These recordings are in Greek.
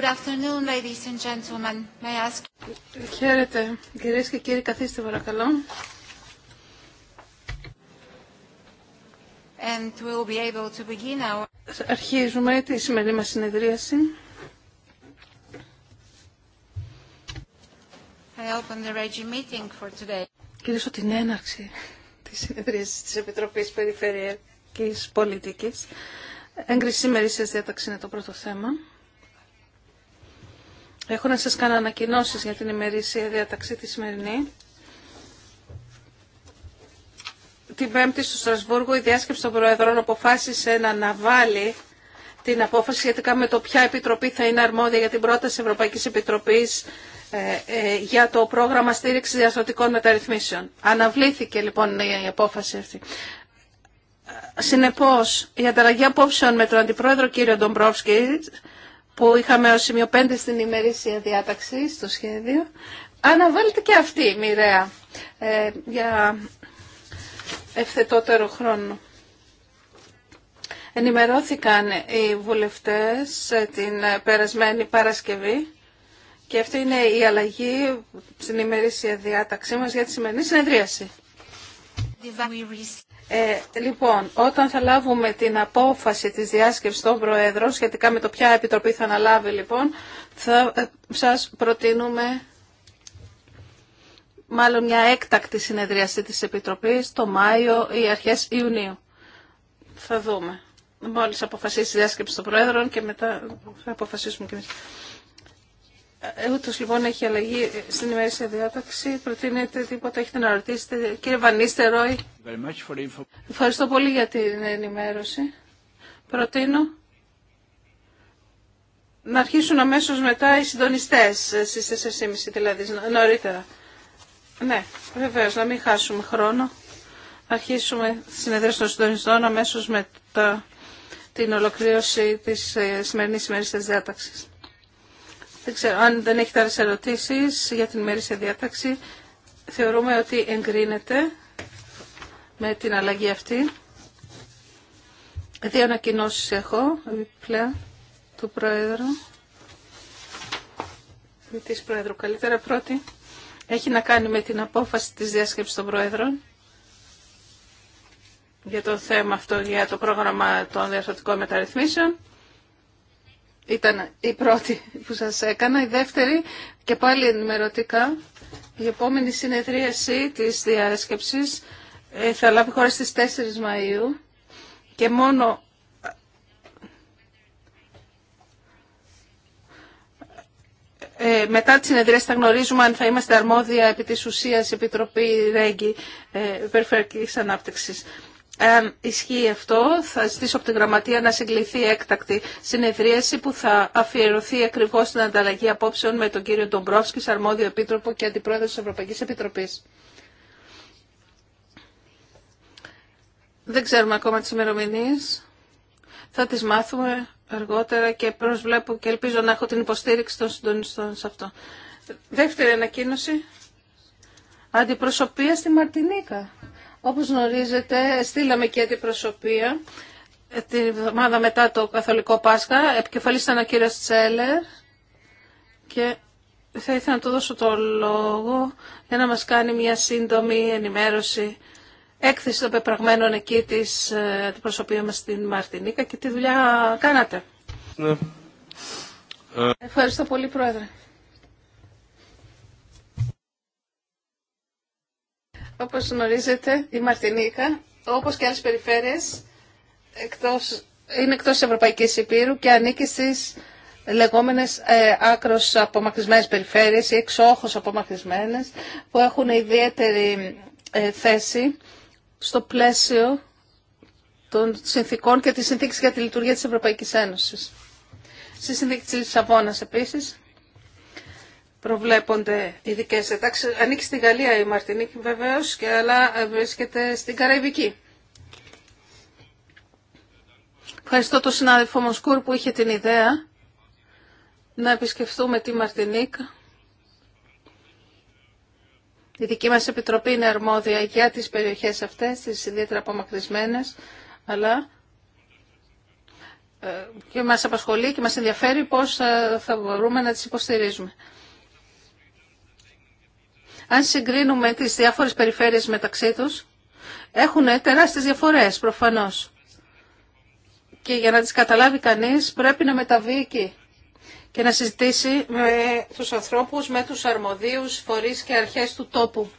Good afternoon, ladies and gentlemen. May I ask... Χαίρετε. Κυρίες και κύριοι, καθίστε παρακαλώ. And we'll be able to begin our... Αρχίζουμε τη σημερινή μας συνεδρίαση. I open the Regi meeting for today. Κυρίσω την έναρξη της συνεδρίασης της Επιτροπής Περιφερειακής Πολιτικής. Έγκριση σήμερα διάταξη είναι το πρώτο θέμα. Έχω να σας κάνω ανακοινώσεις για την ημερήσια διαταξή τη σημερινή. Την Πέμπτη στο Στρασβούργο η διάσκεψη των Προεδρών αποφάσισε να αναβάλει την απόφαση σχετικά με το ποια επιτροπή θα είναι αρμόδια για την πρόταση Ευρωπαϊκής Επιτροπής ε, ε, για το πρόγραμμα στήριξης διαστατικών μεταρρυθμίσεων. Αναβλήθηκε λοιπόν η απόφαση αυτή. Συνεπώς, η ανταλλαγή απόψεων με τον Αντιπρόεδρο κύριο Ντομπρόφσκι που είχαμε ως σημείο 5 στην ημερήσια διάταξη στο σχέδιο, αναβάλλεται και αυτή μοιραία ε, για ευθετότερο χρόνο. Ενημερώθηκαν οι βουλευτές ε, την περασμένη Παρασκευή και αυτή είναι η αλλαγή στην ημερήσια διάταξή μας για τη σημερινή συνεδρίαση. Ε, λοιπόν, όταν θα λάβουμε την απόφαση της διάσκεψης των Προέδρων σχετικά με το ποια επιτροπή θα αναλάβει λοιπόν, θα ε, σας προτείνουμε μάλλον μια έκτακτη συνεδρίαση της Επιτροπής το Μάιο ή αρχές Ιουνίου. Θα δούμε. Μόλις αποφασίσει η διάσκεψη των Προέδρων και μετά θα αποφασίσουμε κι εμείς. Ε, Ούτω λοιπόν έχει αλλαγή στην ημερήσια διάταξη. Προτείνετε τίποτα, έχετε να ρωτήσετε. Κύριε Βανίστε Ρόι, ευχαριστώ πολύ για την ενημέρωση. Προτείνω να αρχίσουν αμέσω μετά οι συντονιστέ στι 4.30 δηλαδή, νωρίτερα. Ναι, βεβαίω, να μην χάσουμε χρόνο. να Αρχίσουμε τη συνεδρίαση των συντονιστών αμέσω μετά την ολοκλήρωση τη ε, σημερινή ημερήσια διάταξη. Δεν ξέρω αν δεν έχετε άλλες ερωτήσει για την σε διάταξη. Θεωρούμε ότι εγκρίνεται με την αλλαγή αυτή. Δύο ανακοινώσει έχω επιπλέον του Πρόεδρου. Με τη Πρόεδρου καλύτερα πρώτη. Έχει να κάνει με την απόφαση της διάσκεψης των Πρόεδρων για το θέμα αυτό, για το πρόγραμμα των διαρθρωτικών μεταρρυθμίσεων ήταν η πρώτη που σας έκανα. Η δεύτερη και πάλι ενημερωτικά. Η επόμενη συνεδρίαση της διάσκεψης ε, θα λάβει χώρα στις 4 Μαΐου και μόνο ε, μετά τη συνεδρία θα γνωρίζουμε αν θα είμαστε αρμόδια επί της ουσίας Επιτροπή Ρέγγι ε, Περιφερειακής Ανάπτυξης αν ισχύει αυτό, θα ζητήσω από την Γραμματεία να συγκληθεί έκτακτη συνεδρίαση που θα αφιερωθεί ακριβώ στην ανταλλαγή απόψεων με τον κύριο Ντομπρόφσκη, αρμόδιο επίτροπο και αντιπρόεδρο τη Ευρωπαϊκή Επιτροπή. Δεν ξέρουμε ακόμα τι ημερομηνίε. Θα τι μάθουμε αργότερα και προσβλέπω και ελπίζω να έχω την υποστήριξη των συντονιστών σε αυτό. Δεύτερη ανακοίνωση. Αντιπροσωπεία στη Μαρτινίκα. Όπως γνωρίζετε, στείλαμε και την προσωπία ε, τη εβδομάδα μετά το Καθολικό Πάσχα. Επικεφαλής ήταν ο κύριος Τσέλερ και θα ήθελα να του δώσω το λόγο για να μας κάνει μια σύντομη ενημέρωση έκθεση των πεπραγμένων εκεί της ε, προσωπία μας στην Μαρτινίκα και τι δουλειά κάνατε. Ναι. Ε. Ευχαριστώ πολύ, Πρόεδρε. Όπως γνωρίζετε, η Μαρτινίκα, όπως και άλλες περιφέρειες, εκτός, είναι εκτός της Ευρωπαϊκής Υπήρου και ανήκει στις λεγόμενες ε, άκρος απομακρυσμένες περιφέρειες ή εξόχως απομακρυσμένες που έχουν ιδιαίτερη ε, θέση στο πλαίσιο των συνθήκων και της συνθήκης για τη λειτουργία της Ευρωπαϊκής Ένωσης. Στη συνθήκη της Λισαβόνας επίσης προβλέπονται ειδικέ εντάξει. Ανήκει στη Γαλλία η Μαρτινίκη βεβαίω, αλλά ε, βρίσκεται στην Καραϊβική. Ευχαριστώ τον συνάδελφο Μοσκούρ που είχε την ιδέα να επισκεφθούμε τη Μαρτινίκ. Η δική μας επιτροπή είναι αρμόδια για τις περιοχές αυτές, τις ιδιαίτερα απομακρυσμένε, αλλά ε, και μας απασχολεί και μας ενδιαφέρει πώς ε, θα μπορούμε να τις υποστηρίζουμε. Αν συγκρίνουμε τις διάφορες περιφέρειες μεταξύ τους, έχουν τεράστιες διαφορές προφανώς. Και για να τις καταλάβει κανείς πρέπει να μεταβεί εκεί και να συζητήσει με τους ανθρώπους, με τους αρμοδίους φορείς και αρχές του τόπου.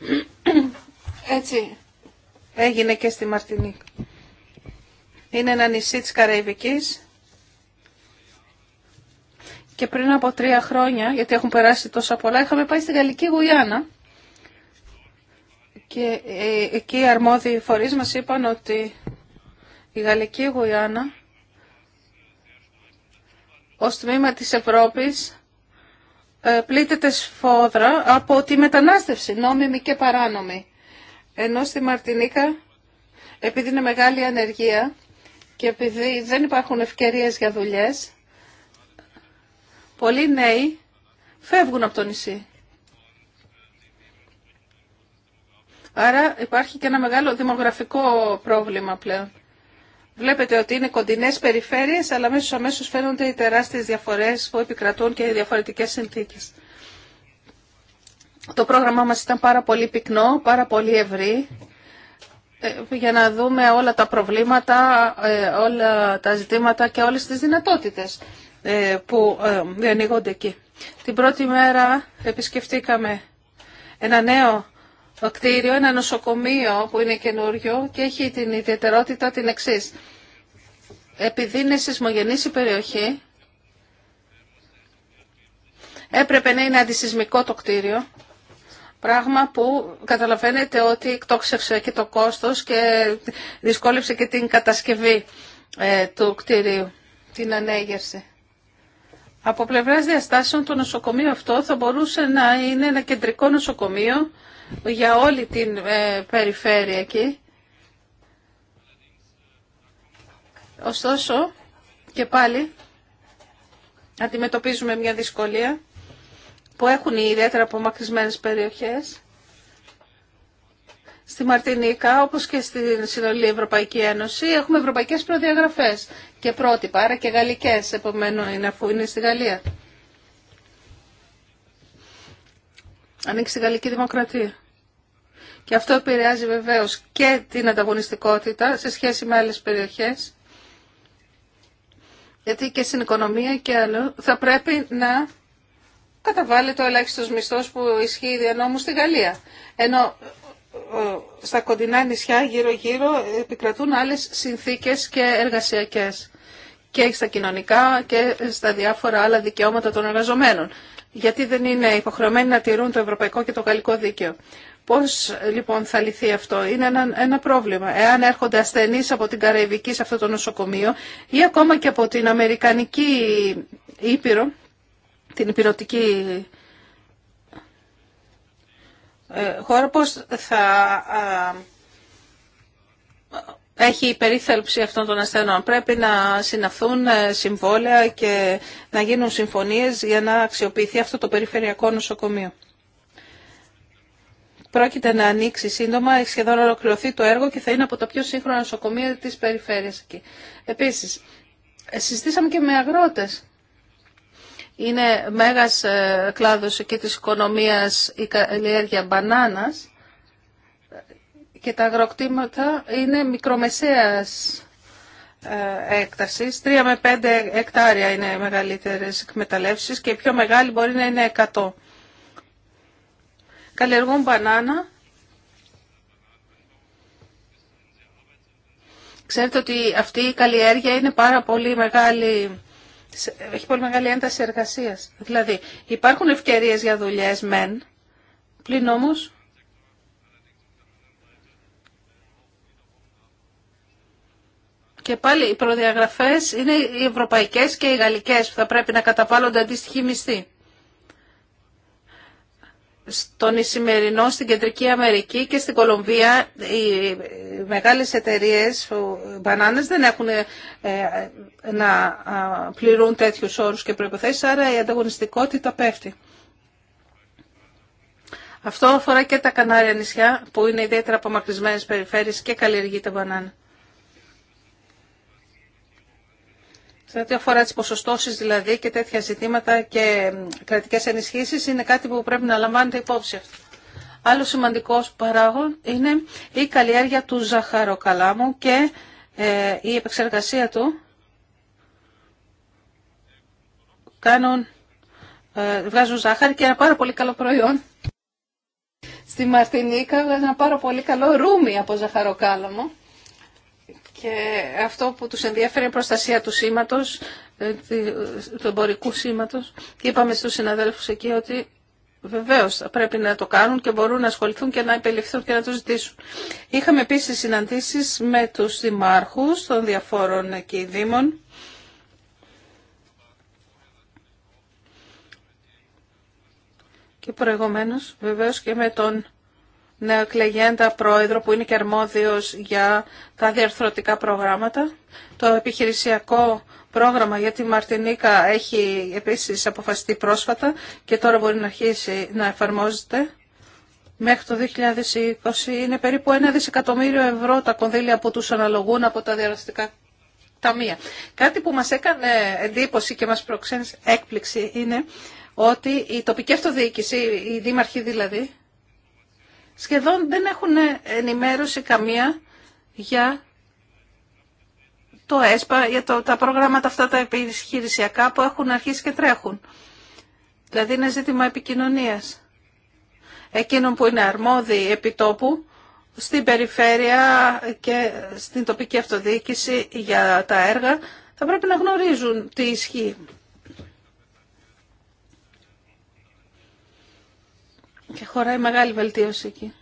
Έτσι έγινε και στη Μαρτινίκ. Είναι ένα νησί της Καραϊβικής και πριν από τρία χρόνια, γιατί έχουν περάσει τόσα πολλά, είχαμε πάει στην Γαλλική Γουιάννα και ε, εκεί οι αρμόδιοι φορείς μας είπαν ότι η Γαλλική Γουιάννα ως τμήμα της Ευρώπης ε, πλήττεται σφόδρα από τη μετανάστευση, νόμιμη και παράνομη. Ενώ στη Μαρτινίκα, επειδή είναι μεγάλη ανεργία και επειδή δεν υπάρχουν ευκαιρίες για δουλειές, Πολλοί νέοι φεύγουν από το νησί. Άρα υπάρχει και ένα μεγάλο δημογραφικό πρόβλημα πλέον. Βλέπετε ότι είναι κοντινές περιφέρειες, αλλά αμέσως αμέσως φαίνονται οι τεράστιες διαφορές που επικρατούν και οι διαφορετικές συνθήκες. Το πρόγραμμά μας ήταν πάρα πολύ πυκνό, πάρα πολύ ευρύ, ε, για να δούμε όλα τα προβλήματα, ε, όλα τα ζητήματα και όλες τις δυνατότητες. Ε, που ε, διανοίγονται εκεί. Την πρώτη μέρα επισκεφτήκαμε ένα νέο κτίριο, ένα νοσοκομείο που είναι καινούριο και έχει την ιδιαιτερότητα την εξή. Επειδή είναι σεισμογενή η περιοχή, έπρεπε να είναι αντισυσμικό το κτίριο, πράγμα που καταλαβαίνετε ότι εκτόξευσε και το κόστος και δυσκόλεψε και την κατασκευή ε, του κτίριου, την ανέγερση. Από πλευρά διαστάσεων το νοσοκομείο αυτό θα μπορούσε να είναι ένα κεντρικό νοσοκομείο για όλη την ε, περιφέρεια εκεί. Ωστόσο, και πάλι, αντιμετωπίζουμε μια δυσκολία που έχουν οι ιδιαίτερα απομακρυσμένες περιοχές στη Μαρτινίκα, όπως και στην συνολή Ευρωπαϊκή Ένωση, έχουμε ευρωπαϊκέ προδιαγραφές και πρότυπα, άρα και γαλλικές, επομένω είναι αφού είναι στη Γαλλία. Ανοίξει η Γαλλική Δημοκρατία. Και αυτό επηρεάζει βεβαίως και την ανταγωνιστικότητα σε σχέση με άλλες περιοχές. Γιατί και στην οικονομία και άλλο θα πρέπει να καταβάλει το ελάχιστο μισθό που ισχύει δια νόμου στη Γαλλία. Ενώ στα κοντινά νησιά γύρω-γύρω επικρατούν άλλες συνθήκες και εργασιακές και στα κοινωνικά και στα διάφορα άλλα δικαιώματα των εργαζομένων. Γιατί δεν είναι υποχρεωμένοι να τηρούν το ευρωπαϊκό και το γαλλικό δίκαιο. Πώς λοιπόν θα λυθεί αυτό. Είναι ένα, ένα πρόβλημα. Εάν έρχονται ασθενείς από την Καραϊβική σε αυτό το νοσοκομείο ή ακόμα και από την Αμερικανική Ήπειρο, την Υπηρωτική ε, χώρα πώς θα έχει υπερίθαλψη αυτών των ασθενών. Πρέπει να συναυθούν ε, συμβόλαια και να γίνουν συμφωνίες για να αξιοποιηθεί αυτό το περιφερειακό νοσοκομείο. Πρόκειται να ανοίξει σύντομα, έχει σχεδόν ολοκληρωθεί το έργο και θα είναι από τα πιο σύγχρονα νοσοκομεία της περιφέρειας εκεί. Επίσης, συζητήσαμε και με αγρότες είναι μέγας ε, κλάδος και της οικονομίας η καλλιέργεια μπανάνας και τα αγροκτήματα είναι μικρομεσαίας ε, έκτασης. 3 με 5 εκτάρια είναι μεγαλύτερες εκμεταλλεύσεις και η πιο μεγάλη μπορεί να είναι 100. Καλλιεργούν μπανάνα. Ξέρετε ότι αυτή η καλλιέργεια είναι πάρα πολύ μεγάλη έχει πολύ μεγάλη ένταση εργασία. Δηλαδή υπάρχουν ευκαιρίε για δουλειέ μεν, πλην όμω. Και πάλι οι προδιαγραφές είναι οι ευρωπαϊκές και οι γαλλικές που θα πρέπει να καταβάλλονται αντίστοιχοι μισθοί στον Ισημερινό, στην Κεντρική Αμερική και στην Κολομβία οι μεγάλες εταιρείες μπανάνες δεν έχουν ε, ε, να πληρούν τέτοιους όρους και προϋποθέσεις, άρα η ανταγωνιστικότητα πέφτει. Αυτό αφορά και τα Κανάρια νησιά που είναι ιδιαίτερα απομακρυσμένες περιφέρειες και καλλιεργείται μπανάνα. Σε ό,τι αφορά τι ποσοστώσει δηλαδή και τέτοια ζητήματα και κρατικέ ενισχύσει είναι κάτι που πρέπει να λαμβάνετε υπόψη αυτό. Άλλο σημαντικό παράγον είναι η καλλιέργεια του ζαχαροκαλάμου και ε, η επεξεργασία του κάνουν, ε, βγάζουν ζάχαρη και ένα πάρα πολύ καλό προϊόν. Στη Μαρτινίκα ένα πάρα πολύ καλό ρούμι από ζαχαροκάλαμο και αυτό που τους ενδιαφέρει είναι η προστασία του σήματος, ε, του εμπορικού σήματος. Και είπαμε στους συναδέλφους εκεί ότι Βεβαίω, πρέπει να το κάνουν και μπορούν να ασχοληθούν και να επιληφθούν και να το ζητήσουν. Είχαμε επίση συναντήσει με του δημάρχου των διαφόρων εκεί δήμων. Και προηγουμένω, βεβαίω και με τον νεοεκλεγέντα πρόεδρο που είναι και αρμόδιος για τα διαρθρωτικά προγράμματα. Το επιχειρησιακό πρόγραμμα για τη Μαρτινίκα έχει επίσης αποφασιστεί πρόσφατα και τώρα μπορεί να αρχίσει να εφαρμόζεται. Μέχρι το 2020 είναι περίπου ένα δισεκατομμύριο ευρώ τα κονδύλια που τους αναλογούν από τα διαρθρωτικά ταμεία. Κάτι που μας έκανε εντύπωση και μας προξένει έκπληξη είναι ότι η τοπική αυτοδιοίκηση, η Δήμαρχη δηλαδή, σχεδόν δεν έχουν ενημέρωση καμία για το ΕΣΠΑ, για το, τα προγράμματα αυτά τα επιχειρησιακά που έχουν αρχίσει και τρέχουν. Δηλαδή είναι ζήτημα επικοινωνίας. Εκείνων που είναι αρμόδιοι επιτόπου, στην περιφέρεια και στην τοπική αυτοδιοίκηση για τα έργα, θα πρέπει να γνωρίζουν τι ισχύει Και χωράει μεγάλη βελτίωση εκεί.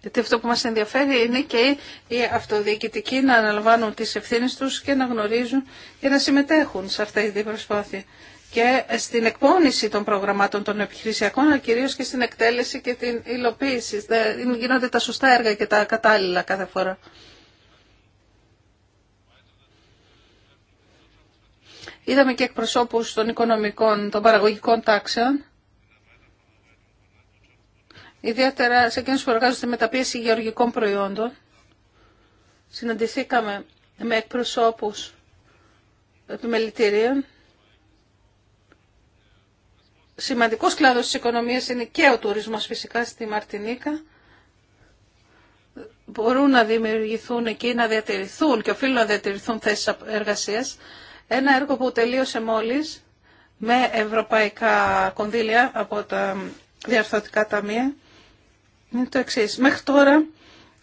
Γιατί αυτό που μας ενδιαφέρει είναι και οι αυτοδιοικητικοί να αναλαμβάνουν τις ευθύνες τους και να γνωρίζουν και να συμμετέχουν σε αυτή την προσπάθεια. Και στην εκπόνηση των προγραμμάτων των επιχειρησιακών, αλλά κυρίως και στην εκτέλεση και την υλοποίηση. Δεν γίνονται τα σωστά έργα και τα κατάλληλα κάθε φορά. Είδαμε και εκπροσώπους των οικονομικών, των παραγωγικών τάξεων ιδιαίτερα σε εκείνους που εργάζονται με τα πίεση γεωργικών προϊόντων. Συναντηθήκαμε με εκπροσώπους επιμελητηρίων. Σημαντικός κλάδος της οικονομίας είναι και ο τουρισμός φυσικά στη Μαρτινίκα. Μπορούν να δημιουργηθούν εκεί, να διατηρηθούν και οφείλουν να διατηρηθούν θέσεις εργασίας. Ένα έργο που τελείωσε μόλις με ευρωπαϊκά κονδύλια από τα διαρθρωτικά ταμεία είναι το εξή. Μέχρι τώρα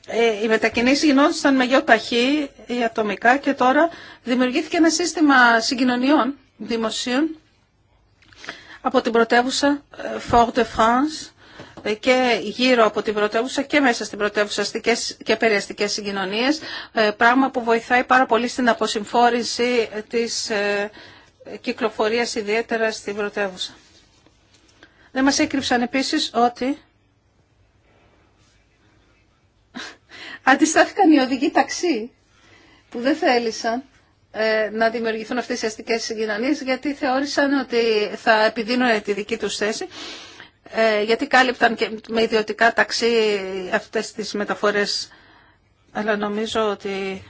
ε, οι μετακινήσεις γινόντουσαν με γιοταχή ή ε, ατομικά και τώρα δημιουργήθηκε ένα σύστημα συγκοινωνιών δημοσίων από την πρωτεύουσα ε, Fort de France και γύρω από την πρωτεύουσα και μέσα στην πρωτεύουσα αστικές και περιαστικές συγκοινωνίες, πράγμα που βοηθάει πάρα πολύ στην αποσυμφόρηση της κυκλοφορίας ιδιαίτερα στην πρωτεύουσα. Δεν μας έκρυψαν επίσης ότι Αντιστάθηκαν οι οδηγοί ταξί που δεν θέλησαν ε, να δημιουργηθούν αυτές οι αστικές συγκοινωνίες γιατί θεώρησαν ότι θα επιδίνουν τη δική τους θέση ε, γιατί κάλυπταν και με ιδιωτικά ταξί αυτές τις μεταφορές αλλά νομίζω ότι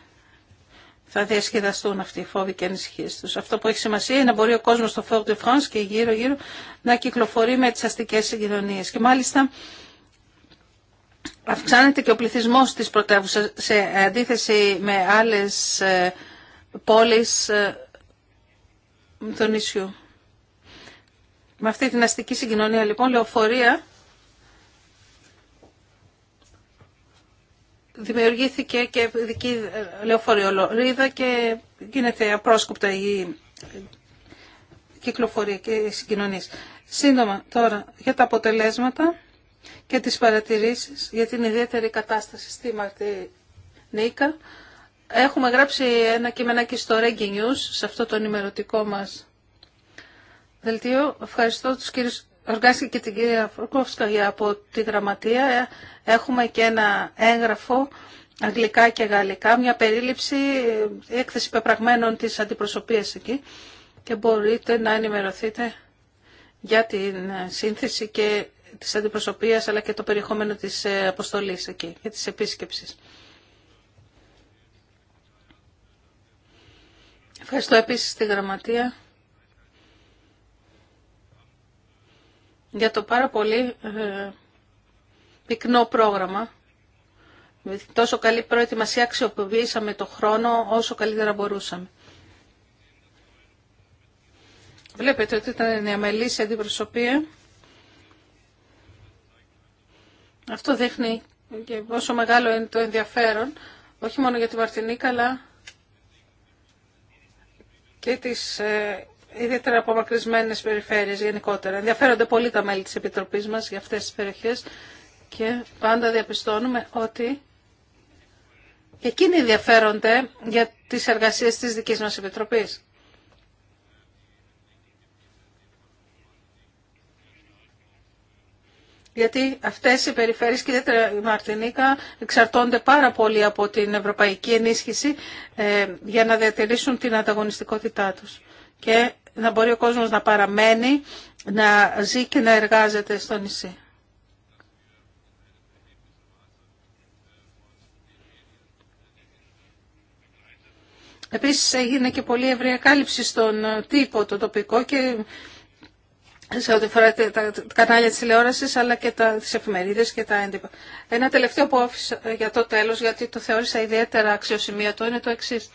θα διασκεδαστούν αυτοί οι φόβοι και ανησυχίε του. Αυτό που έχει σημασία είναι να μπορεί ο κόσμο στο Fort de France και γύρω-γύρω να κυκλοφορεί με τι αστικέ συγκοινωνίε. Και μάλιστα Αυξάνεται και ο πληθυσμός της πρωτεύουσα σε αντίθεση με άλλες ε, πόλεις ε, του νησιού. Με αυτή την αστική συγκοινωνία λοιπόν λεωφορεία δημιουργήθηκε και δική ε, λεωφοριολορίδα και γίνεται απρόσκοπτα η κυκλοφορία και οι συγκοινωνίες. Σύντομα τώρα για τα αποτελέσματα και τις παρατηρήσεις για την ιδιαίτερη κατάσταση στη Μαρτινίκα. Έχουμε γράψει ένα κειμενάκι στο Reggae News, σε αυτό το ενημερωτικό μας δελτίο. Ευχαριστώ τους κύριους Οργάσκη και την κυρία για από τη Γραμματεία. Έχουμε και ένα έγγραφο αγγλικά και γαλλικά, μια περίληψη, έκθεση πεπραγμένων της αντιπροσωπείας εκεί και μπορείτε να ενημερωθείτε για την σύνθεση και της αντιπροσωπείας αλλά και το περιεχόμενο της ε, αποστολής εκεί και της επίσκεψης. Ευχαριστώ επίσης τη Γραμματεία για το πάρα πολύ ε, πυκνό πρόγραμμα. Με τόσο καλή προετοιμασία αξιοποιήσαμε το χρόνο όσο καλύτερα μπορούσαμε. Βλέπετε ότι ήταν η αμελής αντιπροσωπεία. Αυτό δείχνει και πόσο μεγάλο είναι το ενδιαφέρον, όχι μόνο για την Μαρτινίκα, αλλά και τις ε, ιδιαίτερα απομακρυσμένες περιφέρειες γενικότερα. Ενδιαφέρονται πολύ τα μέλη της Επιτροπής μας για αυτές τις περιοχές και πάντα διαπιστώνουμε ότι και εκείνοι ενδιαφέρονται για τις εργασίες της δικής μας Επιτροπής. γιατί αυτές οι περιφέρειες και η Μαρτινίκα εξαρτώνται πάρα πολύ από την ευρωπαϊκή ενίσχυση ε, για να διατηρήσουν την ανταγωνιστικότητά τους και να μπορεί ο κόσμος να παραμένει, να ζει και να εργάζεται στο νησί. Επίσης έγινε και πολύ ευρεία κάλυψη στον τύπο το τοπικό και σε ό,τι αφορά τα κανάλια της τηλεόρασης, αλλά και τα, τις εφημερίδες και τα έντυπα. Ένα τελευταίο που άφησα για το τέλος, γιατί το θεώρησα ιδιαίτερα αξιοσημείωτο, είναι το εξή.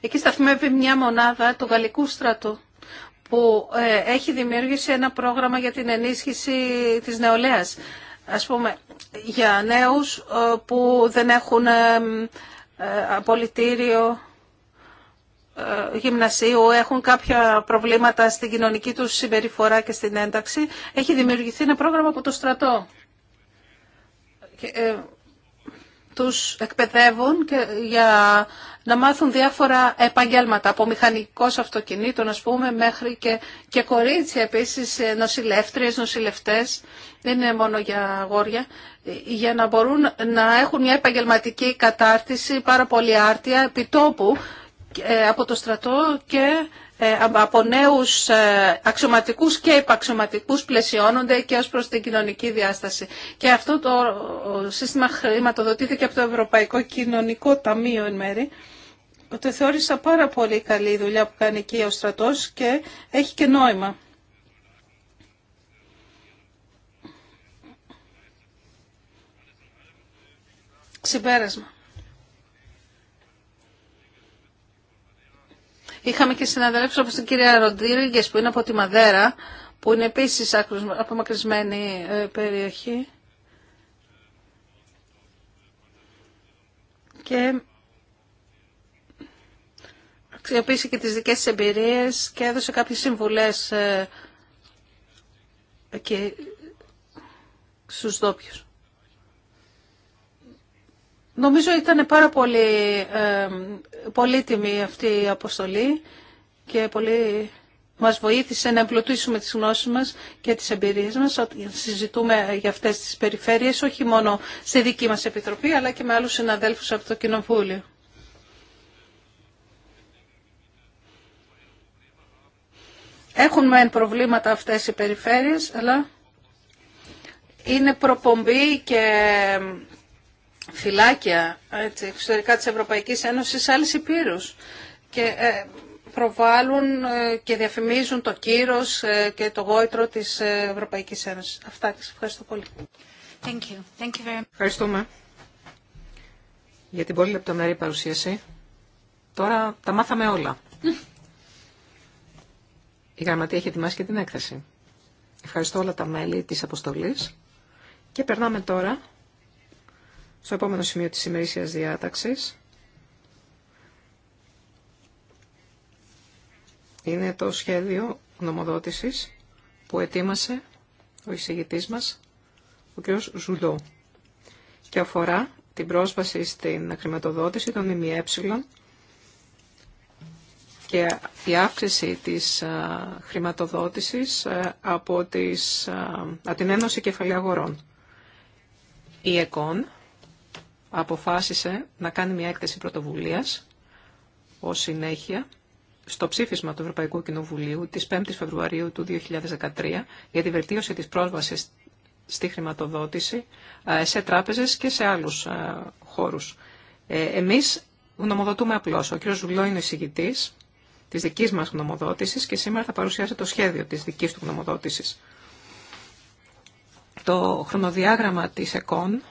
Εκεί σταθμεύει μια μονάδα του Γαλλικού στρατού που ε, έχει δημιούργησει ένα πρόγραμμα για την ενίσχυση της νεολαίας. Ας πούμε, για νέους ε, που δεν έχουν ε, απολυτήριο ε, γυμνασίου έχουν κάποια προβλήματα στην κοινωνική τους συμπεριφορά και στην ένταξη, έχει δημιουργηθεί ένα πρόγραμμα από το στρατό. Ε, τους εκπαιδεύουν και, για να μάθουν διάφορα επαγγέλματα, από μηχανικός αυτοκινήτων, ας πούμε, μέχρι και, και κορίτσια επίσης, ε, νοσηλεύτριες, νοσηλευτές, δεν είναι μόνο για αγόρια, για να μπορούν να έχουν μια επαγγελματική κατάρτιση πάρα πολύ άρτια, επιτόπου, ε, από το στρατό και ε, από νέου ε, αξιωματικούς και υπαξιωματικούς πλαισιώνονται και ως προς την κοινωνική διάσταση. Και αυτό το σύστημα χρηματοδοτήθηκε από το Ευρωπαϊκό Κοινωνικό Ταμείο εν μέρη. Το θεώρησα πάρα πολύ καλή η δουλειά που κάνει εκεί ο στρατός και έχει και νόημα. Συμπέρασμα. Είχαμε και συναδέλφου όπως την κυρία Ροντρίγκε, που είναι από τη Μαδέρα, που είναι επίση απομακρυσμένη ε, περιοχή. Και αξιοποίησε και τις δικές της εμπειρίες και έδωσε κάποιες συμβουλές ε, και στους δόπιους. Νομίζω ήταν πάρα πολύ ε, πολύτιμη αυτή η αποστολή και πολύ μας βοήθησε να εμπλουτίσουμε τις γνώσεις μας και τις εμπειρίες μας ότι συζητούμε για αυτές τις περιφέρειες, όχι μόνο στη δική μας Επιτροπή, αλλά και με άλλους συναδέλφους από το Κοινοβούλιο. Έχουν μεν προβλήματα αυτές οι περιφέρειες, αλλά είναι προπομπή και φυλάκια έτσι, εξωτερικά της Ευρωπαϊκής Ένωσης άλλες υπήρους και ε, προβάλλουν ε, και διαφημίζουν το κύρος ε, και το γόητρο της Ευρωπαϊκής Ένωσης. Αυτά και σας ευχαριστώ πολύ. Thank you. Thank you Ευχαριστούμε για την πολύ λεπτομερή παρουσίαση. Τώρα τα μάθαμε όλα. Η γραμματεία έχει ετοιμάσει και την έκθεση. Ευχαριστώ όλα τα μέλη της αποστολής. Και περνάμε τώρα στο επόμενο σημείο της ημερήσιας διάταξης. Είναι το σχέδιο νομοδότησης που ετοίμασε ο εισηγητής μας, ο κ. Ζουλό, και αφορά την πρόσβαση στην χρηματοδότηση των ΜΜΕ και η αύξηση της χρηματοδότησης από, τις, από την Ένωση Κεφαλαίου Αγορών. Η ΕΚΟΝ αποφάσισε να κάνει μια έκθεση πρωτοβουλίας ως συνέχεια στο ψήφισμα του Ευρωπαϊκού Κοινοβουλίου της 5ης Φεβρουαρίου του 2013 για τη βελτίωση της πρόσβασης στη χρηματοδότηση ε, σε τράπεζες και σε άλλους ε, χώρους. Ε, εμείς γνωμοδοτούμε απλώς. Ο κ. Ζουλό είναι εισηγητής της δικής μας γνωμοδότησης και σήμερα θα παρουσιάσει το σχέδιο της δικής του γνωμοδότησης. Το χρονοδιάγραμμα της ΕΚΟΝ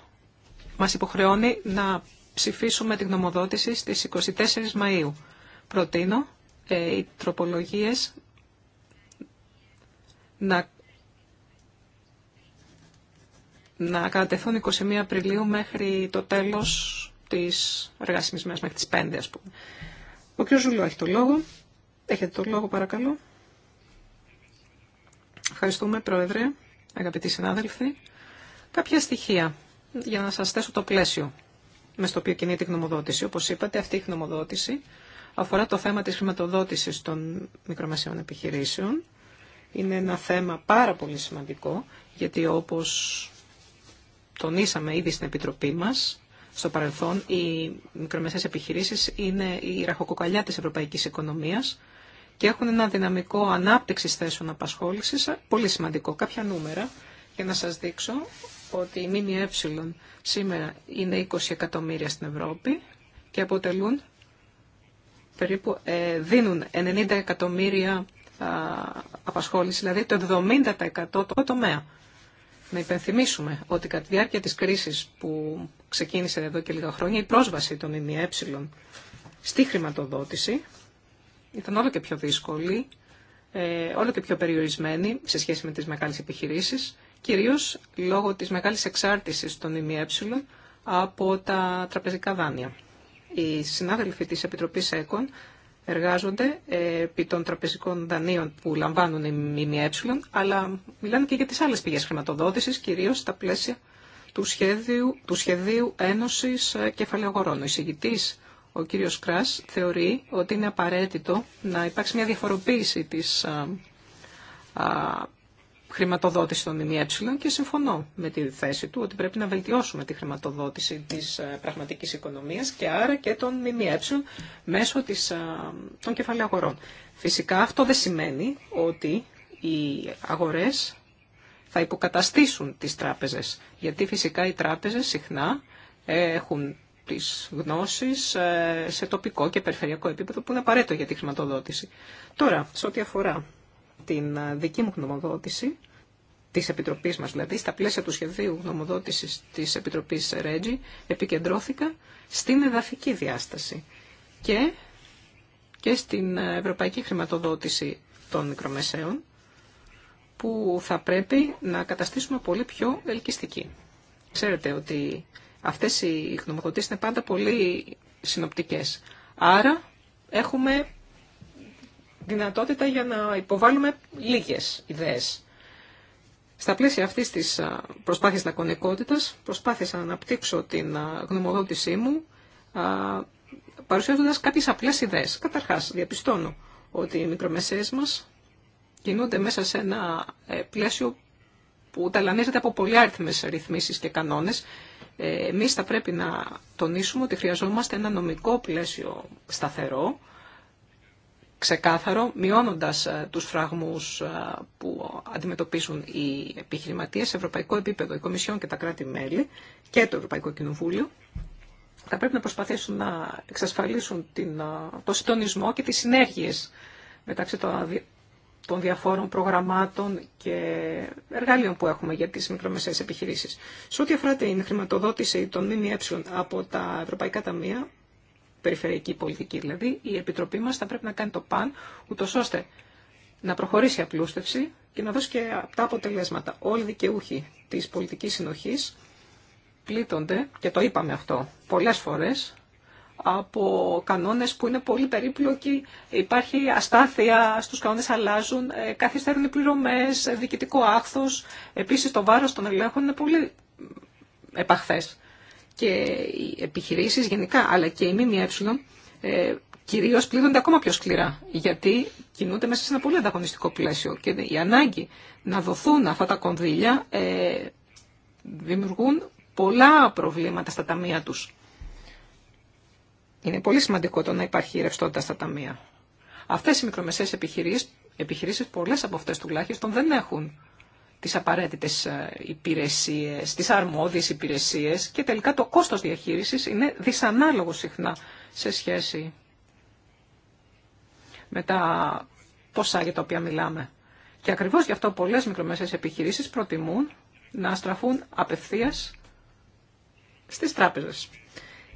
μας υποχρεώνει να ψηφίσουμε την γνωμοδότηση στις 24 Μαΐου. Προτείνω ε, οι τροπολογίες να, να κατατεθούν 21 Απριλίου μέχρι το τέλος της εργάσιμης μέχρι τις 5 ας πούμε. Ο κ. Ζουλό έχει το λόγο. Έχετε το λόγο παρακαλώ. Ευχαριστούμε Πρόεδρε, αγαπητοί συνάδελφοι. Κάποια στοιχεία για να σας θέσω το πλαίσιο με στο οποίο κινείται η γνωμοδότηση. Όπως είπατε, αυτή η γνωμοδότηση αφορά το θέμα της χρηματοδότησης των μικρομεσαίων επιχειρήσεων. Είναι ένα θέμα πάρα πολύ σημαντικό, γιατί όπως τονίσαμε ήδη στην Επιτροπή μας, στο παρελθόν οι μικρομεσαίες επιχειρήσεις είναι η ραχοκοκαλιά της ευρωπαϊκής οικονομίας και έχουν ένα δυναμικό ανάπτυξης θέσεων απασχόλησης, πολύ σημαντικό, κάποια νούμερα, για να σας δείξω ότι η ΜΜΕ σήμερα είναι 20 εκατομμύρια στην Ευρώπη και αποτελούν περίπου, ε, δίνουν 90 εκατομμύρια απασχόληση, δηλαδή το 70% το τομέα. Να υπενθυμίσουμε ότι κατά τη διάρκεια της κρίσης που ξεκίνησε εδώ και λίγα χρόνια, η πρόσβαση των ΜΜΕ στη χρηματοδότηση ήταν όλο και πιο δύσκολη, ε, όλο και πιο περιορισμένη σε σχέση με τις μεγάλες επιχειρήσεις κυρίως λόγω της μεγάλης εξάρτησης των ΙΜΕ από τα τραπεζικά δάνεια. Οι συνάδελφοι της Επιτροπής ΕΚΟΝ εργάζονται επί των τραπεζικών δανείων που λαμβάνουν οι ΜΜΕ, αλλά μιλάνε και για τις άλλες πηγές χρηματοδότησης, κυρίως στα πλαίσια του σχεδίου, του σχεδίου Ένωσης Κεφαλαιογορών. Ο εισηγητής, ο κύριος Κράς, θεωρεί ότι είναι απαραίτητο να υπάρξει μια διαφοροποίηση της χρηματοδότηση των ΜΜΕ και συμφωνώ με τη θέση του ότι πρέπει να βελτιώσουμε τη χρηματοδότηση της ε, πραγματικής οικονομίας και άρα και των ΜΜΕ μέσω της, ε, των κεφαλαίων αγορών. Φυσικά αυτό δεν σημαίνει ότι οι αγορές θα υποκαταστήσουν τις τράπεζες, γιατί φυσικά οι τράπεζες συχνά ε, έχουν τις γνώσεις σε τοπικό και περιφερειακό επίπεδο που είναι απαραίτητο για τη χρηματοδότηση. Τώρα, σε ό,τι αφορά την ε, δική μου γνωμοδότηση, της Επιτροπής μας δηλαδή, στα πλαίσια του σχεδίου γνωμοδότησης της Επιτροπής ΡΕτζη, επικεντρώθηκα στην εδαφική διάσταση και, και στην ε, ευρωπαϊκή χρηματοδότηση των μικρομεσαίων, που θα πρέπει να καταστήσουμε πολύ πιο ελκυστική. Ξέρετε ότι αυτές οι γνωμοδοτήσεις είναι πάντα πολύ συνοπτικές. Άρα έχουμε δυνατότητα για να υποβάλουμε λίγες ιδέες. Στα πλαίσια αυτής της προσπάθειας λακωνικότητας προσπάθησα να αναπτύξω την γνωμοδότησή μου παρουσιάζοντας κάποιες απλές ιδέες. Καταρχάς, διαπιστώνω ότι οι μικρομεσαίες μας κινούνται μέσα σε ένα ε, πλαίσιο που ταλανίζεται από πολυάριθμες ρυθμίσεις και κανόνες. Ε, εμείς θα πρέπει να τονίσουμε ότι χρειαζόμαστε ένα νομικό πλαίσιο σταθερό, ξεκάθαρο, μειώνοντας ε, τους φραγμούς ε, που αντιμετωπίσουν οι επιχειρηματίες σε ευρωπαϊκό επίπεδο, η Κομισιόν και τα κράτη-μέλη και το Ευρωπαϊκό Κοινοβούλιο, θα πρέπει να προσπαθήσουν να εξασφαλίσουν την, ε, το συντονισμό και τις συνέργειες μεταξύ των, των διαφόρων προγραμμάτων και εργαλείων που έχουμε για τις μικρομεσαίες επιχειρήσεις. Σε ό,τι αφορά την χρηματοδότηση των ΜΜΕ από τα Ευρωπαϊκά Ταμεία, περιφερειακή πολιτική δηλαδή, η Επιτροπή μας θα πρέπει να κάνει το παν, ούτω ώστε να προχωρήσει η απλούστευση και να δώσει και τα αποτελέσματα. Όλοι οι δικαιούχοι της πολιτικής συνοχής πλήττονται, και το είπαμε αυτό πολλές φορές, από κανόνες που είναι πολύ περίπλοκοι, υπάρχει αστάθεια, στους κανόνες αλλάζουν, ε, καθυστερούν οι πληρωμές, ε, διοικητικό άχθος, επίσης το βάρος των ελέγχων είναι πολύ επαχθές και οι επιχειρήσεις γενικά, αλλά και οι ΜΜΕ, ε, κυρίως πλήττονται ακόμα πιο σκληρά, γιατί κινούνται μέσα σε ένα πολύ ανταγωνιστικό πλαίσιο και η ανάγκη να δοθούν αυτά τα κονδύλια ε, δημιουργούν πολλά προβλήματα στα ταμεία τους. Είναι πολύ σημαντικό το να υπάρχει ρευστότητα στα ταμεία. Αυτές οι μικρομεσαίες επιχειρήσεις, επιχειρήσεις πολλές από αυτές τουλάχιστον δεν έχουν τις απαραίτητες ε, υπηρεσίες, τις αρμόδιες υπηρεσίες και τελικά το κόστος διαχείρισης είναι δυσανάλογο συχνά σε σχέση με τα ποσά για τα οποία μιλάμε. Και ακριβώς γι' αυτό πολλές μικρομεσαίες επιχειρήσεις προτιμούν να στραφούν απευθείας στις τράπεζες.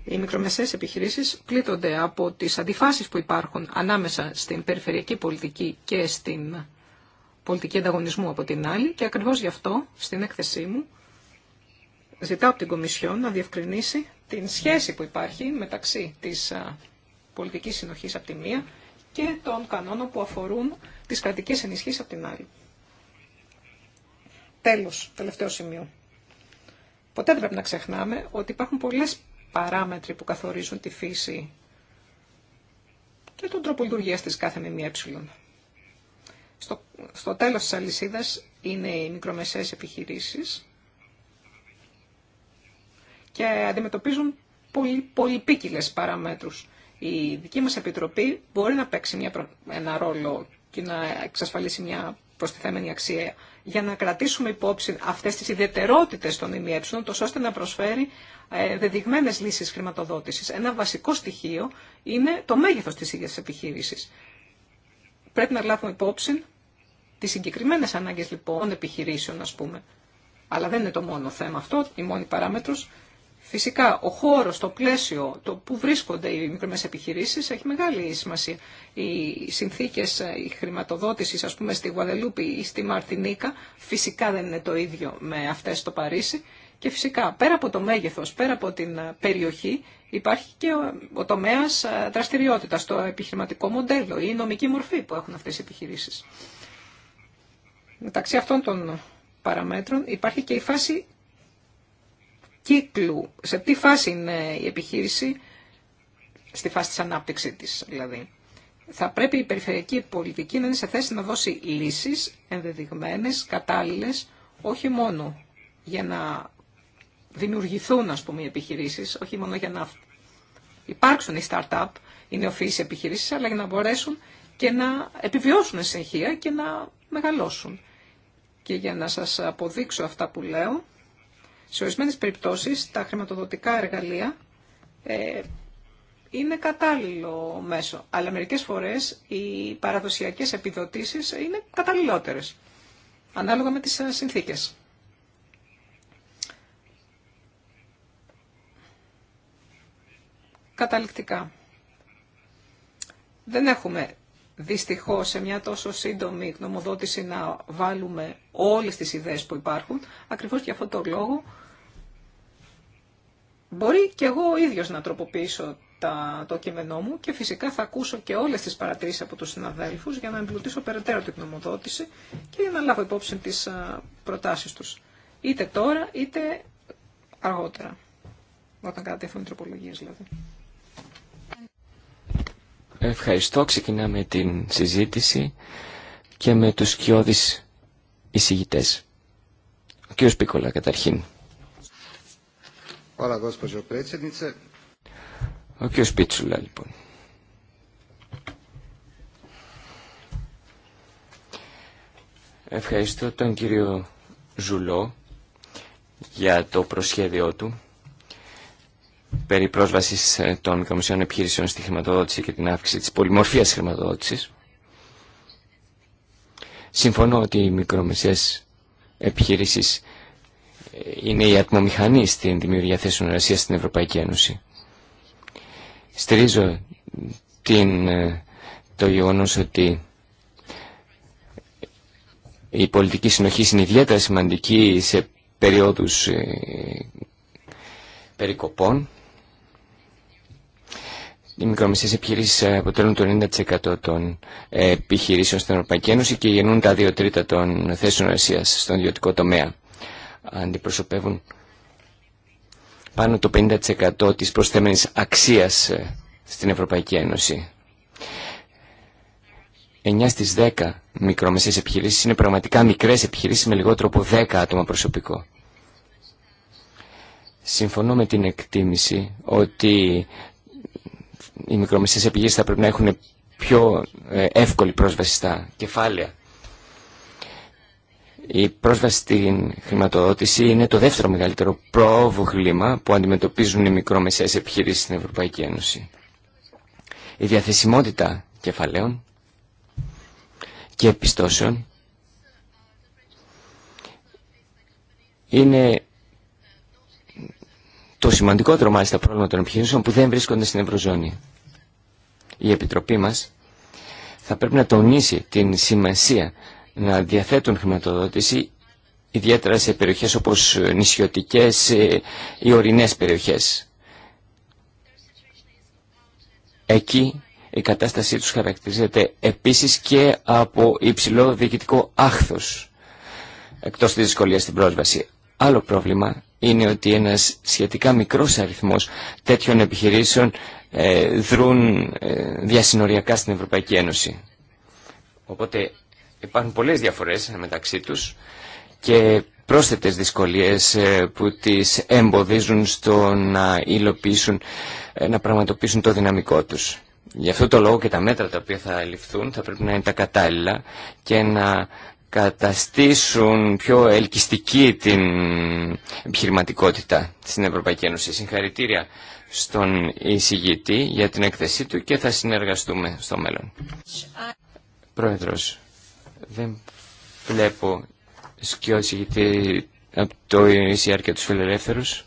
Οι μικρομεσαίες επιχειρήσεις πλήττονται από τις αντιφάσεις που υπάρχουν ανάμεσα στην περιφερειακή πολιτική και στην πολιτική ανταγωνισμού από την άλλη και ακριβώς γι' αυτό στην έκθεσή μου ζητάω από την Κομισιόν να διευκρινίσει την σχέση που υπάρχει μεταξύ της πολιτικής συνοχής από τη μία και των κανόνων που αφορούν τις κρατικές ενισχύσεις από την άλλη. Τέλος, τελευταίο σημείο. Ποτέ δεν πρέπει να ξεχνάμε ότι υπάρχουν πολλές παράμετροι που καθορίζουν τη φύση και τον τρόπο λειτουργίας της κάθε ΜΜΕ στο, στο τέλος της αλυσίδας είναι οι μικρομεσαίες επιχειρήσεις και αντιμετωπίζουν πολύ, πολυπίκυλες παραμέτρους. Η δική μας Επιτροπή μπορεί να παίξει μια, ένα ρόλο και να εξασφαλίσει μια προστιθέμενη αξία για να κρατήσουμε υπόψη αυτές τις ιδιαιτερότητες των ΙΜΕ, τόσο ώστε να προσφέρει ε, δεδειγμένες λύσεις χρηματοδότησης. Ένα βασικό στοιχείο είναι το μέγεθος της ίδιας επιχείρησης. Πρέπει να λάβουμε υπόψη τις συγκεκριμένες ανάγκες λοιπόν των επιχειρήσεων ας πούμε. Αλλά δεν είναι το μόνο θέμα αυτό, η μόνη παράμετρος. Φυσικά, ο χώρος, το πλαίσιο, το που βρίσκονται οι μικρές επιχειρήσεις έχει μεγάλη σημασία. Οι συνθήκες ε, η χρηματοδότηση, α πούμε, στη Γουαδελούπη ή στη Μαρτινίκα, φυσικά δεν είναι το ίδιο με αυτέ στο Παρίσι. Και φυσικά, πέρα από το μέγεθος, πέρα από την ε, περιοχή, υπάρχει και ο τομέα ε, δραστηριότητας, το επιχειρηματικό μοντέλο, η νομική μορφή που έχουν αυτέ οι επιχειρήσει μεταξύ αυτών των παραμέτρων υπάρχει και η φάση κύκλου. Σε τι φάση είναι η επιχείρηση, στη φάση της ανάπτυξή της δηλαδή. Θα πρέπει η περιφερειακή πολιτική να είναι σε θέση να δώσει λύσεις ενδεδειγμένες, κατάλληλες, όχι μόνο για να δημιουργηθούν ας πούμε οι επιχειρήσεις, όχι μόνο για να υπάρξουν οι start-up, οι νεοφυείς επιχειρήσεις, αλλά για να μπορέσουν και να επιβιώσουν συνεχεία και να μεγαλώσουν. Και για να σας αποδείξω αυτά που λέω, σε ορισμένε περιπτώσεις τα χρηματοδοτικά εργαλεία ε, είναι κατάλληλο μέσο, αλλά μερικές φορές οι παραδοσιακές επιδοτήσεις είναι καταλληλότερες, ανάλογα με τις ε, συνθήκες. Καταληκτικά. Δεν έχουμε δυστυχώς σε μια τόσο σύντομη γνωμοδότηση να βάλουμε όλες τις ιδέες που υπάρχουν, ακριβώς για αυτόν τον λόγο μπορεί και εγώ ο ίδιος να τροποποιήσω τα, το κείμενό μου και φυσικά θα ακούσω και όλες τις παρατηρήσεις από τους συναδέλφους για να εμπλουτίσω περαιτέρω την γνωμοδότηση και να λάβω υπόψη τις προτάσεις τους. Είτε τώρα είτε αργότερα, όταν κατατεθούν οι τροπολογίες δηλαδή. Ευχαριστώ. Ξεκινάμε την συζήτηση και με τους σκιώδεις εισηγητές. Ο κ. Πίκολα καταρχήν. Ο κ. Πίτσουλα λοιπόν. Ευχαριστώ τον κύριο Ζουλό για το προσχέδιό του περί πρόσβαση ε, των μικρομεσαίων επιχειρήσεων στη χρηματοδότηση και την αύξηση της πολυμορφίας χρηματοδότηση. Συμφωνώ ότι οι μικρομεσαίε επιχείρησει ε, είναι η ατμομηχανή στην δημιουργία θέσεων εργασίας στην Ευρωπαϊκή Ένωση. Στηρίζω την, ε, το γεγονό ότι η πολιτική συνοχή είναι ιδιαίτερα σημαντική σε περίοδους περικοπών οι μικρομεσαίες επιχειρήσεις ε, αποτελούν το 90% των ε, επιχειρήσεων στην Ευρωπαϊκή Ένωση και γεννούν τα 2 τρίτα των θέσεων εργασία στον ιδιωτικό τομέα. Αντιπροσωπεύουν πάνω το 50% της προσθέμενης αξίας ε, στην Ευρωπαϊκή Ένωση. 9 στις 10 μικρομεσαίες επιχειρήσεις είναι πραγματικά μικρές επιχειρήσεις με λιγότερο από 10 άτομα προσωπικό. Συμφωνώ με την εκτίμηση ότι οι μικρομεσαίε επιχείρησει θα πρέπει να έχουν πιο ε, εύκολη πρόσβαση στα κεφάλαια. Η πρόσβαση στην χρηματοδότηση είναι το δεύτερο μεγαλύτερο πρόβλημα που αντιμετωπίζουν οι μικρομεσαίες επιχειρήσεις στην Ευρωπαϊκή Ένωση. Η διαθεσιμότητα κεφαλαίων και επιστώσεων είναι το σημαντικότερο μάλιστα πρόβλημα των επιχειρήσεων που δεν βρίσκονται στην Ευρωζώνη. Η Επιτροπή μας θα πρέπει να τονίσει την σημασία να διαθέτουν χρηματοδότηση ιδιαίτερα σε περιοχές όπως νησιωτικές ε, ή ορεινές περιοχές. Εκεί η κατάστασή τους χαρακτηρίζεται επίσης και από υψηλό διοικητικό άχθος, εκτός της δυσκολίας στην πρόσβαση. Άλλο πρόβλημα είναι ότι ένας σχετικά μικρός αριθμός τέτοιων επιχειρήσεων ε, δρούν ε, διασυνοριακά στην Ευρωπαϊκή Ένωση. Οπότε υπάρχουν πολλές διαφορές μεταξύ τους και πρόσθετες δυσκολίες ε, που τις εμποδίζουν στο να υλοποιήσουν, να πραγματοποιήσουν το δυναμικό τους. Γι' αυτό το λόγο και τα μέτρα τα οποία θα ληφθούν θα πρέπει να είναι τα κατάλληλα και να καταστήσουν πιο ελκυστική την επιχειρηματικότητα στην Ευρωπαϊκή Ένωση. Συγχαρητήρια στον εισηγητή για την έκθεσή του και θα συνεργαστούμε στο μέλλον. Πρόεδρος, δεν βλέπω σκιό εισηγητή από το ECR και τους φιλελεύθερους.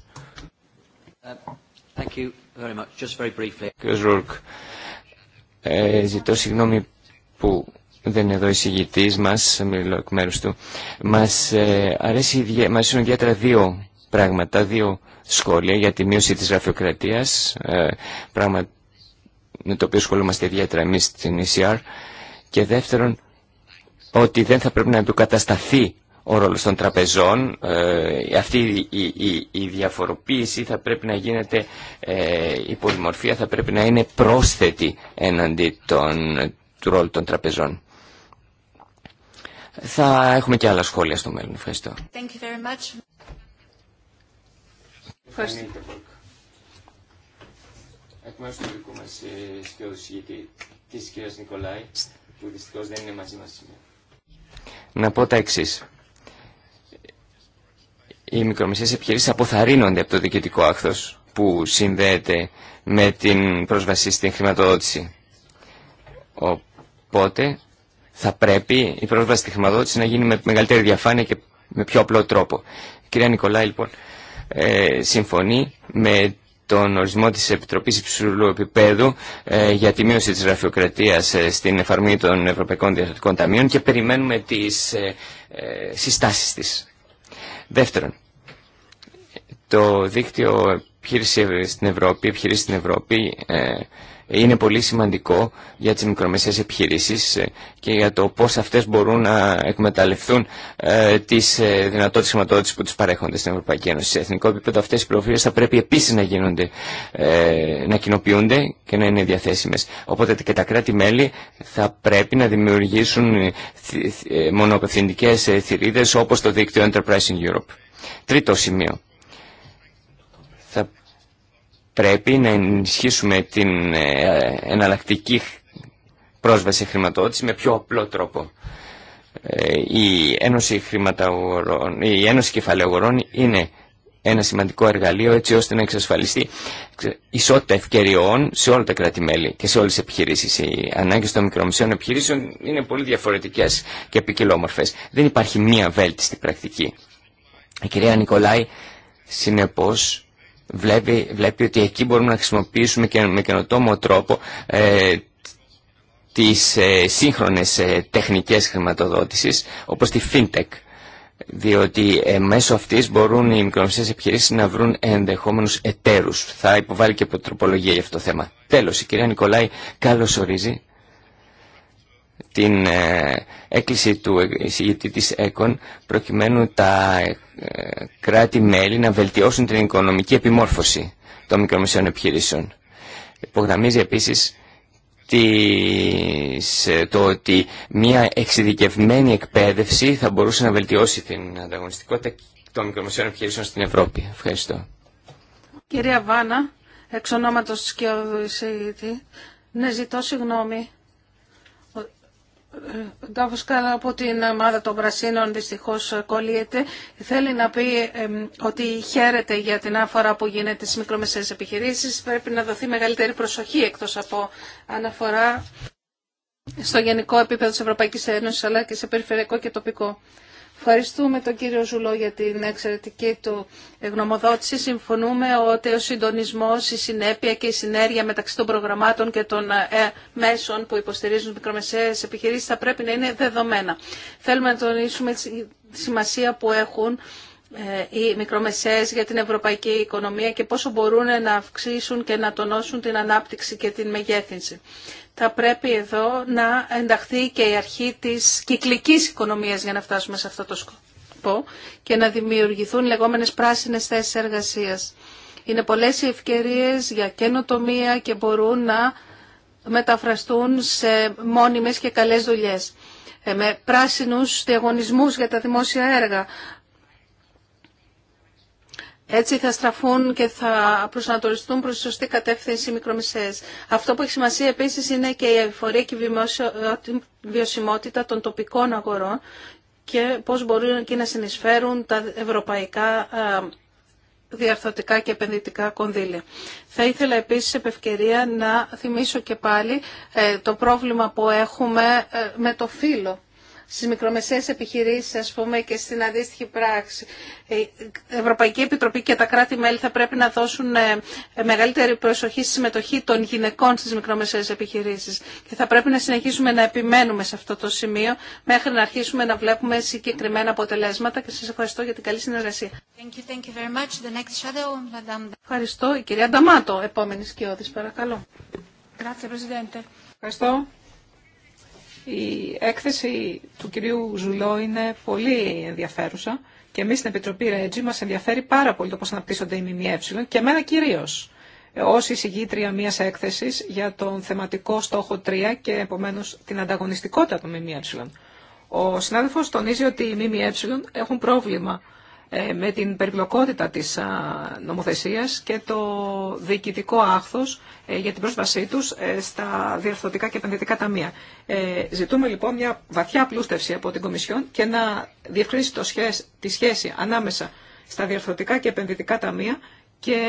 Ε, ζητώ συγγνώμη που δεν είναι εδώ εισηγητής μας, μιλώ εκ μέρου του. Μας, ε, αρέσει, μας αρέσουν ιδιαίτερα δύο πράγματα, δύο σχόλια για τη μείωση της γραφειοκρατίας, ε, πράγμα με το οποίο ασχολούμαστε ιδιαίτερα εμεί στην ECR, και δεύτερον, ότι δεν θα πρέπει να κατασταθεί ο ρόλος των τραπεζών. Ε, αυτή η, η, διαφοροποίηση θα πρέπει να γίνεται, η πολυμορφία θα πρέπει να είναι πρόσθετη έναντι των, του ρόλου των τραπεζών. Θα έχουμε και άλλα σχόλια στο μέλλον. Ευχαριστώ. της κυρίας Νικολάη, που δυστυχώς δεν είναι μαζί μας σήμερα. Να πω τα εξή. Οι μικρομεσαίε επιχειρήσει αποθαρρύνονται από το διοικητικό άκθος που συνδέεται με την πρόσβαση στην χρηματοδότηση. Οπότε θα πρέπει η πρόσβαση στη χρηματοδότηση να γίνει με μεγαλύτερη διαφάνεια και με πιο απλό τρόπο. Η κυρία Νικολάη λοιπόν ε, συμφωνεί με τον ορισμό της Επιτροπής Υψηλού Επιπέδου ε, για τη μείωση της γραφειοκρατίας ε, στην εφαρμογή των Ευρωπαϊκών Διαστατικών Ταμείων και περιμένουμε τις ε, ε, συστάσεις της. Δεύτερον, το δίκτυο επιχείρηση στην Ευρώπη, επιχειρήση στην Ευρώπη είναι πολύ σημαντικό για τις μικρομεσαίες επιχειρήσεις ε, και για το πώς αυτές μπορούν να εκμεταλλευτούν ε, τις ε, δυνατότητες χρηματοδότησης που τους παρέχονται στην Ευρωπαϊκή Ένωση. Σε εθνικό επίπεδο αυτές οι πληροφορίες θα πρέπει επίσης να γίνονται, να κοινοποιούνται και να είναι διαθέσιμες. Οπότε και τα κράτη-μέλη θα πρέπει να δημιουργήσουν μονοπευθυντικές θηρίδες όπως το δίκτυο Enterprise in Europe. Τρίτο σημείο. Θα πρέπει να ενισχύσουμε την ε, εναλλακτική πρόσβαση χρηματοδότηση με πιο απλό τρόπο. Ε, η Ένωση, Κεφαλαίου η Ένωση Κεφαλαιογορών είναι ένα σημαντικό εργαλείο έτσι ώστε να εξασφαλιστεί ισότητα ευκαιριών σε όλα τα κράτη-μέλη και σε όλες τις επιχειρήσεις. Οι ανάγκες των μικρομεσαίων επιχειρήσεων είναι πολύ διαφορετικές και επικοινόμορφε. Δεν υπάρχει μία βέλτιστη πρακτική. Η κυρία Νικολάη συνεπώς βλέπει, ότι εκεί μπορούμε να χρησιμοποιήσουμε και με καινοτόμο τρόπο ε, τις ε, σύγχρονες ε, τεχνικές χρηματοδότησης όπως τη FinTech διότι ε, μέσω αυτής μπορούν οι μικρομεσαίες επιχειρήσεις να βρουν ενδεχόμενους εταίρους. Θα υποβάλει και τροπολογία για αυτό το θέμα. Τέλος, η κυρία Νικολάη ορίζει την ε, έκκληση του εισηγητή της ΕΚΟΝ προκειμένου τα ε, κράτη-μέλη να βελτιώσουν την οικονομική επιμόρφωση των μικρομεσαίων επιχειρήσεων. Υπογραμμίζει επίσης ε, το ότι μια εξειδικευμένη εκπαίδευση θα μπορούσε να βελτιώσει την ανταγωνιστικότητα των μικρομεσαίων επιχειρήσεων στην Ευρώπη. Ευχαριστώ. Κυρία Βάνα, εξ ονόματος της ναι, ζητώ συγγνώμη Ντάβος Κάρα από την ομάδα των Πρασίνων δυστυχώς κολλείται. Θέλει να πει ότι χαίρεται για την άφορα που γίνεται στις μικρομεσαίες επιχειρήσεις. Πρέπει να δοθεί μεγαλύτερη προσοχή εκτός από αναφορά στο γενικό επίπεδο της Ευρωπαϊκής Ένωσης αλλά και σε περιφερειακό και τοπικό. Ευχαριστούμε τον κύριο Ζουλό για την εξαιρετική του γνωμοδότηση. Συμφωνούμε ότι ο συντονισμός, η συνέπεια και η συνέργεια μεταξύ των προγραμμάτων και των ε, μέσων που υποστηρίζουν μικρομεσαίες επιχειρήσεις θα πρέπει να είναι δεδομένα. Θέλουμε να τονίσουμε τη σημασία που έχουν ε, οι μικρομεσαίες για την ευρωπαϊκή οικονομία και πόσο μπορούν να αυξήσουν και να τονώσουν την ανάπτυξη και την μεγέθυνση. Θα πρέπει εδώ να ενταχθεί και η αρχή της κυκλικής οικονομίας για να φτάσουμε σε αυτό το σκοπό και να δημιουργηθούν λεγόμενες πράσινες θέσεις εργασίας. Είναι πολλές οι ευκαιρίες για καινοτομία και μπορούν να μεταφραστούν σε μόνιμες και καλές δουλειές ε, με πράσινους διαγωνισμούς για τα δημόσια έργα, έτσι θα στραφούν και θα προσανατολιστούν προς τη σωστή κατεύθυνση μικρομεσαίες. Αυτό που έχει σημασία επίσης είναι και η ευφορία και η βιωσιμότητα των τοπικών αγορών και πώς μπορούν και να συνεισφέρουν τα ευρωπαϊκά διαρθωτικά και επενδυτικά κονδύλια. Θα ήθελα επίσης επ' να θυμίσω και πάλι ε, το πρόβλημα που έχουμε ε, με το φύλλο στις μικρομεσαίες επιχειρήσεις ας πούμε και στην αντίστοιχη πράξη. Η ε, Ευρωπαϊκή Επιτροπή και τα κράτη-μέλη θα πρέπει να δώσουν ε, μεγαλύτερη προσοχή στη συμμετοχή των γυναικών στις μικρομεσαίες επιχειρήσεις και θα πρέπει να συνεχίσουμε να επιμένουμε σε αυτό το σημείο μέχρι να αρχίσουμε να βλέπουμε συγκεκριμένα αποτελέσματα και σας ευχαριστώ για την καλή συνεργασία. Thank you, thank you very much. The next shadow, ευχαριστώ. Η κυρία Νταμάτο, επόμενη σκιώδη, παρακαλώ. Ευχαριστώ. Η έκθεση του κυρίου Ζουλό είναι πολύ ενδιαφέρουσα και εμείς στην Επιτροπή ΡΕΤΖΙ μας ενδιαφέρει πάρα πολύ το πώς αναπτύσσονται οι ΜΜΕ και εμένα κυρίως ως εισηγήτρια μια έκθεση για τον θεματικό στόχο 3 και επομένω την ανταγωνιστικότητα των ΜΜΕ. Ο συνάδελφος τονίζει ότι οι ΜΜΕ έχουν πρόβλημα ε, με την περιπλοκότητα της νομοθεσίας και το διοικητικό άχθος ε, για την πρόσβασή τους ε, στα διαρθρωτικά και επενδυτικά ταμεία. Ζητούμε λοιπόν μια βαθιά πλούστευση από την Κομισιόν και να διευκρίνει τη σχέση ανάμεσα στα διαρθρωτικά και επενδυτικά ταμεία και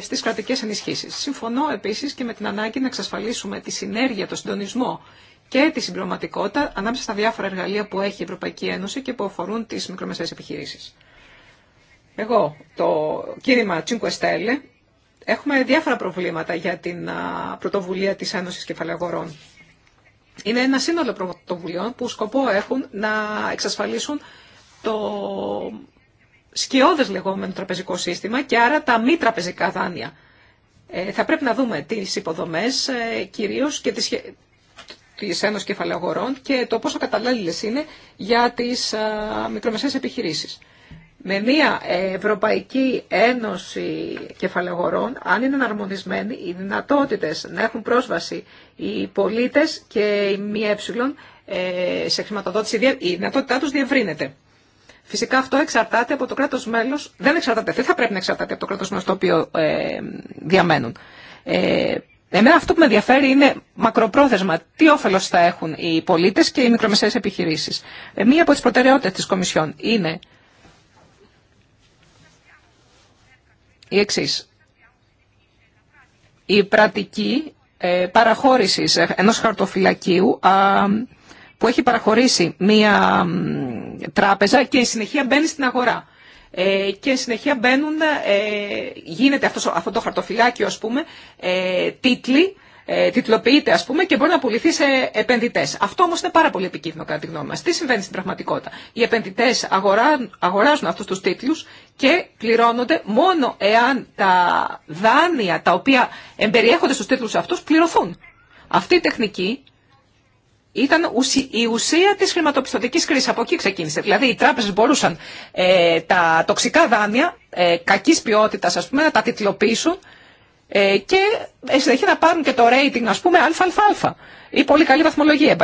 στις κρατικές ενισχύσεις. Συμφωνώ επίσης και με την ανάγκη να εξασφαλίσουμε τη συνέργεια, το συντονισμό και τη συμπληρωματικότητα ανάμεσα στα διάφορα εργαλεία που έχει η Ευρωπαϊκή Ένωση και που αφορούν τις μικρομεσαίες επιχειρήσεις εγώ το κήρυμα Cinque Stelle έχουμε διάφορα προβλήματα για την πρωτοβουλία της Ένωσης Κεφαλαγορών. Είναι ένα σύνολο πρωτοβουλειών που σκοπό έχουν να εξασφαλίσουν το σκιώδες λεγόμενο τραπεζικό σύστημα και άρα τα μη τραπεζικά δάνεια. Ε, θα πρέπει να δούμε τις υποδομές ε, κυρίως και τις, της Ένωσης Κεφαλαγορών και το πόσο καταλάλληλες είναι για τις μικρομεσαίες επιχειρήσεις με μια Ευρωπαϊκή Ένωση Κεφαλαιογορών, αν είναι αναρμονισμένοι, οι δυνατότητες να έχουν πρόσβαση οι πολίτες και οι ΜΕ σε χρηματοδότηση, η δυνατότητά τους διευρύνεται. Φυσικά αυτό εξαρτάται από το κράτος μέλος, δεν εξαρτάται, δεν θα πρέπει να εξαρτάται από το κράτος μέλος το οποίο ε, διαμένουν. Ε, εμένα αυτό που με ενδιαφέρει είναι μακροπρόθεσμα τι όφελος θα έχουν οι πολίτες και οι μικρομεσαίες επιχειρήσεις. Ε, μία από τις προτεραιότητες της Κομισιόν είναι η εξή. Η πρατική ε, παραχώρηση ενός χαρτοφυλακίου που έχει παραχωρήσει μία τράπεζα και συνεχεία μπαίνει στην αγορά. Ε, και συνεχεία μπαίνουν, ε, γίνεται αυτό, αυτό το χαρτοφυλάκιο ας πούμε, τίτλοι ε, τιτλοποιείται α πούμε και μπορεί να πουληθεί σε επενδυτέ. Αυτό όμω είναι πάρα πολύ επικίνδυνο κατά τη γνώμη μα. Τι συμβαίνει στην πραγματικότητα. Οι επενδυτέ αγοράζουν αυτού του τίτλου και πληρώνονται μόνο εάν τα δάνεια τα οποία εμπεριέχονται στους τίτλους αυτού πληρωθούν. Αυτή η τεχνική ήταν η ουσία της χρηματοπιστωτικής κρίσης. Από εκεί ξεκίνησε. Δηλαδή οι τράπεζες μπορούσαν ε, τα τοξικά δάνεια ε, κακής ποιότητας ας πούμε, να τα τιτλοποιήσουν ε, και ε, συνεχεία να πάρουν και το rating, ας πούμε, αλφα-αλφα-αλφα ή πολύ καλή βαθμολογία,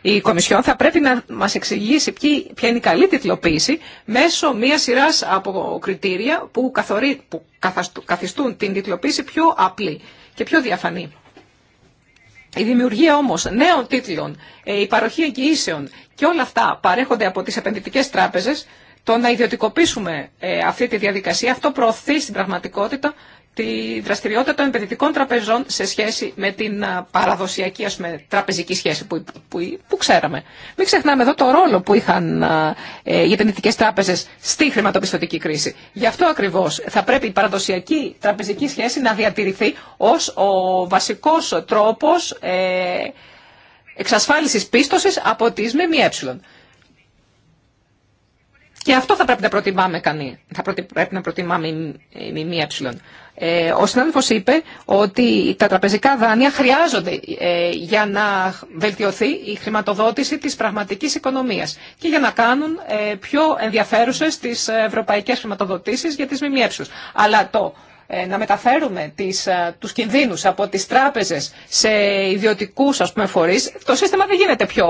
Η Κομισιόν θα πρέπει να μας εξηγήσει ποια είναι η καλή τιτλοποίηση μέσω μια σειράς από κριτήρια που, καθιστούν την τιτλοποίηση πιο απλή και πιο διαφανή. Η δημιουργία όμως νέων τίτλων, ε, η παροχή εγγυήσεων και όλα αυτά παρέχονται από τις επενδυτικές τράπεζες, το να ιδιωτικοποιήσουμε αυτή τη διαδικασία, αυτό προωθεί στην πραγματικότητα τη δραστηριότητα των επενδυτικών τραπεζών σε σχέση με την παραδοσιακή ας τραπεζική σχέση που, που, που ξέραμε. Μην ξεχνάμε εδώ το ρόλο που είχαν ε, οι επενδυτικέ τράπεζε στη χρηματοπιστωτική κρίση. Γι' αυτό ακριβώ θα πρέπει η παραδοσιακή τραπεζική σχέση να διατηρηθεί ω ο βασικό τρόπο ε, εξασφάλιση πίστοση από τι ΜΜΕ. Και αυτό θα πρέπει να προτιμάμε κανεί. Θα πρέπει να προτιμάμε η ΜΜΕ. Ε, ο συνάδελφο είπε ότι τα τραπεζικά δάνεια χρειάζονται ε, για να βελτιωθεί η χρηματοδότηση της πραγματικής οικονομίας και για να κάνουν ε, πιο ενδιαφέρουσες τις ευρωπαϊκές χρηματοδοτήσει για τις ΜΜΕ. Αλλά το να μεταφέρουμε τις, τους κινδύνους από τις τράπεζες σε ιδιωτικούς ας το σύστημα δεν γίνεται πιο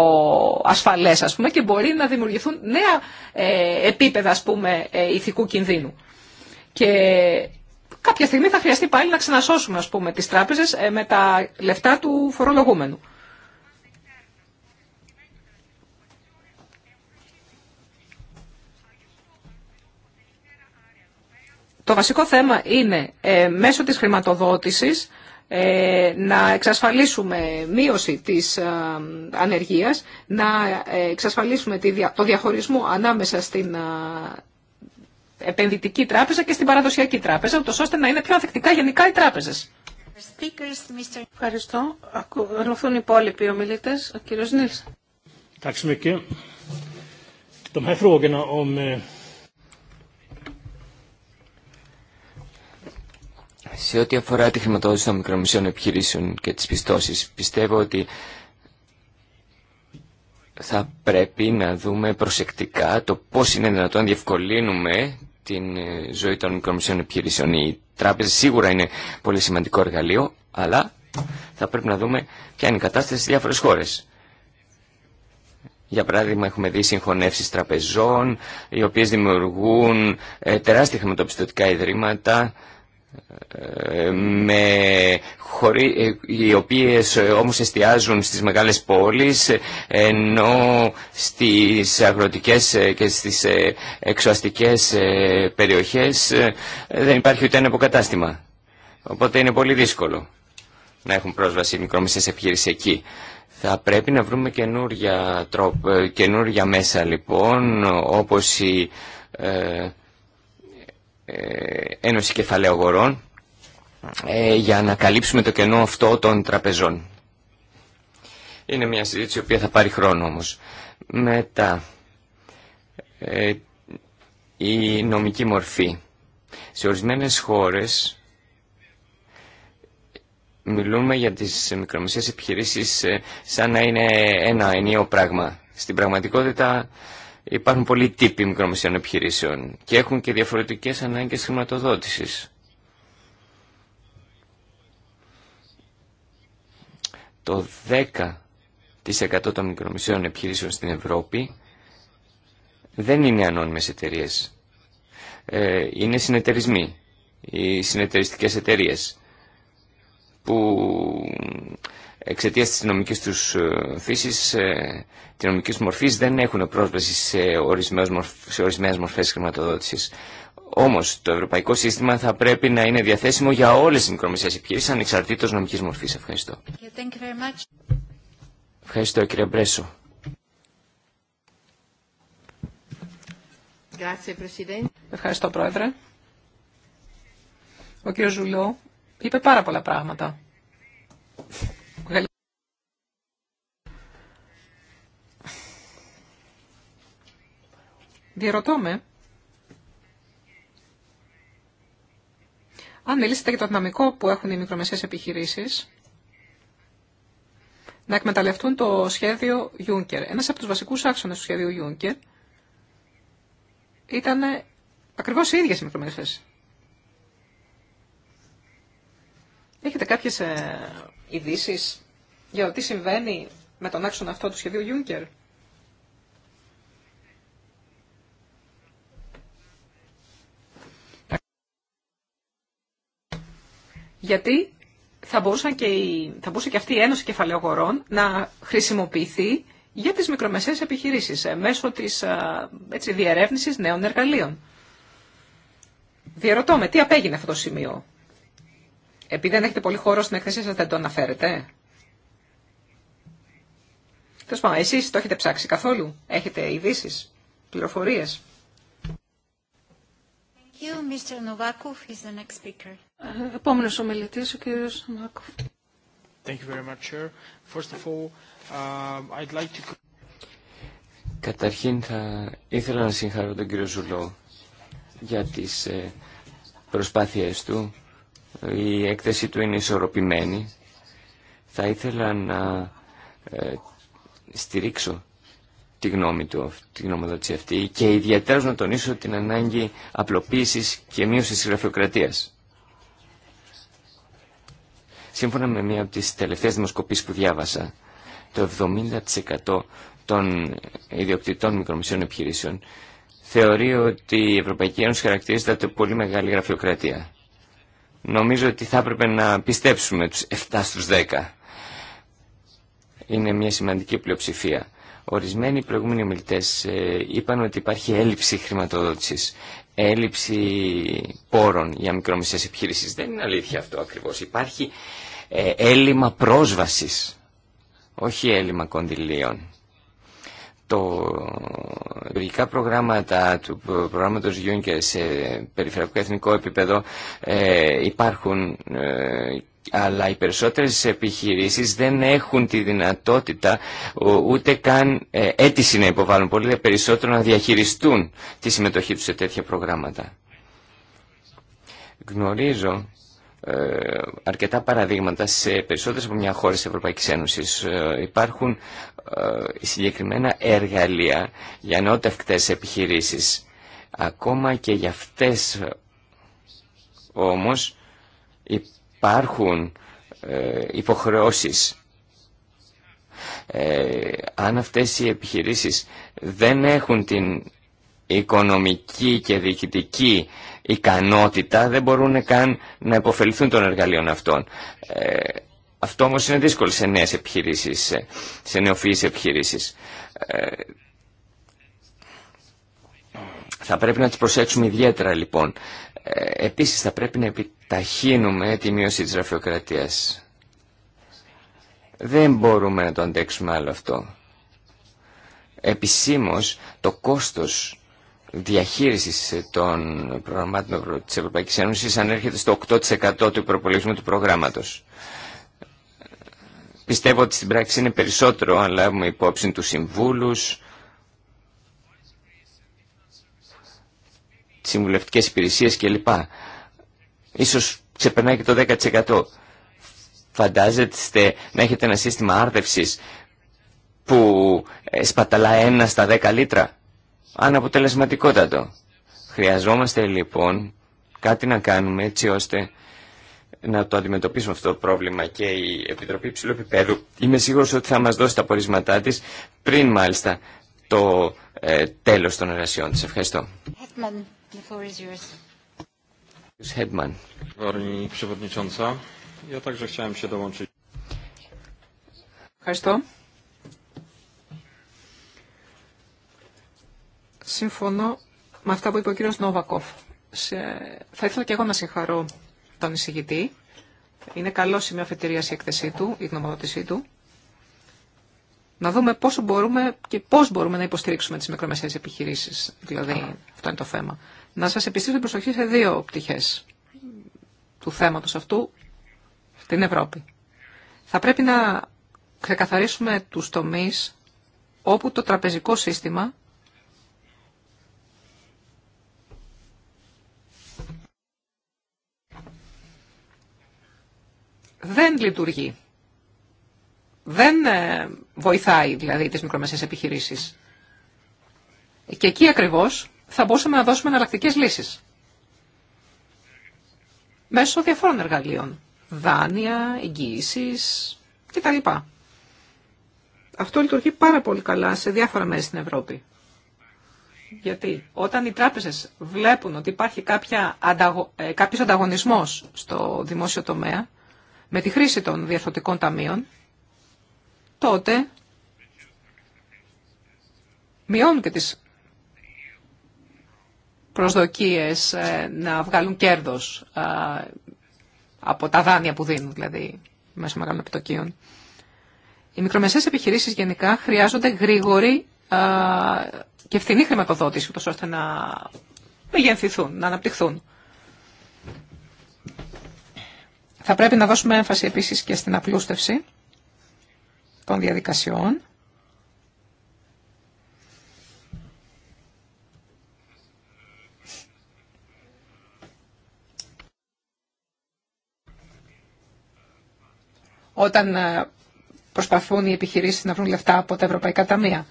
ασφαλές και μπορεί να δημιουργηθούν νέα επίπεδα ας πούμε, ηθικού κινδύνου. Και κάποια στιγμή θα χρειαστεί πάλι να ξανασώσουμε ας πούμε, τις τράπεζες ε, με τα λεφτά του φορολογούμενου. Το βασικό θέμα είναι ε, μέσω της χρηματοδότησης ε, να εξασφαλίσουμε μείωση της ε, ανεργίας, να εξασφαλίσουμε το διαχωρισμό ανάμεσα στην επενδυτική τράπεζα και στην παραδοσιακή τράπεζα, ούτως ώστε να είναι πιο ανθεκτικά γενικά οι τράπεζες. Ευχαριστώ. Ακολουθούν οι υπόλοιποι Ο eh, Σε ό,τι αφορά τη χρηματοδότηση των μικρομεσαίων επιχειρήσεων και τις πιστώσεις, πιστεύω ότι θα πρέπει να δούμε προσεκτικά το πώς είναι δυνατόν να διευκολύνουμε την ε, ζωή των μικρομεσαίων επιχειρήσεων. Η τράπεζε σίγουρα είναι πολύ σημαντικό εργαλείο, αλλά θα πρέπει να δούμε ποια είναι η κατάσταση στις διάφορες χώρες. Για παράδειγμα, έχουμε δει συγχωνεύσεις τραπεζών, οι οποίες δημιουργούν ε, τεράστια χρηματοπιστωτικά ιδρύματα, ε, με ε, οι οποίες ε, όμως εστιάζουν στις μεγάλες πόλεις ενώ στις αγροτικές και στις εξωαστικές περιοχές δεν υπάρχει ούτε ένα υποκατάστημα. Οπότε είναι πολύ δύσκολο να έχουν πρόσβαση οι μικρόμεσες επιχειρήσεις εκεί. Θα πρέπει να βρούμε καινούρια, τρόπο, καινούρια μέσα λοιπόν όπως η... Ε, Ένωση Κεφαλαίου Αγορών ε, για να καλύψουμε το κενό αυτό των τραπεζών. Είναι μια συζήτηση η οποία θα πάρει χρόνο όμως. Μετά, ε, η νομική μορφή. Σε ορισμένες χώρες μιλούμε για τις μικρομεσαίες επιχειρήσεις σαν να είναι ένα ενίο πράγμα. Στην πραγματικότητα Υπάρχουν πολλοί τύποι μικρομεσαίων επιχειρήσεων και έχουν και διαφορετικές ανάγκες χρηματοδότησης. Το 10% των μικρομεσαίων επιχειρήσεων στην Ευρώπη δεν είναι ανώνυμες εταιρείε. Ε, είναι συνεταιρισμοί, οι συνεταιριστικές εταιρείε που Εξαιτία τη νομικής του ε, φύση, ε, τη νομική μορφής, δεν έχουν πρόσβαση σε ορισμένε μορφές, χρηματοδότηση. Όμω, το ευρωπαϊκό σύστημα θα πρέπει να είναι διαθέσιμο για όλε τι μικρομεσαίε επιχείρησει ανεξαρτήτω νομικής μορφής. Ευχαριστώ. Ευχαριστώ κύριε Μπρέσο. Ευχαριστώ πρόεδρε. Ο κύριος Ζουλό είπε πάρα πολλά πράγματα. Διερωτώ αν μιλήσετε για το δυναμικό που έχουν οι μικρομεσαίες επιχειρήσεις, να εκμεταλλευτούν το σχέδιο Juncker. Ένας από τους βασικούς άξονες του σχέδιου Juncker ήταν ακριβώς οι ίδιες οι μικρομεσαίες. Έχετε κάποιες ε, ειδήσει για το τι συμβαίνει με τον άξονα αυτό του σχεδίου Juncker. γιατί θα, και μπορούσε και αυτή η Ένωση Κεφαλαιογορών να χρησιμοποιηθεί για τις μικρομεσαίες επιχειρήσεις ε, μέσω της ε, έτσι, διερεύνησης νέων εργαλείων. Διερωτώ με, τι απέγινε αυτό το σημείο. Επειδή δεν έχετε πολύ χώρο στην εκθεσία σας δεν το αναφέρετε. Τέλο εσείς το έχετε ψάξει καθόλου. Έχετε ειδήσει, πληροφορίες. Επόμενο you, Mr. ο κύριος Νοβάκοφ. Thank you very much, First of all, uh, I'd like to... Καταρχήν θα ήθελα να συγχαρώ τον κύριο Ζουλό για τις ε, προσπάθειές του. Η έκθεση του είναι ισορροπημένη. Θα ήθελα να ε, στηρίξω τη γνώμη του, τη αυτή και ιδιαίτερα να τονίσω την ανάγκη απλοποίησης και μείωση της γραφειοκρατίας. Σύμφωνα με μία από τις τελευταίες δημοσκοπήσεις που διάβασα, το 70% των ιδιοκτητών μικρομεσαίων επιχειρήσεων θεωρεί ότι η Ευρωπαϊκή Ένωση χαρακτηρίζεται από πολύ μεγάλη γραφειοκρατία. Νομίζω ότι θα έπρεπε να πιστέψουμε τους 7 στους 10. Είναι μια σημαντική πλειοψηφία Ορισμένοι προηγούμενοι ομιλητέ ε, είπαν ότι υπάρχει έλλειψη χρηματοδότησης, έλλειψη πόρων για μικρομεσαίες επιχειρήσεις. Δεν είναι αλήθεια αυτό ακριβώς. Υπάρχει ε, έλλειμμα πρόσβασης, όχι έλλειμμα κονδυλίων. Το προγράμματα του προγράμματος και σε περιφερειακό εθνικό επίπεδο ε, υπάρχουν αλλά οι περισσότερες επιχειρήσεις δεν έχουν τη δυνατότητα ούτε καν ε, αίτηση να υποβάλουν πολύ περισσότερο να διαχειριστούν τη συμμετοχή τους σε τέτοια προγράμματα. Γνωρίζω ε, αρκετά παραδείγματα σε περισσότερες από μια χώρα της Ευρωπαϊκής Ένωσης. Ε, υπάρχουν ε, συγκεκριμένα εργαλεία για νότευκτες επιχειρήσεις. Ακόμα και για αυτές όμως υπάρχουν ε, υποχρεώσεις. Ε, αν αυτές οι επιχειρήσεις δεν έχουν την οικονομική και διοικητική ικανότητα, δεν μπορούν καν να υποφεληθούν των εργαλείων αυτών. Ε, αυτό όμως είναι δύσκολο σε νέες επιχειρήσεις, σε νεοφυείς επιχειρήσεις. Ε, θα πρέπει να τις προσέξουμε ιδιαίτερα λοιπόν. Ε, επίσης θα πρέπει να επι Ταχύνουμε τη μείωση της γραφειοκρατίας. Δεν μπορούμε να το αντέξουμε άλλο αυτό. Επισήμως το κόστος διαχείρισης των προγραμμάτων της Ευρωπαϊκής ανέρχεται στο 8% του προπολογισμού του προγράμματος. Πιστεύω ότι στην πράξη είναι περισσότερο αν λάβουμε υπόψη τους συμβούλους, τις συμβουλευτικές υπηρεσίες κλπ ίσως ξεπερνάει και το 10%. Φαντάζεστε να έχετε ένα σύστημα άρδευσης που ε, σπαταλά ένα στα 10 λίτρα. Αναποτελεσματικότατο. Χρειαζόμαστε λοιπόν κάτι να κάνουμε έτσι ώστε να το αντιμετωπίσουμε αυτό το πρόβλημα και η Επιτροπή Υψηλού Επιπέδου είμαι σίγουρος ότι θα μας δώσει τα πορίσματά της πριν μάλιστα το ε, τέλος των εργασιών της. Ευχαριστώ. Ευχαριστώ. Συμφωνώ με αυτά που είπε ο κύριος Νόβακοφ. Θα ήθελα και εγώ να συγχαρώ τον εισηγητή. Είναι καλό σημείο αφετηρία η έκθεσή του, η γνωμοδότησή του. Να δούμε πόσο μπορούμε και πώ μπορούμε να υποστηρίξουμε τι μικρομεσαίες επιχειρήσει, Δηλαδή, αυτό είναι το θέμα. Να σας επιστήσω την προσοχή σε δύο πτυχές του θέματος αυτού στην Ευρώπη. Θα πρέπει να ξεκαθαρίσουμε τους τομείς όπου το τραπεζικό σύστημα δεν λειτουργεί. Δεν ε, βοηθάει δηλαδή τις μικρομεσαίες επιχειρήσεις. Και εκεί ακριβώς θα μπορούσαμε να δώσουμε εναλλακτικέ λύσει Μέσω διαφόρων εργαλείων. Δάνεια, εγγύησει κτλ. Αυτό λειτουργεί πάρα πολύ καλά σε διάφορα μέρη στην Ευρώπη. Γιατί όταν οι τράπεζε βλέπουν ότι υπάρχει ανταγω... Ε, κάποιος στο δημόσιο τομέα με τη χρήση των διαφθορτικών ταμείων, τότε μειώνουν και τις προσδοκίες ε, να βγάλουν κέρδος ε, από τα δάνεια που δίνουν, δηλαδή μέσω μεγάλων επιτοκίων. Οι μικρομεσαίες επιχειρήσεις γενικά χρειάζονται γρήγορη ε, και φθηνή χρηματοδότηση, ώστε να μεγενθηθούν, να αναπτυχθούν. Θα πρέπει να δώσουμε έμφαση επίσης και στην απλούστευση των διαδικασιών όταν ε, προσπαθούν οι επιχειρήσει να βρουν λεφτά από τα ευρωπαϊκά ταμεία.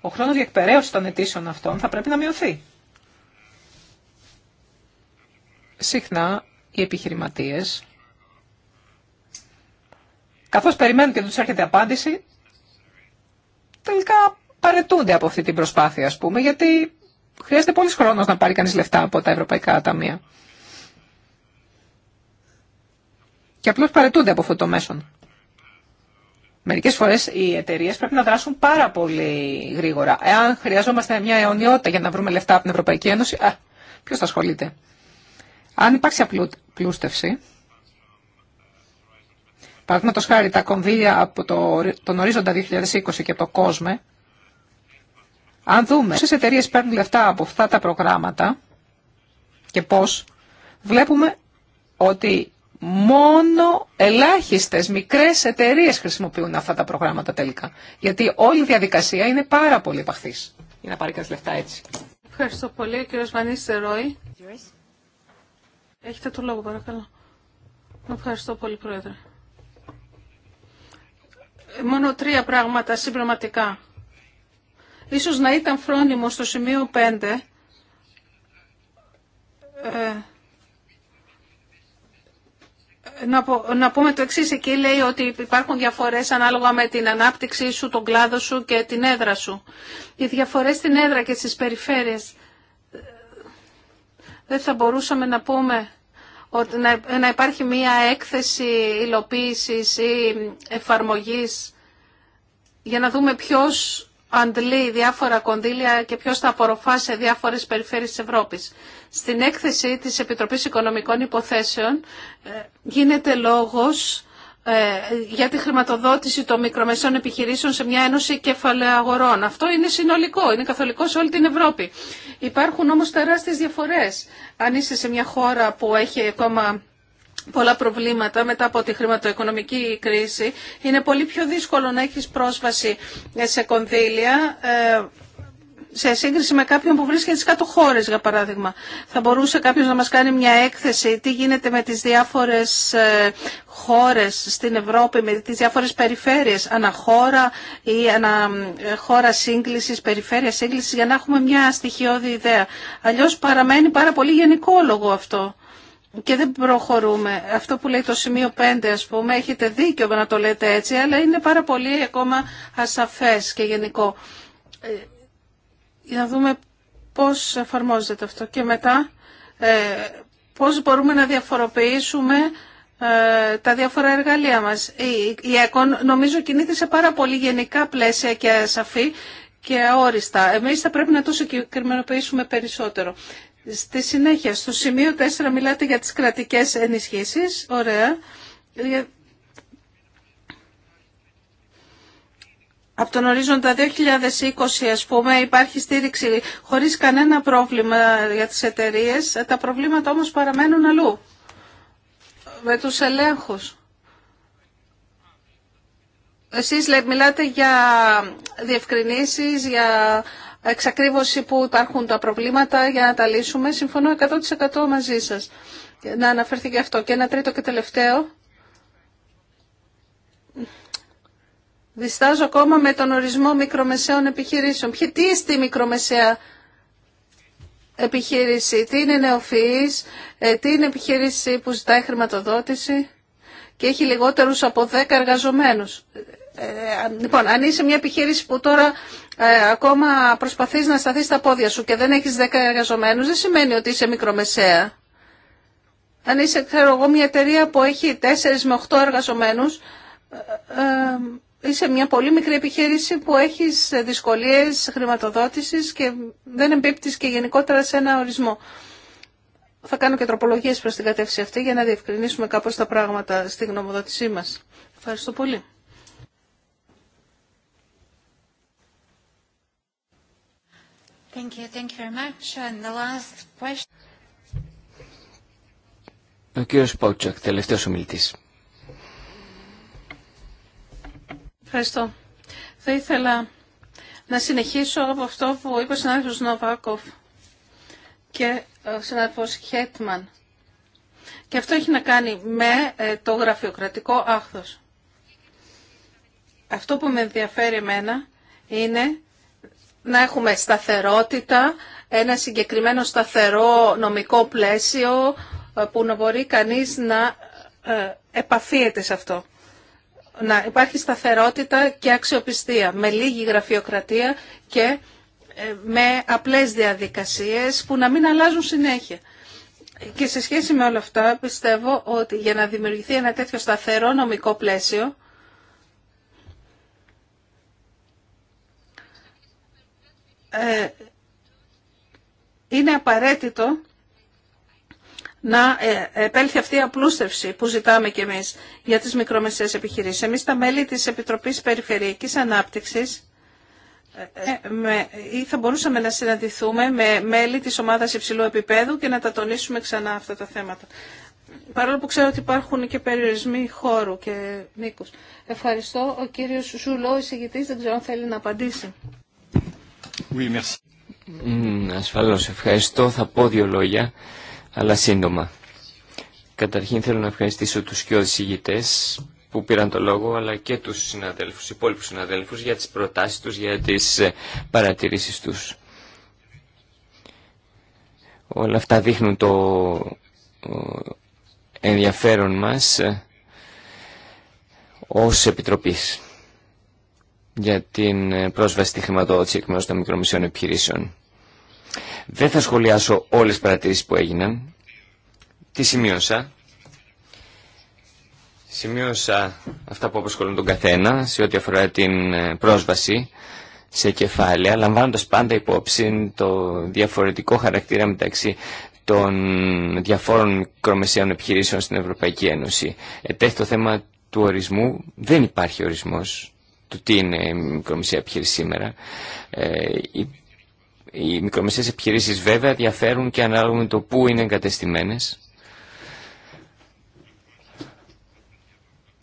Ο χρόνος διεκπαιρέωση των αιτήσεων αυτών θα πρέπει να μειωθεί. Συχνά οι επιχειρηματίες, καθώς περιμένουν και του έρχεται απάντηση, τελικά παρετούνται από αυτή την προσπάθεια, α πούμε, γιατί χρειάζεται πολύς χρόνος να πάρει κανεί λεφτά από τα ευρωπαϊκά ταμεία. Και απλώς παρετούνται από αυτό το μέσον. Μερικέ φορές οι εταιρείε πρέπει να δράσουν πάρα πολύ γρήγορα. Εάν χρειαζόμαστε μια αιωνιότητα για να βρούμε λεφτά από την Ευρωπαϊκή Ένωση, Ποιο θα ασχολείται. Αν υπάρξει απλούστευση, παραδείγματο χάρη τα κονδύλια από το, τον ορίζοντα 2020 και το κόσμο, αν δούμε πόσε εταιρείε παίρνουν λεφτά από αυτά τα προγράμματα και πώ, βλέπουμε ότι μόνο ελάχιστες μικρές εταιρείες χρησιμοποιούν αυτά τα προγράμματα τελικά. Γιατί όλη η διαδικασία είναι πάρα πολύ επαχθής για να πάρει κάτι λεφτά έτσι. Ευχαριστώ πολύ. Ο κύριος Βανίς Ρόη. Έχετε το λόγο παρακαλώ. Ευχαριστώ πολύ Πρόεδρε. Μόνο τρία πράγματα συμπληρωματικά. Ίσως να ήταν φρόνιμο στο σημείο 5 να, πούμε το εξή εκεί λέει ότι υπάρχουν διαφορές ανάλογα με την ανάπτυξή σου, τον κλάδο σου και την έδρα σου. Οι διαφορές στην έδρα και στις περιφέρειες ε, δεν θα μπορούσαμε να πούμε ότι να υπάρχει μία έκθεση υλοποίησης ή εφαρμογής για να δούμε ποιος αντλεί διάφορα κονδύλια και ποιος τα απορροφά σε διάφορες περιφέρειες της Ευρώπης. Στην έκθεση της Επιτροπής Οικονομικών Υποθέσεων ε, γίνεται λόγος ε, για τη χρηματοδότηση των μικρομεσαίων επιχειρήσεων σε μια ένωση κεφαλαίου αγορών. Αυτό είναι συνολικό, είναι καθολικό σε όλη την Ευρώπη. Υπάρχουν όμως τεράστιες διαφορές. Αν είσαι σε μια χώρα που έχει ακόμα πολλά προβλήματα μετά από τη χρηματοοικονομική κρίση, είναι πολύ πιο δύσκολο να έχεις πρόσβαση σε κονδύλια ε, σε σύγκριση με κάποιον που βρίσκεται στις κάτω χώρες, για παράδειγμα. Θα μπορούσε κάποιος να μας κάνει μια έκθεση, τι γίνεται με τις διάφορες ε, χώρες στην Ευρώπη, με τις διάφορες περιφέρειες, αναχώρα ή αναχώρα ε, σύγκλησης, περιφέρεια σύγκλησης, για να έχουμε μια στοιχειώδη ιδέα. Αλλιώς παραμένει πάρα πολύ γενικόλογο αυτό. Και δεν προχωρούμε. Αυτό που λέει το σημείο 5, ας πούμε, έχετε δίκιο να το λέτε έτσι, αλλά είναι πάρα πολύ ακόμα ασαφές και γενικό. Ε, για να δούμε πώς εφαρμόζεται αυτό και μετά ε, πώς μπορούμε να διαφοροποιήσουμε ε, τα διάφορα εργαλεία μας. Η ΕΚΟΝ νομίζω κινείται σε πάρα πολύ γενικά πλαίσια και ασαφή και αόριστα. Εμείς θα πρέπει να το συγκεκριμενοποιήσουμε περισσότερο. Στη συνέχεια, στο σημείο 4 μιλάτε για τις κρατικές ενισχύσεις. Ωραία. από τον ορίζοντα 2020 ας πούμε υπάρχει στήριξη χωρίς κανένα πρόβλημα για τις εταιρείε, τα προβλήματα όμως παραμένουν αλλού με τους ελέγχους. Εσείς μιλάτε για διευκρινήσεις, για εξακρίβωση που υπάρχουν τα προβλήματα για να τα λύσουμε. Συμφωνώ 100% μαζί σας να αναφερθεί και αυτό. Και ένα τρίτο και τελευταίο Διστάζω ακόμα με τον ορισμό μικρομεσαίων επιχειρήσεων. Ποιοι, τι είστε η μικρομεσαία επιχείρηση, τι είναι νεοφυής, ε, τι είναι επιχείρηση που ζητάει χρηματοδότηση και έχει λιγότερους από 10 εργαζομένους. Ε, λοιπόν, αν είσαι μια επιχείρηση που τώρα ε, ακόμα προσπαθείς να σταθείς στα πόδια σου και δεν έχεις 10 εργαζομένους, δεν σημαίνει ότι είσαι μικρομεσαία. Αν είσαι, ξέρω εγώ, μια εταιρεία που έχει 4 με 8 εργαζομένους, είσαι μια πολύ μικρή επιχείρηση που έχεις δυσκολίες χρηματοδότησης και δεν εμπίπτεις και γενικότερα σε ένα ορισμό. Θα κάνω και τροπολογίες προς την κατεύθυνση αυτή για να διευκρινίσουμε κάπως τα πράγματα στη γνωμοδότησή μας. Ευχαριστώ πολύ. Thank you, thank you very much. And the last question... Ο κύριος Πότσακ, τελευταίος ομιλητής. Ευχαριστώ. Θα ήθελα να συνεχίσω από αυτό που είπε ο συνάδελφος Νοβάκοφ και ο συνάδελφος Χέτμαν. Και αυτό έχει να κάνει με ε, το γραφειοκρατικό άχθος. Αυτό που με ενδιαφέρει εμένα είναι να έχουμε σταθερότητα, ένα συγκεκριμένο σταθερό νομικό πλαίσιο ε, που να μπορεί κανείς να ε, επαφίεται σε αυτό να υπάρχει σταθερότητα και αξιοπιστία με λίγη γραφειοκρατία και ε, με απλές διαδικασίες που να μην αλλάζουν συνέχεια. Και σε σχέση με όλα αυτά πιστεύω ότι για να δημιουργηθεί ένα τέτοιο σταθερό νομικό πλαίσιο ε, είναι απαραίτητο να ε, επέλθει αυτή η απλούστευση που ζητάμε κι εμείς για τις μικρομεσαίες επιχειρήσεις. Εμείς τα μέλη της Επιτροπής Περιφερειακής Ανάπτυξης ε, ε, ή θα μπορούσαμε να συναντηθούμε με μέλη της ομάδας υψηλού επίπεδου και να τα τονίσουμε ξανά αυτά τα θέματα. Παρόλο που ξέρω ότι υπάρχουν και περιορισμοί χώρου και μήκου. Ευχαριστώ. Ο κύριος Ζουλό, εισηγητής, δεν ξέρω αν θέλει να απαντήσει. Oui, ασφαλώς, ευχαριστώ. Θα πω δύο λόγια αλλά σύντομα. Καταρχήν θέλω να ευχαριστήσω του κοιόδης ηγητές που πήραν το λόγο, αλλά και τους συναδέλφους, υπόλοιπους συναδέλφους, για τι προτάσει του, για τι ε, παρατήρησει του. Όλα αυτά δείχνουν το ενδιαφέρον μας ε, ως Επιτροπής για την ε, πρόσβαση στη χρηματοδότηση εκ μέρους των μικρομεσαίων επιχειρήσεων. Δεν θα σχολιάσω όλες τις παρατηρήσεις που έγιναν. Τι σημείωσα. Σημείωσα αυτά που αποσχολούν τον καθένα σε ό,τι αφορά την ε, πρόσβαση σε κεφάλαια, λαμβάνοντας πάντα υπόψη το διαφορετικό χαρακτήρα μεταξύ των διαφόρων μικρομεσαίων επιχειρήσεων στην Ευρωπαϊκή Ένωση. Ετέχει το θέμα του ορισμού, δεν υπάρχει ορισμός του τι είναι μικρομεσαία επιχείρηση σήμερα. Ε, οι μικρομεσαίες επιχειρήσεις βέβαια διαφέρουν και ανάλογα με το πού είναι εγκατεστημένες.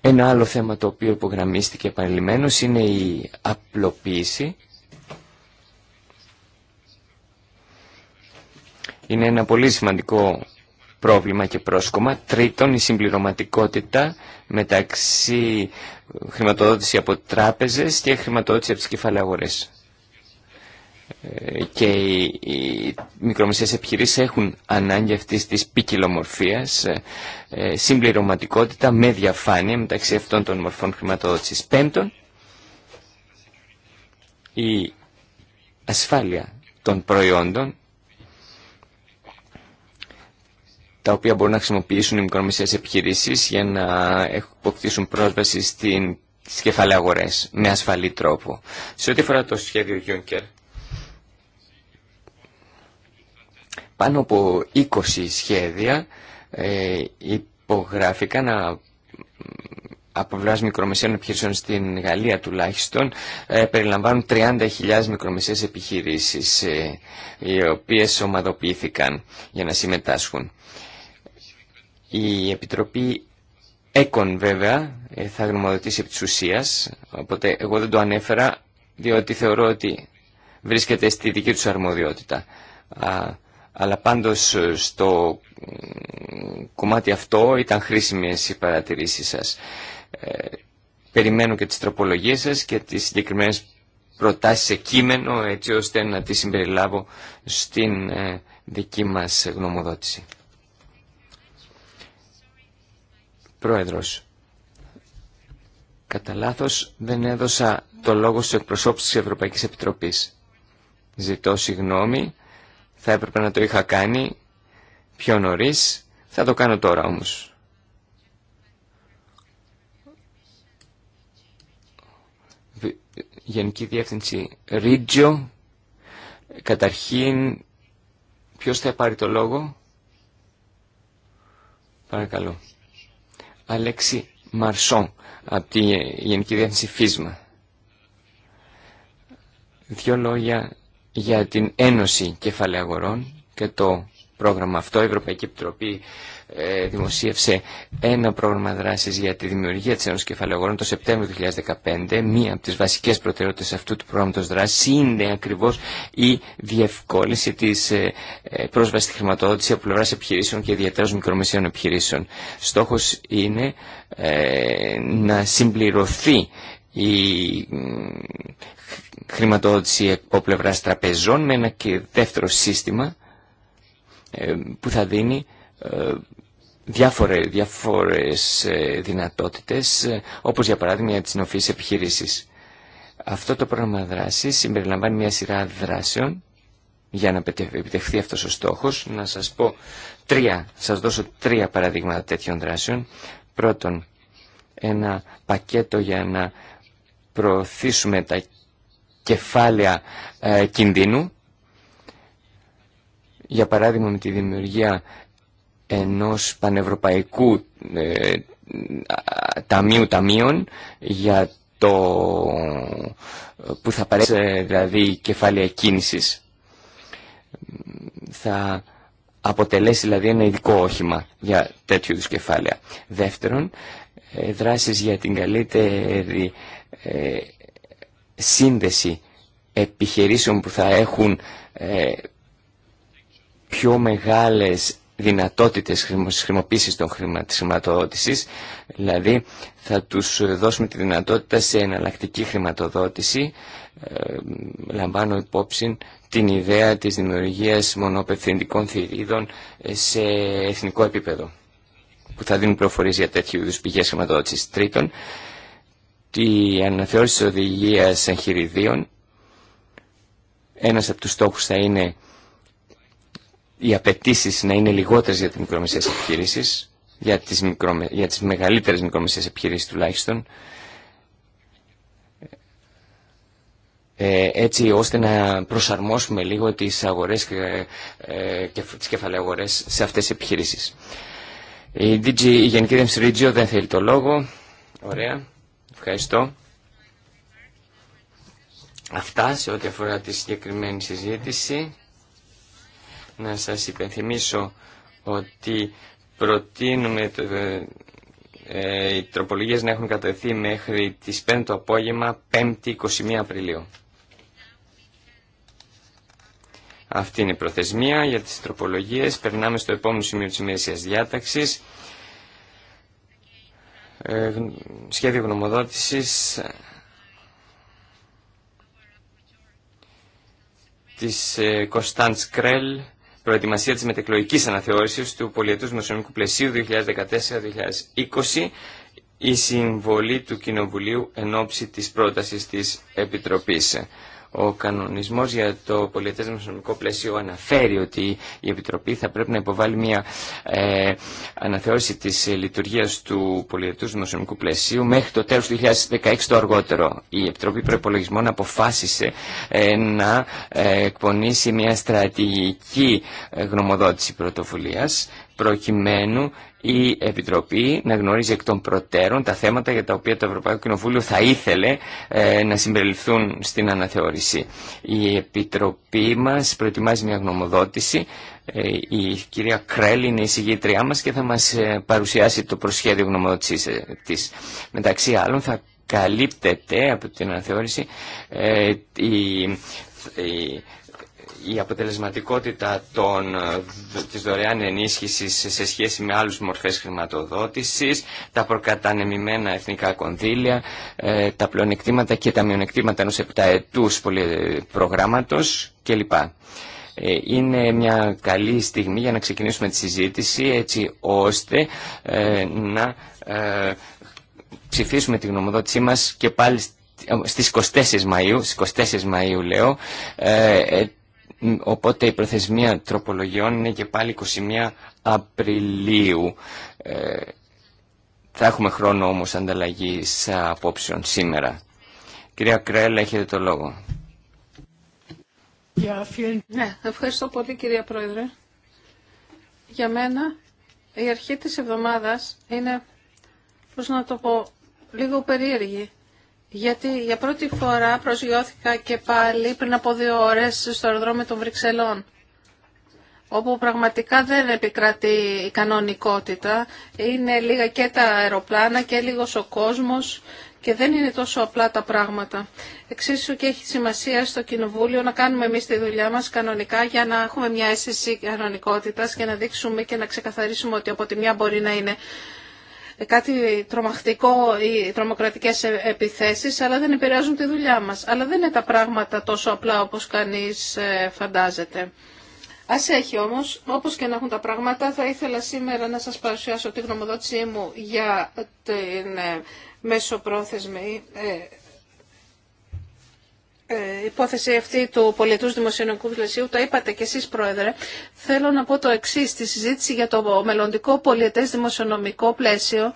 Ένα άλλο θέμα το οποίο υπογραμμίστηκε επανειλημμένως είναι η απλοποίηση. Είναι ένα πολύ σημαντικό πρόβλημα και πρόσκομα. Τρίτον, η συμπληρωματικότητα μεταξύ χρηματοδότηση από τράπεζες και χρηματοδότηση από τις ε, και οι μικρομεσαίες επιχειρήσεις έχουν ανάγκη αυτής της ποικιλομορφία, ε, ε, συμπληρωματικότητα με διαφάνεια μεταξύ αυτών των μορφών χρηματοδότησης. Πέμπτον, η ασφάλεια των προϊόντων τα οποία μπορούν να χρησιμοποιήσουν οι μικρομεσαίες επιχειρήσεις για να αποκτήσουν πρόσβαση στην, στις κεφαλαίες αγορές με ασφαλή τρόπο. Σε ό,τι αφορά το σχέδιο Juncker, πάνω από 20 σχέδια ε, υπογράφηκαν από βράση μικρομεσαίων επιχειρήσεων στην Γαλλία τουλάχιστον ε, περιλαμβάνουν 30.000 μικρομεσαίες επιχειρήσεις ε, οι οποίες ομαδοποιήθηκαν για να συμμετάσχουν. Η Επιτροπή ΕΚΟΝ βέβαια ε, θα γνωμοδοτήσει επί της οπότε εγώ δεν το ανέφερα διότι θεωρώ ότι βρίσκεται στη δική τους αρμοδιότητα. Αλλά πάντως ε, στο κομμάτι αυτό ήταν χρήσιμες οι παρατηρήσεις σας. Ε, περιμένω και τις τροπολογίες σας και τις συγκεκριμένες προτάσεις σε κείμενο έτσι ώστε να τις συμπεριλάβω στην ε, δική μας γνωμοδότηση. Πρόεδρος, κατά δεν έδωσα το λόγο στους εκπροσώπους της Ευρωπαϊκής Επιτροπής. Ζητώ συγγνώμη θα έπρεπε να το είχα κάνει πιο νωρίς. Θα το κάνω τώρα όμως. Γενική Διεύθυνση Ρίτζιο. Καταρχήν, ποιος θα πάρει το λόγο. Παρακαλώ. Αλέξη Μαρσόν από τη Γενική Διεύθυνση Φίσμα. Δύο λόγια για την Ένωση Κεφαλαίου Αγορών και το πρόγραμμα αυτό. Η Ευρωπαϊκή Επιτροπή ε, δημοσίευσε ένα πρόγραμμα δράσης για τη δημιουργία της Ένωσης Κεφαλαίου Αγορών το Σεπτέμβριο του 2015. Μία από τις βασικές προτεραιότητες αυτού του πρόγραμματος δράσης είναι ακριβώς η διευκόλυνση της ε, ε, πρόσβασης στη χρηματοδότηση από πλευράς επιχειρήσεων και ιδιαίτερα μικρομεσαίων επιχειρήσεων. Στόχος είναι να συμπληρωθεί η χρηματοδότηση από πλευρά τραπεζών με ένα και δεύτερο σύστημα ε, που θα δίνει ε, διάφορε, διάφορες ε, δυνατότητες όπως για παράδειγμα για τις νοφίες επιχειρήσεις. Αυτό το πρόγραμμα δράσης συμπεριλαμβάνει μια σειρά δράσεων για να επιτευχθεί αυτός ο στόχος. Να σας πω τρία, σας δώσω τρία παραδείγματα τέτοιων δράσεων. Πρώτον, ένα πακέτο για να προωθήσουμε τα κεφάλαια ε, κινδύνου. Για παράδειγμα με τη δημιουργία ενός πανευρωπαϊκού ε, ταμείου ταμείων για το που θα παρέχει δηλαδή κεφάλαια κίνησης θα αποτελέσει δηλαδή ένα ειδικό όχημα για τέτοιου είδους κεφάλαια. Δεύτερον, ε, δράσεις για την καλύτερη ε, σύνδεση επιχειρήσεων που θα έχουν ε, πιο μεγάλες δυνατότητες χρησιμοποίησης των χρηματοδότησης, δηλαδή θα τους δώσουμε τη δυνατότητα σε εναλλακτική χρηματοδότηση, ε, λαμβάνω υπόψη την ιδέα της δημιουργίας μονοπευθυντικών θηρίδων ε, σε εθνικό επίπεδο, που θα δίνουν προφορίες για τέτοιου είδους πηγές χρηματοδότησης. Τρίτον, τη αναθεώρηση της οδηγίας εγχειριδίων. Ένας από τους στόχους θα είναι οι απαιτήσει να είναι λιγότερες για τις μικρομεσαίες επιχειρήσεις, για τις, μικρομε... για τις μεγαλύτερες μικρομεσαίες επιχειρήσεις τουλάχιστον, ε, έτσι ώστε να προσαρμόσουμε λίγο τις αγορές και, ε, ε, και τις κεφαλαίες σε αυτές τις επιχειρήσεις. Η, DG, η Γενική Ρίτζιο δεν θέλει το λόγο. Ωραία. Ευχαριστώ. Αυτά σε ό,τι αφορά τη συγκεκριμένη συζήτηση. Να σας υπενθυμίσω ότι προτείνουμε ε, ε, οι τροπολογίες να έχουν κατευθεί μέχρι τις 5 το απόγευμα, 5η 21 Απριλίου. Αυτή είναι η προθεσμία για τις τροπολογίες. Περνάμε στο επόμενο σημείο της ημερησίας διάταξης. Ε, σχέδιο γνωμοδότησης της ε, Κωνσταντς Κρέλ, προετοιμασία της μετεκλογικής αναθεώρησης του πολιετούς μεσονομικού πλαισίου 2014-2020, η συμβολή του Κοινοβουλίου εν ώψη της πρότασης της Επιτροπής. Ο κανονισμός για το πολιτεύσιο δημοσιονομικό πλαίσιο αναφέρει ότι η Επιτροπή θα πρέπει να υποβάλει μια ε, αναθεώρηση της λειτουργίας του πολιτού δημοσιονομικού πλαίσιου μέχρι το τέλος του 2016 το αργότερο. Η Επιτροπή Προπολογισμών αποφάσισε ε, να ε, εκπονήσει μια στρατηγική γνωμοδότηση πρωτοβουλία προκειμένου η Επιτροπή να γνωρίζει εκ των προτέρων τα θέματα για τα οποία το Ευρωπαϊκό Κοινοβούλιο θα ήθελε ε, να συμπεριληφθούν στην αναθεώρηση. Η Επιτροπή μας προετοιμάζει μια γνωμοδότηση. Ε, η κυρία Κρέλ είναι η συγγήτριά μας και θα μας ε, παρουσιάσει το προσχέδιο γνωμοδότησης της. Μεταξύ άλλων θα καλύπτεται από την αναθεώρηση η η αποτελεσματικότητα των, της δωρεάν ενίσχυσης σε σχέση με άλλους μορφές χρηματοδότησης, τα προκατανεμημένα εθνικά κονδύλια, ε, τα πλεονεκτήματα και τα μειονεκτήματα ενός επταετούς προγράμματος κλπ. Ε, είναι μια καλή στιγμή για να ξεκινήσουμε τη συζήτηση έτσι ώστε ε, να ψηφίσουμε τη γνωμοδότησή μας και πάλι στις 24 Μαΐου, στις 24 Μαΐου λέω, οπότε η προθεσμία τροπολογιών είναι και πάλι 21 Απριλίου. Ε, θα έχουμε χρόνο όμως ανταλλαγής απόψεων σήμερα. Κυρία Κρέλα, έχετε το λόγο. Ναι, ευχαριστώ πολύ κυρία Πρόεδρε. Για μένα η αρχή της εβδομάδας είναι, πώς να το πω, λίγο περίεργη γιατί για πρώτη φορά προσγειώθηκα και πάλι πριν από δύο ώρες στο αεροδρόμιο των Βρυξελών όπου πραγματικά δεν επικρατεί η κανονικότητα. Είναι λίγα και τα αεροπλάνα και λίγος ο κόσμος και δεν είναι τόσο απλά τα πράγματα. Εξίσου και έχει σημασία στο Κοινοβούλιο να κάνουμε εμείς τη δουλειά μας κανονικά για να έχουμε μια αίσθηση κανονικότητας και να δείξουμε και να ξεκαθαρίσουμε ότι από τη μια μπορεί να είναι κάτι τρομακτικό ή τρομοκρατικές ε, επιθέσεις, αλλά δεν επηρεάζουν τη δουλειά μας. Αλλά δεν είναι τα πράγματα τόσο απλά όπως κανείς ε, φαντάζεται. Ας έχει όμως, όπως και να έχουν τα πράγματα, θα ήθελα σήμερα να σας παρουσιάσω τη γνωμοδότησή μου για την ε, μεσοπρόθεσμη ε, υπόθεση αυτή του Πολιτού δημοσιονομικού πλαισίου, το είπατε και εσείς Πρόεδρε, θέλω να πω το εξή στη συζήτηση για το μελλοντικό πολιτές δημοσιονομικό πλαίσιο.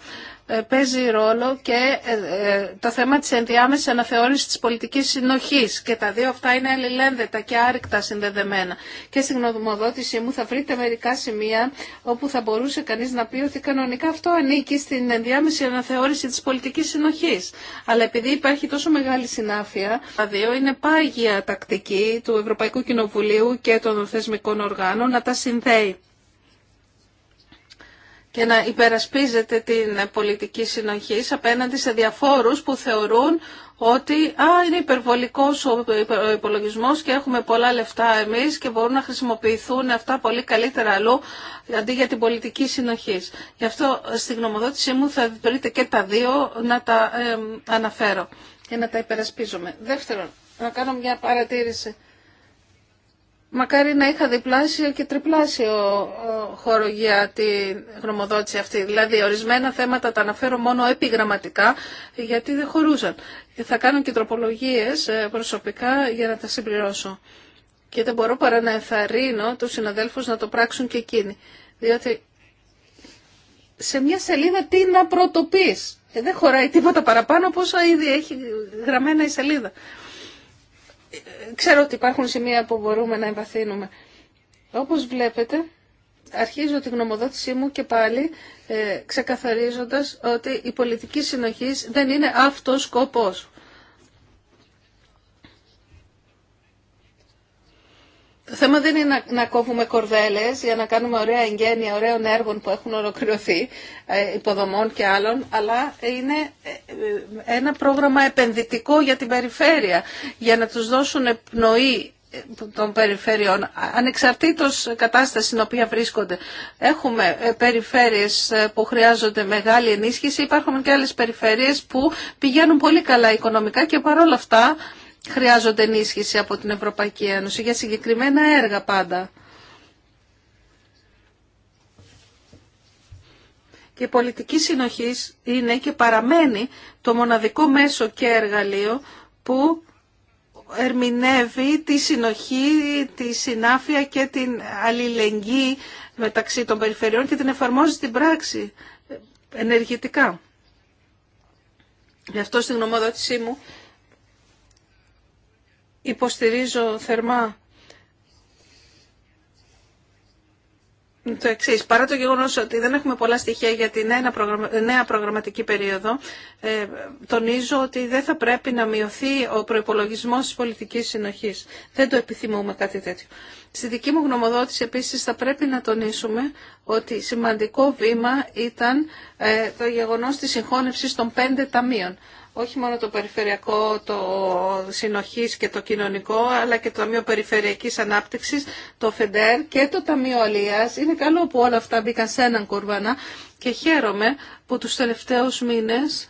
Ε, παίζει ρόλο και ε, ε, το θέμα της ενδιάμεσης αναθεώρησης της πολιτικής συνοχής και τα δύο αυτά είναι αλληλένδετα και άρρηκτα συνδεδεμένα. Και στην γνωμοδότησή μου θα βρείτε μερικά σημεία όπου θα μπορούσε κανείς να πει ότι κανονικά αυτό ανήκει στην ενδιάμεση αναθεώρηση της πολιτικής συνοχής. Αλλά επειδή υπάρχει τόσο μεγάλη συνάφεια, τα δύο είναι πάγια τακτική του Ευρωπαϊκού Κοινοβουλίου και των θεσμικών οργάνων να τα συνδέει και να υπερασπίζεται την πολιτική συνοχή απέναντι σε διαφόρους που θεωρούν ότι α, είναι υπερβολικός ο υπολογισμός και έχουμε πολλά λεφτά εμείς και μπορούν να χρησιμοποιηθούν αυτά πολύ καλύτερα αλλού αντί για την πολιτική συνοχή. Γι' αυτό στην γνωμοδότησή μου θα βρείτε και τα δύο να τα αναφέρω και να τα υπερασπίζομαι. Δεύτερον, να κάνω μια παρατήρηση Μακάρι να είχα διπλάσιο και τριπλάσιο ε, χώρο για τη γνωμοδότηση αυτή. Δηλαδή, ορισμένα θέματα τα αναφέρω μόνο επιγραμματικά, γιατί δεν χωρούσαν. Θα κάνω και τροπολογίες ε, προσωπικά για να τα συμπληρώσω. Και δεν μπορώ παρά να ενθαρρύνω τους συναδέλφους να το πράξουν και εκείνοι. Διότι σε μια σελίδα τι να πρωτοπείς. Ε, δεν χωράει τίποτα παραπάνω από όσα ήδη έχει γραμμένα η σελίδα ξέρω ότι υπάρχουν σημεία που μπορούμε να εμπαθύνουμε. Όπως βλέπετε, αρχίζω τη γνωμοδότησή μου και πάλι ε, ξεκαθαρίζοντας ότι η πολιτική συνοχής δεν είναι αυτός σκοπός. Το θέμα δεν είναι να, κόβουμε κορδέλες για να κάνουμε ωραία εγγένεια ωραίων έργων που έχουν ολοκληρωθεί, ε, υποδομών και άλλων, αλλά είναι ε, ένα πρόγραμμα επενδυτικό για την περιφέρεια, για να τους δώσουν πνοή ε, των περιφερειών, ανεξαρτήτως κατάσταση στην οποία βρίσκονται. Έχουμε περιφέρειες που χρειάζονται μεγάλη ενίσχυση, υπάρχουν και άλλες περιφέρειες που πηγαίνουν πολύ καλά οικονομικά και παρόλα αυτά χρειάζονται ενίσχυση από την Ευρωπαϊκή Ένωση για συγκεκριμένα έργα πάντα. Και η πολιτική συνοχή είναι και παραμένει το μοναδικό μέσο και εργαλείο που ερμηνεύει τη συνοχή, τη συνάφεια και την αλληλεγγύη μεταξύ των περιφερειών και την εφαρμόζει στην πράξη ενεργητικά. Γι' αυτό στην γνωμοδότησή μου υποστηρίζω θερμά το εξή. Παρά το γεγονό ότι δεν έχουμε πολλά στοιχεία για τη νέα προγραμματική περίοδο, ε, τονίζω ότι δεν θα πρέπει να μειωθεί ο προπολογισμό τη πολιτική συνοχή. Δεν το επιθυμούμε κάτι τέτοιο. Στη δική μου γνωμοδότηση επίσης θα πρέπει να τονίσουμε ότι σημαντικό βήμα ήταν ε, το γεγονό τη συγχώνευση των πέντε ταμείων όχι μόνο το περιφερειακό, το συνοχής και το κοινωνικό, αλλά και το Ταμείο Περιφερειακής Ανάπτυξης, το ΦΕΝΤΕΡ και το Ταμείο Αλίας. Είναι καλό που όλα αυτά μπήκαν σε έναν κορβάνα και χαίρομαι που τους τελευταίους μήνες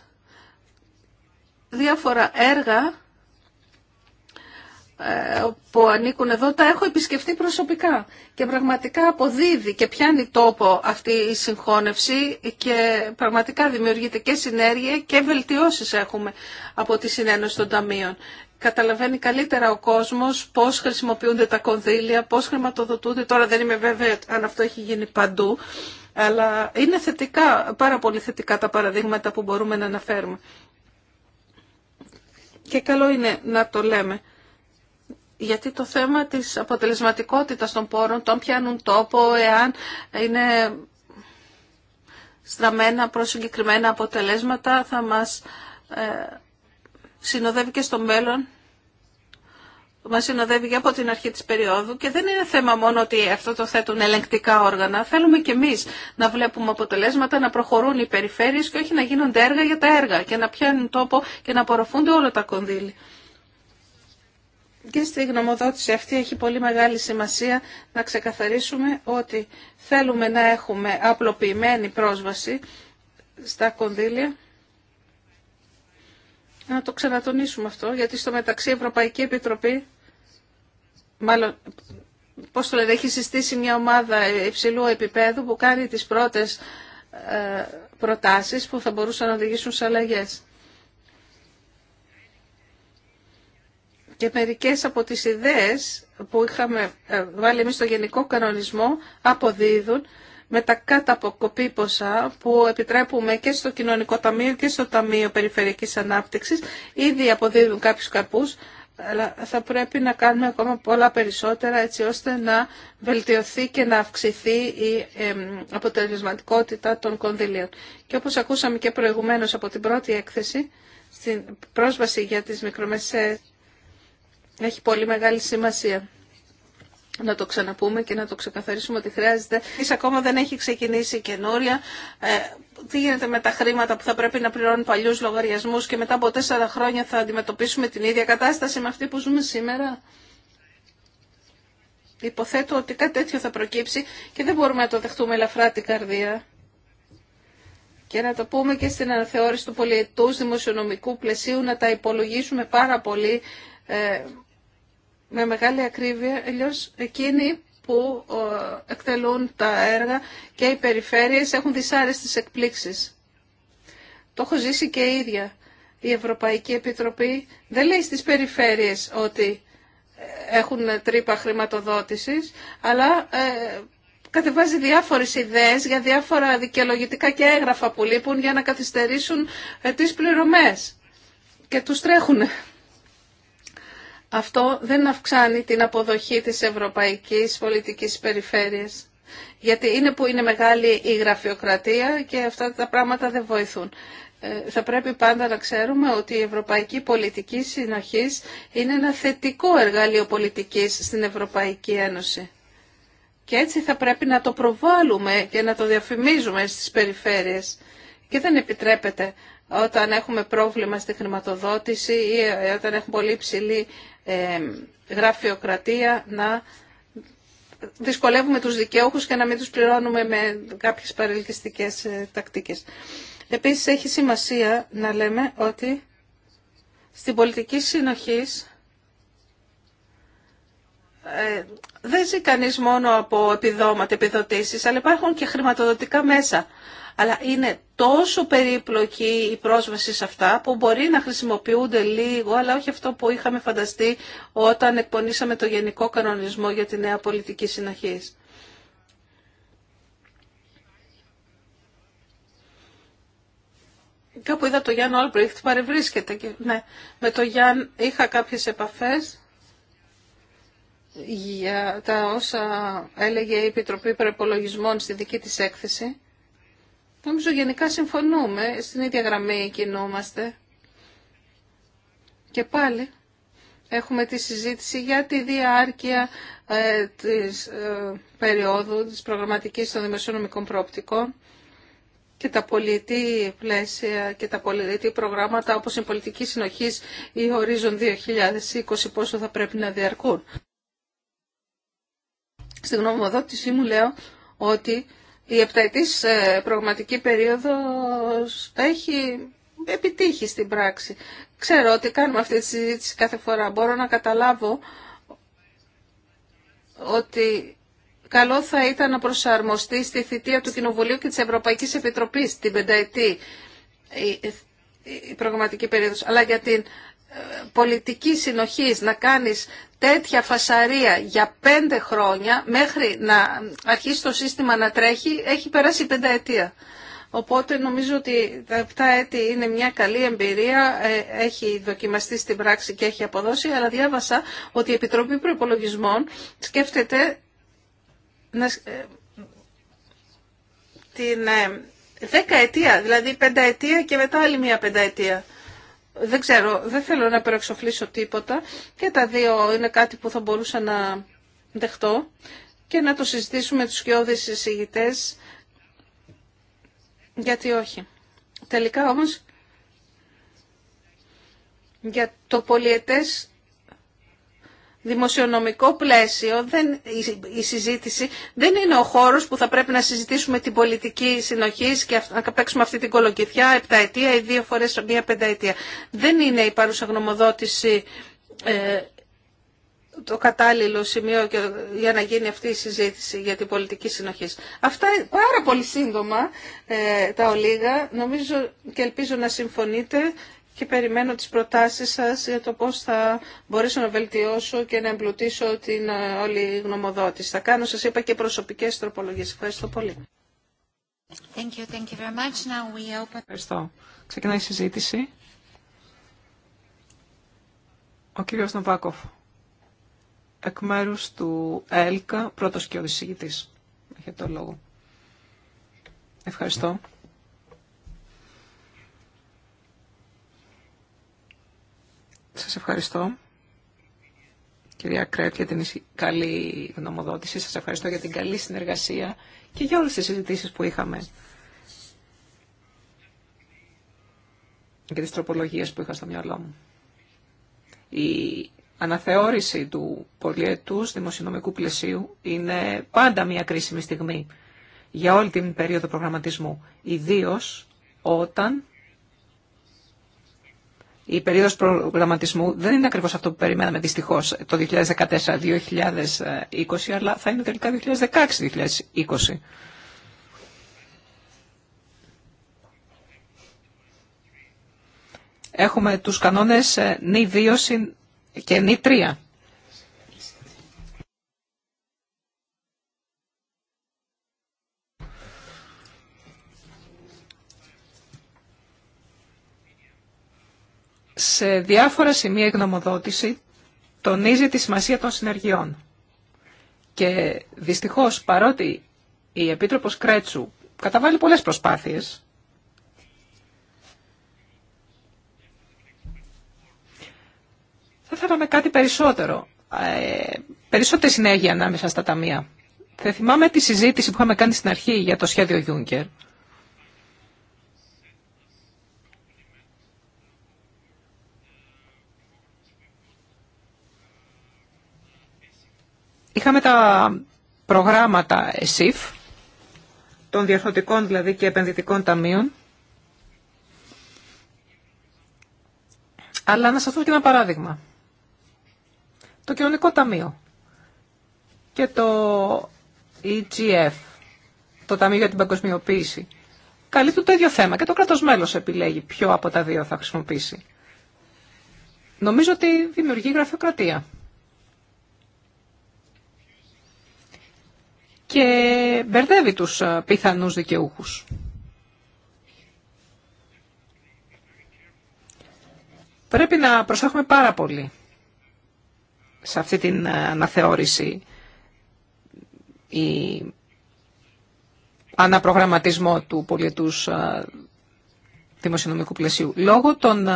διάφορα έργα ε, που ανήκουν εδώ τα έχω επισκεφτεί προσωπικά και πραγματικά αποδίδει και πιάνει τόπο αυτή η συγχώνευση και πραγματικά δημιουργείται και συνέργεια και βελτιώσεις έχουμε από τη συνένωση των ταμείων. Καταλαβαίνει καλύτερα ο κόσμος πώς χρησιμοποιούνται τα κονδύλια, πώς χρηματοδοτούνται. Τώρα δεν είμαι βέβαια αν αυτό έχει γίνει παντού, αλλά είναι θετικά, πάρα πολύ θετικά τα παραδείγματα που μπορούμε να αναφέρουμε. Και καλό είναι να το λέμε γιατί το θέμα της αποτελεσματικότητας των πόρων τον πιάνουν τόπο εάν είναι στραμμένα προς συγκεκριμένα αποτελέσματα θα μας ε, συνοδεύει και στο μέλλον Μα συνοδεύει και από την αρχή της περίοδου και δεν είναι θέμα μόνο ότι αυτό το θέτουν ελεγκτικά όργανα. Θέλουμε και εμείς να βλέπουμε αποτελέσματα, να προχωρούν οι περιφέρειες και όχι να γίνονται έργα για τα έργα και να πιάνουν τόπο και να απορροφούνται όλα τα κονδύλια. Και στη γνωμοδότηση αυτή έχει πολύ μεγάλη σημασία να ξεκαθαρίσουμε ότι θέλουμε να έχουμε απλοποιημένη πρόσβαση στα κονδύλια. Να το ξανατονίσουμε αυτό, γιατί στο μεταξύ Ευρωπαϊκή Επιτροπή, μάλλον, πώς το λέτε, έχει συστήσει μια ομάδα υψηλού επίπεδου που κάνει τις πρώτες ε, προτάσεις που θα μπορούσαν να οδηγήσουν σε αλλαγές. και μερικές από τις ιδέες που είχαμε ε, βάλει εμείς στο γενικό κανονισμό αποδίδουν με τα καταποκοπή ποσά που επιτρέπουμε και στο Κοινωνικό Ταμείο και στο Ταμείο Περιφερειακής Ανάπτυξης. Ήδη αποδίδουν κάποιους καρπούς, αλλά θα πρέπει να κάνουμε ακόμα πολλά περισσότερα έτσι ώστε να βελτιωθεί και να αυξηθεί η αποτελεσματικότητα των κονδυλίων. Και όπως ακούσαμε και προηγουμένως από την πρώτη έκθεση, στην πρόσβαση για τις μικρομεσαίες έχει πολύ μεγάλη σημασία. Να το ξαναπούμε και να το ξεκαθαρίσουμε ότι χρειάζεται. Εμείς ακόμα δεν έχει ξεκινήσει καινούρια. Ε, τι γίνεται με τα χρήματα που θα πρέπει να πληρώνουν παλιούς λογαριασμούς και μετά από τέσσερα χρόνια θα αντιμετωπίσουμε την ίδια κατάσταση με αυτή που ζούμε σήμερα. Υποθέτω ότι κάτι τέτοιο θα προκύψει και δεν μπορούμε να το δεχτούμε ελαφρά την καρδία. Και να το πούμε και στην αναθεώρηση του πολιετούς δημοσιονομικού πλαισίου, να τα υπολογίσουμε πάρα πολύ ε, με μεγάλη ακρίβεια, αλλιώ εκείνοι που εκτελούν τα έργα και οι περιφέρειες έχουν δυσάρεστες εκπλήξεις. Το έχω ζήσει και η ίδια. Η Ευρωπαϊκή Επιτροπή δεν λέει στις περιφέρειες ότι ε, έχουν τρύπα χρηματοδότησης, αλλά ε, κατεβάζει διάφορες ιδέες για διάφορα δικαιολογητικά και έγγραφα που λείπουν για να καθυστερήσουν ε, τις πληρωμές και τους τρέχουν. Αυτό δεν αυξάνει την αποδοχή της ευρωπαϊκής πολιτικής περιφέρειας. Γιατί είναι που είναι μεγάλη η γραφειοκρατία και αυτά τα πράγματα δεν βοηθούν. Ε, θα πρέπει πάντα να ξέρουμε ότι η Ευρωπαϊκή Πολιτική Συνοχής είναι ένα θετικό εργαλείο πολιτικής στην Ευρωπαϊκή Ένωση. Και έτσι θα πρέπει να το προβάλλουμε και να το διαφημίζουμε στις περιφέρειες. Και δεν επιτρέπεται όταν έχουμε πρόβλημα στη χρηματοδότηση ή όταν έχουμε πολύ ψηλή ε, γραφειοκρατία να δυσκολεύουμε τους δικαιούχους και να μην τους πληρώνουμε με κάποιες παρελκυστικές ε, τακτικές. Επίσης έχει σημασία να λέμε ότι στην πολιτική συνοχής ε, δεν ζει κανείς μόνο από επιδόματα, επιδοτήσεις, αλλά υπάρχουν και χρηματοδοτικά μέσα αλλά είναι τόσο περίπλοκη η πρόσβαση σε αυτά που μπορεί να χρησιμοποιούνται λίγο, αλλά όχι αυτό που είχαμε φανταστεί όταν εκπονήσαμε το Γενικό Κανονισμό για τη Νέα Πολιτική Συναχής. Κάπου είδα το Γιάνν Όλμπριχτ, παρευρίσκεται. Και, ναι, με το Γιάννη είχα κάποιες επαφές για τα όσα έλεγε η Επιτροπή Προπολογισμών στη δική της έκθεση. Νομίζω γενικά συμφωνούμε, στην ίδια γραμμή κινούμαστε. Και πάλι έχουμε τη συζήτηση για τη διάρκεια ε, της ε, περίοδου της προγραμματικής των δημοσιονομικών προοπτικών και τα πολιτή πλαίσια και τα πολιτή προγράμματα όπως η πολιτική συνοχής ή ορίζον 2020 πόσο θα πρέπει να διαρκούν. Στην γνώμη μου λέω ότι η επταετής ε, προγραμματική περίοδος έχει επιτύχει στην πράξη. Ξέρω ότι κάνουμε αυτή τη συζήτηση κάθε φορά. Μπορώ να καταλάβω ότι καλό θα ήταν να προσαρμοστεί στη θητεία του Κοινοβουλίου και της Ευρωπαϊκής Επιτροπής την πενταετή η προγραμματική περίοδος. Αλλά για την πολιτικής συνοχής να κάνεις τέτοια φασαρία για πέντε χρόνια μέχρι να αρχίσει το σύστημα να τρέχει έχει περάσει πενταετία. Οπότε νομίζω ότι τα 7 έτη είναι μια καλή εμπειρία, ε, έχει δοκιμαστεί στην πράξη και έχει αποδώσει, αλλά διάβασα ότι η Επιτροπή Προπολογισμών σκέφτεται να... Ε, την ε, ετία, δηλαδή πενταετία και μετά άλλη μια πενταετία δεν ξέρω, δεν θέλω να προεξοφλήσω τίποτα και τα δύο είναι κάτι που θα μπορούσα να δεχτώ και να το συζητήσουμε τους σκιώδεις εισηγητές γιατί όχι. Τελικά όμως για το πολιετές δημοσιονομικό πλαίσιο δεν, η συζήτηση δεν είναι ο χώρος που θα πρέπει να συζητήσουμε την πολιτική συνοχή και να παίξουμε αυτή την κολοκυθιά επταετία ή δύο φορές μία πενταετία. Δεν είναι η παρούσα γνωμοδότηση ε, το κατάλληλο σημείο για να γίνει αυτή η συζήτηση για την πολιτική συνοχή. Αυτά πάρα πολύ σύντομα ε, τα ολίγα. Νομίζω και ελπίζω να συμφωνείτε και περιμένω τις προτάσεις σας για το πώς θα μπορέσω να βελτιώσω και να εμπλουτίσω την ε, όλη γνωμοδότηση. Θα κάνω, σας είπα, και προσωπικές τροπολογίες. Ευχαριστώ πολύ. Thank you, thank you very much. Now we open... Ευχαριστώ. Ξεκινάει η συζήτηση. Ο κύριος Νοβάκοφ, εκ μέρους του ΕΛΚΑ, πρώτος και ο Έχετε το λόγο. Ευχαριστώ. Σας ευχαριστώ, κυρία Κρέτ, για την καλή γνωμοδότηση. Σας ευχαριστώ για την καλή συνεργασία και για όλες τις συζητήσεις που είχαμε. Και τις τροπολογίες που είχα στο μυαλό μου. Η αναθεώρηση του πολιετούς δημοσιονομικού πλαισίου είναι πάντα μια κρίσιμη στιγμή για όλη την περίοδο προγραμματισμού, ιδίως όταν η περίοδο προγραμματισμού δεν είναι ακριβώ αυτό που περιμέναμε δυστυχώ το 2014-2020, αλλά θα είναι τελικά 2016-2020. Έχουμε τους κανόνες ε, νη 2 και νη σε διάφορα σημεία η γνωμοδότηση τονίζει τη σημασία των συνεργειών. Και δυστυχώς, παρότι η Επίτροπος Κρέτσου καταβάλει πολλές προσπάθειες, θα θέλαμε κάτι περισσότερο, ε, περισσότερη συνέργεια ανάμεσα στα ταμεία. Θα θυμάμαι τη συζήτηση που είχαμε κάνει στην αρχή για το σχέδιο Juncker, Είχαμε τα προγράμματα ΕΣΥΦ, των διορθωτικών δηλαδή και επενδυτικών ταμείων. Αλλά να σας δώσω και ένα παράδειγμα. Το κοινωνικό ταμείο και το EGF, το Ταμείο για την Παγκοσμιοποίηση, καλύπτουν το ίδιο θέμα και το κράτος μέλος επιλέγει ποιο από τα δύο θα χρησιμοποιήσει. Νομίζω ότι δημιουργεί γραφειοκρατία. και μπερδεύει τους ε, πιθανούς δικαιούχους. Πρέπει να προσέχουμε πάρα πολύ σε αυτή την ε, αναθεώρηση ή αναπρογραμματισμό του πολιετούς ε, δημοσιονομικού πλαισίου. Λόγω των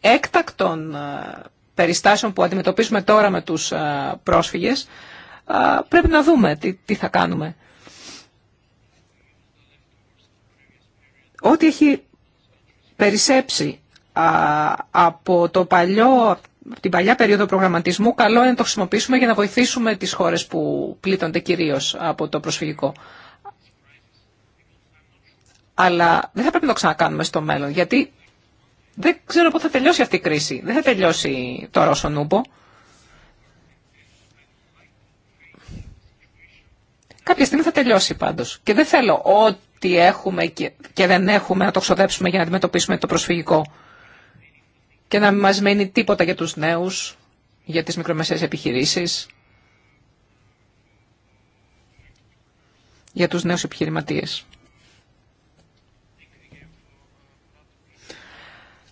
έκτακτων περιστάσεων που αντιμετωπίζουμε τώρα με τους πρόσφυγες, πρέπει να δούμε τι, θα κάνουμε. Ό,τι έχει περισσέψει από το παλιό, την παλιά περίοδο προγραμματισμού, καλό είναι να το χρησιμοποιήσουμε για να βοηθήσουμε τις χώρες που πλήττονται κυρίως από το προσφυγικό. Αλλά δεν θα πρέπει να το ξανακάνουμε στο μέλλον, γιατί δεν ξέρω πότε θα τελειώσει αυτή η κρίση. Δεν θα τελειώσει το Ρώσο Νούμπο. Κάποια στιγμή θα τελειώσει πάντως. Και δεν θέλω ό,τι έχουμε και, και δεν έχουμε να το ξοδέψουμε για να αντιμετωπίσουμε το προσφυγικό. Και να μας μένει τίποτα για τους νέους, για τις μικρομεσαίες επιχειρήσεις, για τους νέους επιχειρηματίες.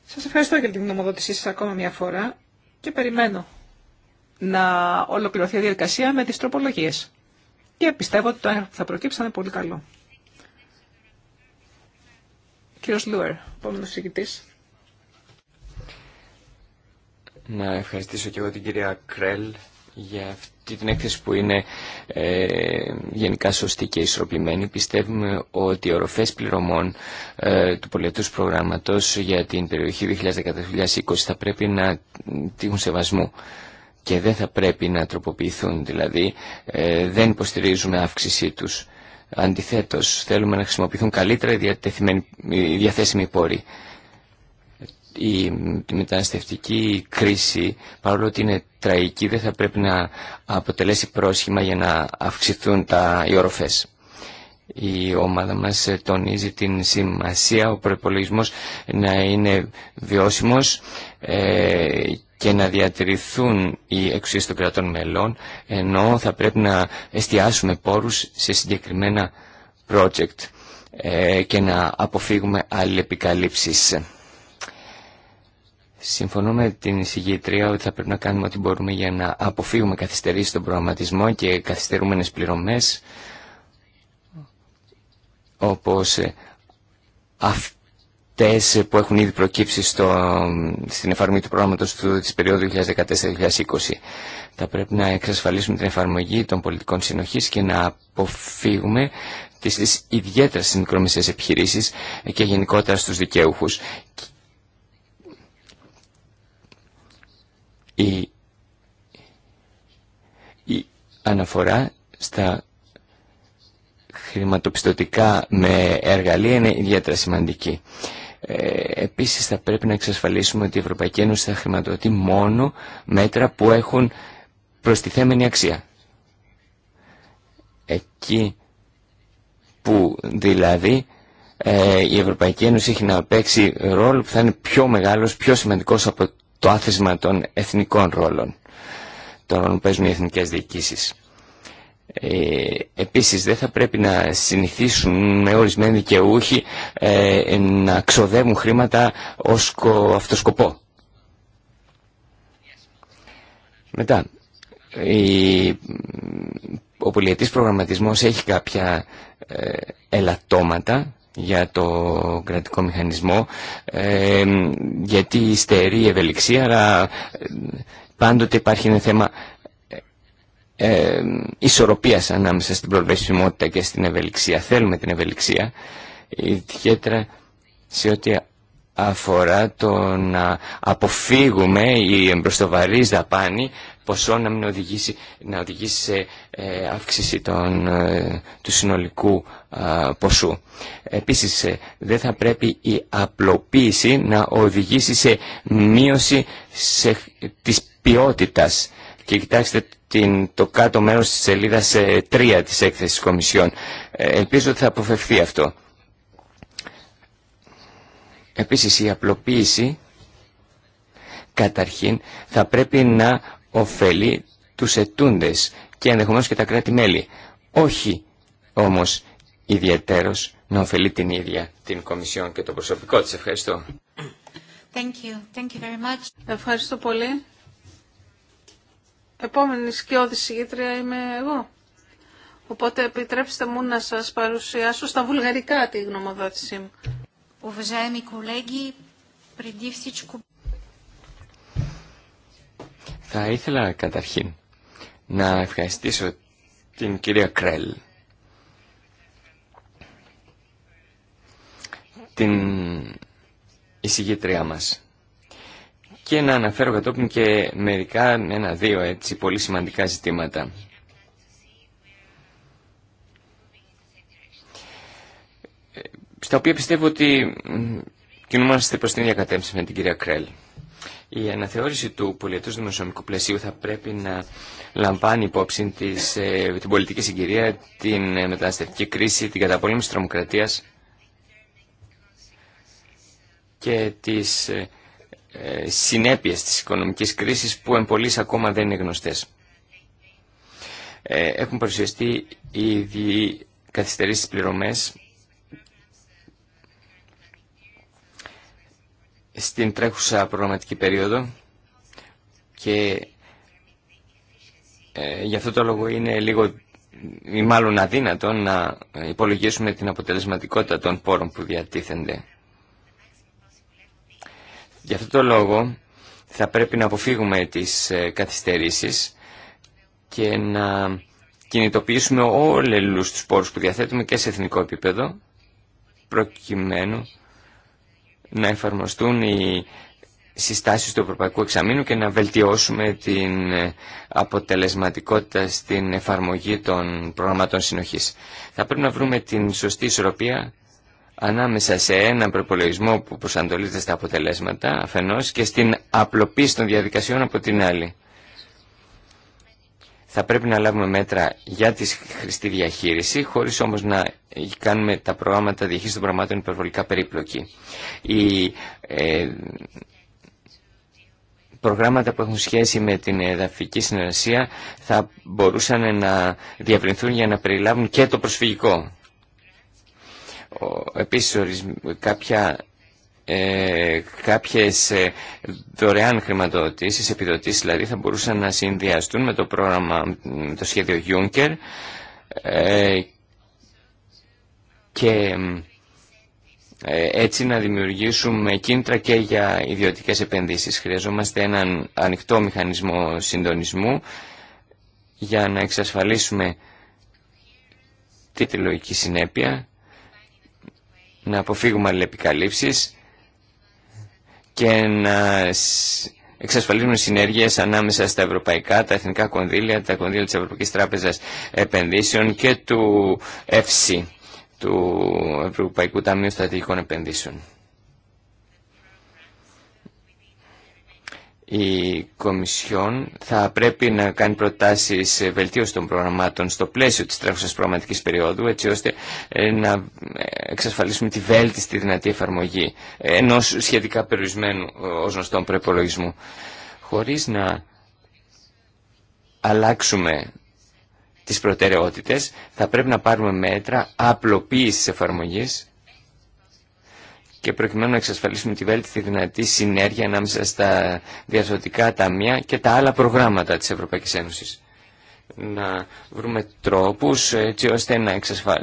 Σας ευχαριστώ για την νομοδότησή σας ακόμα μια φορά και περιμένω να ολοκληρωθεί η διαδικασία με τις τροπολογίες και πιστεύω ότι το έργο που θα προκύψει θα είναι πολύ καλό. Κύριο Λούερ, επόμενο συγκητή. Να ευχαριστήσω και εγώ την κυρία Κρέλ για αυτή την έκθεση που είναι ε, γενικά σωστή και ισορροπημένη. Πιστεύουμε ότι οι οροφές πληρωμών ε, του πολιτικού προγράμματος για την περιοχη 2010 2014-2020 θα πρέπει να τύχουν σεβασμού και δεν θα πρέπει να τροποποιηθούν, δηλαδή ε, δεν υποστηρίζουμε αύξησή τους. Αντιθέτως, θέλουμε να χρησιμοποιηθούν καλύτερα οι, διαθέσιμοι πόροι. Η, μεταναστευτική κρίση, παρόλο ότι είναι τραγική, δεν θα πρέπει να αποτελέσει πρόσχημα για να αυξηθούν τα, οι οροφές. Η ομάδα μας τονίζει την σημασία ο προπολογισμό να είναι βιώσιμος ε, και να διατηρηθούν οι εξουσίες των κρατών μελών, ενώ θα πρέπει να εστιάσουμε πόρους σε συγκεκριμένα project ε, και να αποφύγουμε επικαλύψεις. Συμφωνώ με την εισηγήτρια ότι θα πρέπει να κάνουμε ό,τι μπορούμε για να αποφύγουμε καθυστερήσεις στον προγραμματισμό και καθυστερούμενες πληρωμές, όπως ε, που έχουν ήδη προκύψει στο, στην εφαρμογή του προγράμματος του, της περίοδου 2014-2020. Θα πρέπει να εξασφαλίσουμε την εφαρμογή των πολιτικών συνοχής και να αποφύγουμε τις, τις ιδιαίτερα στις μικρομεσαίες και γενικότερα στους δικαιούχους. Η, η αναφορά στα χρηματοπιστωτικά με εργαλεία είναι ιδιαίτερα σημαντική. Ε, επίσης θα πρέπει να εξασφαλίσουμε ότι η Ευρωπαϊκή Ένωση θα χρηματοδοτεί μόνο μέτρα που έχουν προστιθέμενη αξία. Εκεί που δηλαδή ε, η Ευρωπαϊκή Ένωση έχει να παίξει ρόλο που θα είναι πιο μεγάλος, πιο σημαντικός από το άθεσμα των εθνικών ρόλων, των ρόλων που παίζουν οι εθνικές διοικήσεις. Ε, επίσης δεν θα πρέπει να συνηθίσουν με ορισμένοι δικαιούχοι ε, να ξοδεύουν χρήματα ως αυτοσκοπό. Μετά, ο πολιετής προγραμματισμός έχει κάποια ε, ελαττώματα για το κρατικό μηχανισμό ε, γιατί στερεί ευελιξία αλλά ε, πάντοτε υπάρχει ένα θέμα ε, ισορροπίας ανάμεσα στην προβλεψιμότητα και στην ευελιξία. Θέλουμε την ευελιξία, ιδιαίτερα σε ό,τι αφορά το να αποφύγουμε η εμπροστοβαρής δαπάνη ποσό να μην οδηγήσει, να οδηγήσει σε ε, αύξηση των, ε, του συνολικού ποσού. Επίσης ε, δεν θα πρέπει η απλοποίηση να οδηγήσει σε μείωση της ποιότητας και κοιτάξτε την, το κάτω μέρος της σελίδας 3 ε, της έκθεσης Κομισιόν. Ε, ελπίζω ότι θα αποφευθεί αυτό. Επίσης η απλοποίηση καταρχήν θα πρέπει να ωφελεί τους ετούντες και ενδεχομένως και τα κράτη-μέλη. Όχι όμως ιδιαίτερος να ωφελεί την ίδια την Κομισιόν και το προσωπικό της. Ευχαριστώ. Thank you. Thank you very much. Ευχαριστώ πολύ επόμενη σκιώδη συγγήτρια είμαι εγώ. Οπότε επιτρέψτε μου να σας παρουσιάσω στα βουλγαρικά τη γνωμοδότησή μου. Θα ήθελα καταρχήν να ευχαριστήσω την κυρία Κρέλ την εισηγήτριά μας και να αναφέρω κατόπιν και μερικά, ένα-δύο έτσι, πολύ σημαντικά ζητήματα. Στα οποία πιστεύω ότι κινούμαστε προς την ίδια κατεύθυνση με την κυρία Κρέλ. Η αναθεώρηση του πολιετούς δημοσιονομικού πλαισίου θα πρέπει να λαμβάνει υπόψη της, ε, την πολιτική συγκυρία, την ε, μεταναστευτική κρίση, την καταπολέμηση της τρομοκρατίας και τις ε, ε, συνέπειες της οικονομικής κρίσης που εμπολείς ακόμα δεν είναι γνωστές. Ε, έχουν παρουσιαστεί ήδη καθυστερήσεις πληρωμές στην τρέχουσα προγραμματική περίοδο και ε, γι' αυτό το λόγο είναι λίγο ή μάλλον αδύνατο να υπολογίσουμε την αποτελεσματικότητα των πόρων που διατίθενται. Γι' αυτό το λόγο θα πρέπει να αποφύγουμε τις ε, καθυστερήσεις και να κινητοποιήσουμε όλους τους πόρους που διαθέτουμε και σε εθνικό επίπεδο προκειμένου να εφαρμοστούν οι συστάσεις του Ευρωπαϊκού Εξαμήνου και να βελτιώσουμε την ε, αποτελεσματικότητα στην εφαρμογή των προγραμμάτων συνοχής. Θα πρέπει να βρούμε την σωστή ισορροπία ανάμεσα σε έναν προπολογισμό που προσανατολίζεται στα αποτελέσματα αφενός και στην απλοποίηση των διαδικασιών από την άλλη. Θα πρέπει να λάβουμε μέτρα για τη χρηστή διαχείριση, χωρίς όμως να κάνουμε τα προγράμματα διαχείρισης των πραγμάτων υπερβολικά περίπλοκη. Οι ε, προγράμματα που έχουν σχέση με την εδαφική συνεργασία θα μπορούσαν να διαβρινθούν για να περιλάβουν και το προσφυγικό. Επίσης, κάποια, ε, κάποιες ε, δωρεάν χρηματοδοτήσεις, επιδοτήσεις δηλαδή, θα μπορούσαν να συνδυαστούν με το πρόγραμμα, το σχέδιο Juncker ε, και ε, έτσι να δημιουργήσουμε κίνητρα και για ιδιωτικές επενδύσεις. Χρειαζόμαστε έναν ανοιχτό μηχανισμό συντονισμού για να εξασφαλίσουμε τη λογική συνέπεια να αποφύγουμε αλληλεπικαλύψεις και να εξασφαλίζουμε συνέργειες ανάμεσα στα ευρωπαϊκά, τα εθνικά κονδύλια, τα κονδύλια της Ευρωπαϊκής Τράπεζας Επενδύσεων και του ΕΦΣΥ, του Ευρωπαϊκού Ταμείου Στρατηγικών Επενδύσεων. η Κομισιόν θα πρέπει να κάνει προτάσεις βελτίωση των προγραμμάτων στο πλαίσιο της τρέχουσας προγραμματικής περίοδου έτσι ώστε ε, να εξασφαλίσουμε τη βέλτιστη δυνατή εφαρμογή ενός σχετικά περιορισμένου ε, ως γνωστόν προπολογισμού. Χωρίς να αλλάξουμε τις προτεραιότητες, θα πρέπει να πάρουμε μέτρα απλοποίησης εφαρμογής και προκειμένου να εξασφαλίσουμε τη βέλτιστη δυνατή συνέργεια ανάμεσα στα διαδοτικά ταμεία και τα άλλα προγράμματα τη Ευρωπαϊκής Ένωσης. Να βρούμε τρόπους έτσι ώστε να, εξασφα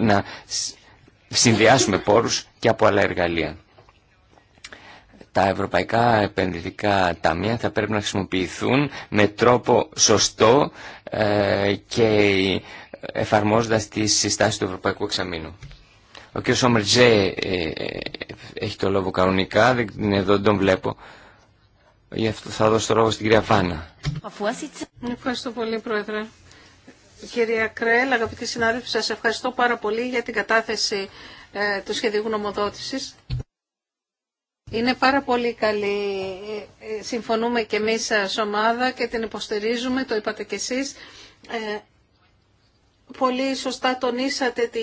συνδυάσουμε πόρους και από άλλα εργαλεία. Τα ευρωπαϊκά επενδυτικά ταμεία θα πρέπει να χρησιμοποιηθούν με τρόπο σωστό ε, και εφαρμόζοντας τις συστάσεις του Ευρωπαϊκού Εξαμήνου. Ο κ. Σόμερτζέ ε, ε, έχει το λόγο κανονικά, δεν, εδώ, τον βλέπω. Γι' αυτό θα δώσω το λόγο στην κυρία Βάνα. Ευχαριστώ πολύ, Πρόεδρε. Κυρία Κρέλ, αγαπητοί συνάδελφοι, σας ευχαριστώ πάρα πολύ για την κατάθεση ε, του σχεδίου γνωμοδότησης. Είναι πάρα πολύ καλή. Ε, ε, συμφωνούμε και εμείς σαν ομάδα και την υποστηρίζουμε, το είπατε κι εσείς πολύ σωστά τονίσατε τη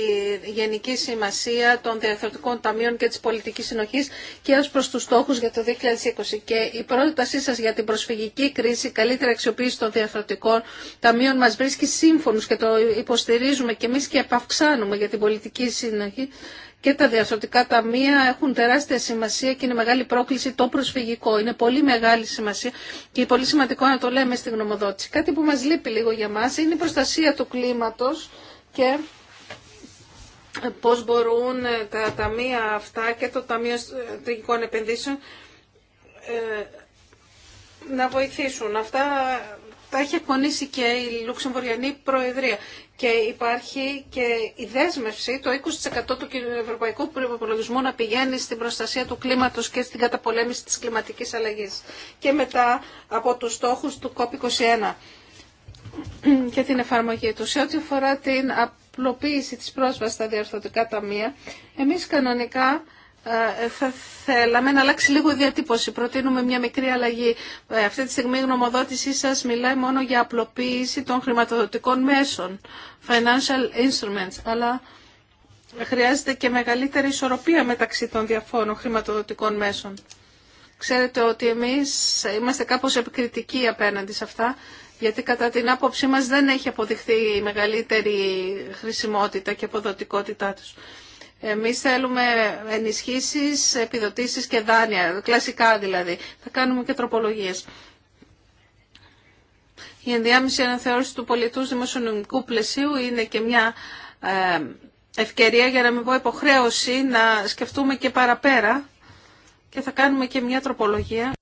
γενική σημασία των διαφορετικών ταμείων και της πολιτικής συνοχής και ως προς τους στόχους για το 2020. Και η πρότασή σας για την προσφυγική κρίση, καλύτερη αξιοποίηση των διαθροτικών ταμείων μας βρίσκει σύμφωνους και το υποστηρίζουμε και εμείς και επαυξάνουμε για την πολιτική συνοχή και τα διασωτικά ταμεία έχουν τεράστια σημασία και είναι μεγάλη πρόκληση το προσφυγικό. Είναι πολύ μεγάλη σημασία και πολύ σημαντικό να το λέμε στην γνωμοδότηση. Κάτι που μας λείπει λίγο για μας είναι η προστασία του κλίματος και πώς μπορούν τα ταμεία αυτά και το Ταμείο Στρατηγικών Επενδύσεων ε, να βοηθήσουν. Αυτά τα έχει εκπονήσει και η Λουξεμβουριανή Προεδρία και υπάρχει και η δέσμευση το 20% του ευρωπαϊκού προπολογισμού να πηγαίνει στην προστασία του κλίματος και στην καταπολέμηση της κλιματικής αλλαγής και μετά από τους στόχους του COP21 και την εφαρμογή του. Σε ό,τι αφορά την απλοποίηση της πρόσβασης στα διορθωτικά ταμεία, εμείς κανονικά ε, θα θέλαμε να αλλάξει λίγο η διατύπωση. Προτείνουμε μια μικρή αλλαγή. Ε, αυτή τη στιγμή η γνωμοδότησή σας μιλάει μόνο για απλοποίηση των χρηματοδοτικών μέσων, financial instruments, αλλά χρειάζεται και μεγαλύτερη ισορροπία μεταξύ των διαφόρων χρηματοδοτικών μέσων. Ξέρετε ότι εμείς είμαστε κάπως επικριτικοί απέναντι σε αυτά, γιατί κατά την άποψή μας δεν έχει αποδειχθεί η μεγαλύτερη χρησιμότητα και αποδοτικότητά τους. Εμεί θέλουμε ενισχύσεις, επιδοτήσεις και δάνεια, κλασικά δηλαδή. Θα κάνουμε και τροπολογίες. Η ενδιάμεση αναθεώρηση του πολιτού δημοσιονομικού πλαισίου είναι και μια ε, ευκαιρία για να μην πω υποχρέωση να σκεφτούμε και παραπέρα και θα κάνουμε και μια τροπολογία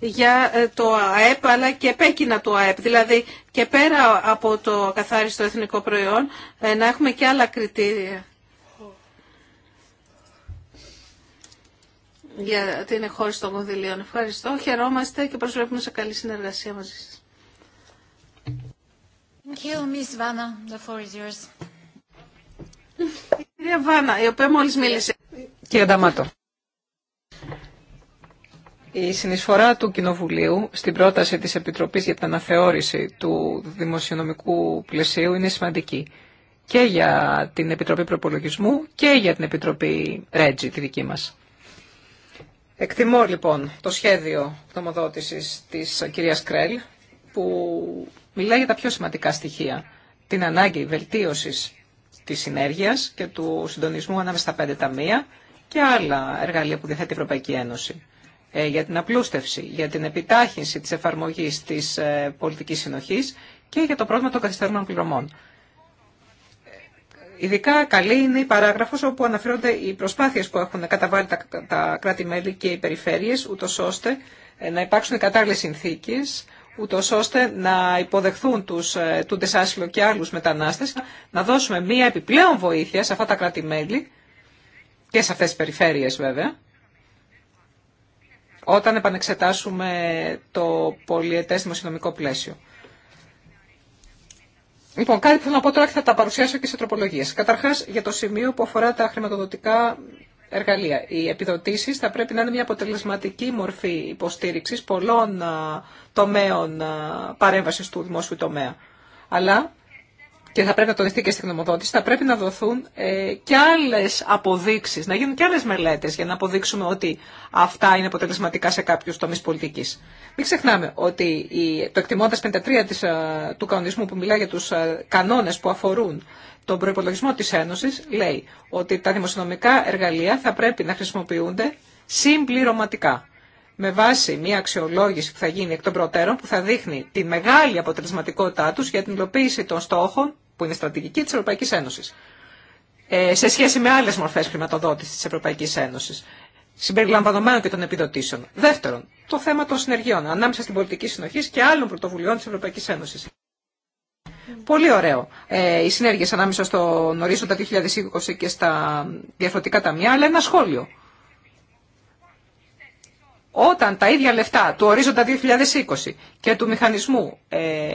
για ε, το ΑΕΠ αλλά και επέκεινα του ΑΕΠ. Δηλαδή και πέρα από το καθάριστο εθνικό προϊόν ε, να έχουμε και άλλα κριτήρια για την εχώρηση των κονδυλίων. Ευχαριστώ. Χαιρόμαστε και προσβλέπουμε σε καλή συνεργασία μαζί σας. Η κυρία Βάνα, η μόλις μίλησε. Κύριε Νταμάτο. Η συνεισφορά του Κοινοβουλίου στην πρόταση της Επιτροπής για την αναθεώρηση του δημοσιονομικού πλαισίου είναι σημαντική και για την Επιτροπή Προπολογισμού και για την Επιτροπή Ρέτζη, τη δική μας. Εκτιμώ λοιπόν το σχέδιο νομοδότησης της κυρίας Κρέλ που μιλάει για τα πιο σημαντικά στοιχεία. Την ανάγκη βελτίωσης της συνέργειας και του συντονισμού ανάμεσα στα πέντε ταμεία και άλλα εργαλεία που διαθέτει η Ευρωπαϊκή Ένωση ε, για την απλούστευση, για την επιτάχυνση της εφαρμογής της ε, πολιτικής συνοχής και για το πρόβλημα των καθυστερούμενων πληρωμών. Ειδικά καλή είναι η παράγραφο όπου αναφέρονται οι προσπάθειες που έχουν καταβάλει τα, τα κράτη-μέλη και οι περιφέρειες, ούτω ώστε ε, να υπάρξουν κατάλληλες συνθήκες, ούτω ώστε να υποδεχθούν του ε, τούτε άσυλο και άλλου μετανάστες, να δώσουμε μία επιπλέον βοήθεια σε αυτά τα κράτη-μέλη και σε αυτές τις περιφέρειες βέβαια, όταν επανεξετάσουμε το πολιετές δημοσιονομικό πλαίσιο. Λοιπόν, κάτι που θέλω να πω τώρα και θα τα παρουσιάσω και σε τροπολογίε. Καταρχάς, για το σημείο που αφορά τα χρηματοδοτικά εργαλεία. Οι επιδοτήσει θα πρέπει να είναι μια αποτελεσματική μορφή υποστήριξης πολλών τομέων παρέμβαση του δημόσιου τομέα. Αλλά και θα πρέπει να το δεχτεί και στην γνωμοδότηση, θα πρέπει να δοθούν ε, και άλλε αποδείξει, να γίνουν και άλλε μελέτε για να αποδείξουμε ότι αυτά είναι αποτελεσματικά σε κάποιους τομεί πολιτική. Μην ξεχνάμε ότι η, το εκτιμώντα 53 ε, του κανονισμού που μιλά για του ε, κανόνε που αφορούν τον προπολογισμό τη Ένωση, λέει ότι τα δημοσιονομικά εργαλεία θα πρέπει να χρησιμοποιούνται συμπληρωματικά με βάση μια αξιολόγηση που θα γίνει εκ των προτέρων που θα δείχνει τη μεγάλη αποτελεσματικότητά τους για την υλοποίηση των στόχων που είναι στρατηγική της Ευρωπαϊκής Ένωσης ε, σε σχέση με άλλες μορφές χρηματοδότησης της Ευρωπαϊκής Ένωσης συμπεριλαμβανομένων και των επιδοτήσεων. Δεύτερον, το θέμα των συνεργειών ανάμεσα στην πολιτική συνοχή και άλλων πρωτοβουλειών της Ευρωπαϊκής Ένωσης. Πολύ ωραίο. Ε, οι συνέργειε ανάμεσα στο ορίζοντα 2020 και στα διαφορετικά ταμεία, αλλά ένα σχόλιο όταν τα ίδια λεφτά του ορίζοντα 2020 και του μηχανισμού ε,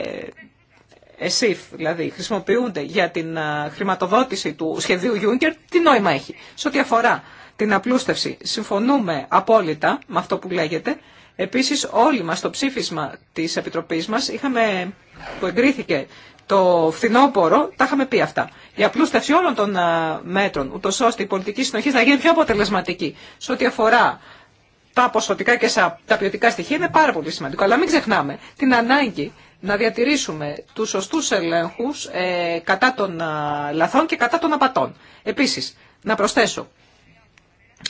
ΕΣΥΦ δηλαδή χρησιμοποιούνται για την ε, χρηματοδότηση του σχεδίου Juncker, τι νόημα έχει. Σε ό,τι αφορά την απλούστευση, συμφωνούμε απόλυτα με αυτό που λέγεται. Επίσης όλοι μας στο ψήφισμα της Επιτροπής μας είχαμε, που εγκρίθηκε το φθινόπωρο, τα είχαμε πει αυτά. Η απλούστευση όλων των ε, μέτρων, ούτως ώστε η πολιτική συνοχή να γίνει πιο αποτελεσματική σε ό,τι αφορά τα ποσοτικά και τα ποιοτικά στοιχεία είναι πάρα πολύ σημαντικό. Αλλά μην ξεχνάμε την ανάγκη να διατηρήσουμε τους σωστούς ελέγχους ε, κατά των ε, λαθών και κατά των απατών. Επίσης, να προσθέσω,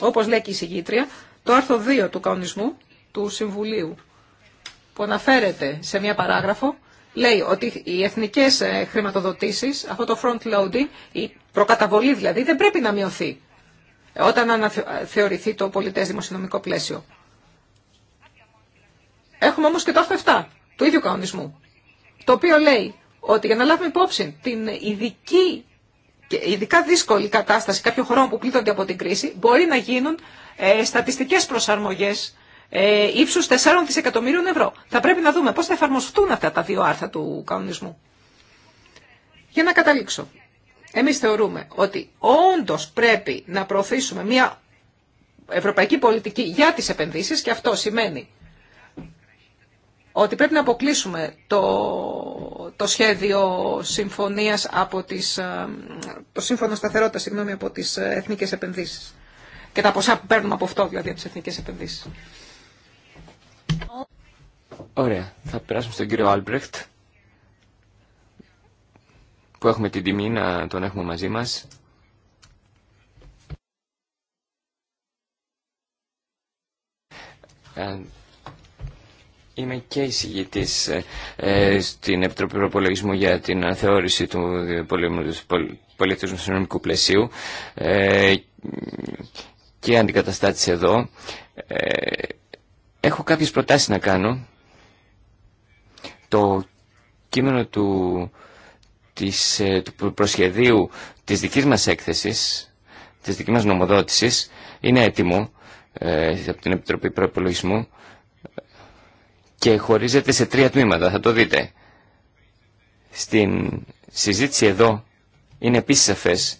όπως λέει και η συγγήτρια, το άρθρο 2 του κανονισμού του Συμβουλίου που αναφέρεται σε μια παράγραφο, λέει ότι οι εθνικές ε, χρηματοδοτήσεις, αυτό το front loading, η προκαταβολή δηλαδή, δεν πρέπει να μειωθεί όταν αναθεωρηθεί το πολιτέ δημοσιονομικό πλαίσιο. Έχουμε όμω και το άρθρο 7 του ίδιου κανονισμού, το οποίο λέει ότι για να λάβουμε υπόψη την ειδική ειδικά δύσκολη κατάσταση κάποιων χωρών που πλήττονται από την κρίση, μπορεί να γίνουν ε, στατιστικές προσαρμογές ε, ύψους 4 δισεκατομμύριων ευρώ. Θα πρέπει να δούμε πώ θα εφαρμοστούν αυτά τα δύο άρθρα του κανονισμού. Για να καταλήξω. Εμείς θεωρούμε ότι όντως πρέπει να προωθήσουμε μια ευρωπαϊκή πολιτική για τις επενδύσεις και αυτό σημαίνει ότι πρέπει να αποκλείσουμε το, το σχέδιο συμφωνίας από τις, ε, το σύμφωνο σταθερότητα συγγνώμη, από τις ε, εθνικές επενδύσεις και τα ποσά που παίρνουμε από αυτό δηλαδή από τις εθνικές επενδύσεις. Ωραία. Θα περάσουμε στον κύριο Άλμπρεχτ που έχουμε την τιμή να τον έχουμε μαζί μας. Ε, είμαι και εισηγητής ε, ε, στην Επιτροπή Προπολογισμού για την αναθεώρηση του πολιτισμού συνομικού πλαισίου και αντικαταστάτης εδώ. Έχω κάποιες προτάσεις να κάνω. Το κείμενο του της, ε, του προσχεδίου της δικής μας έκθεσης, της δικής μας νομοδότησης, είναι έτοιμο ε, από την Επιτροπή Προπολογισμού και χωρίζεται σε τρία τμήματα, θα το δείτε. Στην συζήτηση εδώ είναι επίσης σαφές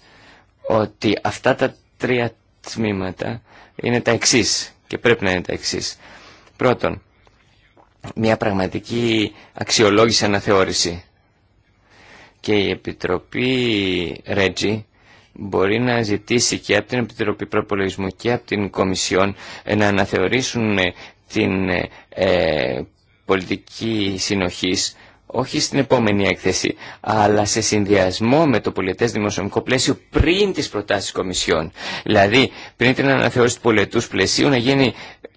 ότι αυτά τα τρία τμήματα είναι τα εξής και πρέπει να είναι τα εξής. Πρώτον, μια πραγματική αξιολόγηση αναθεώρηση και η Επιτροπή Ρέτζι μπορεί να ζητήσει και από την Επιτροπή Προπολογισμού και από την Κομισιόν να αναθεωρήσουν ε, την ε, πολιτική συνοχής όχι στην επόμενη έκθεση, αλλά σε συνδυασμό με το πολιτέ δημοσιονομικό πλαίσιο πριν τι προτάσει Κομισιόν. Δηλαδή, πριν την αναθεώρηση του πολιτού πλαισίου να, γίνει,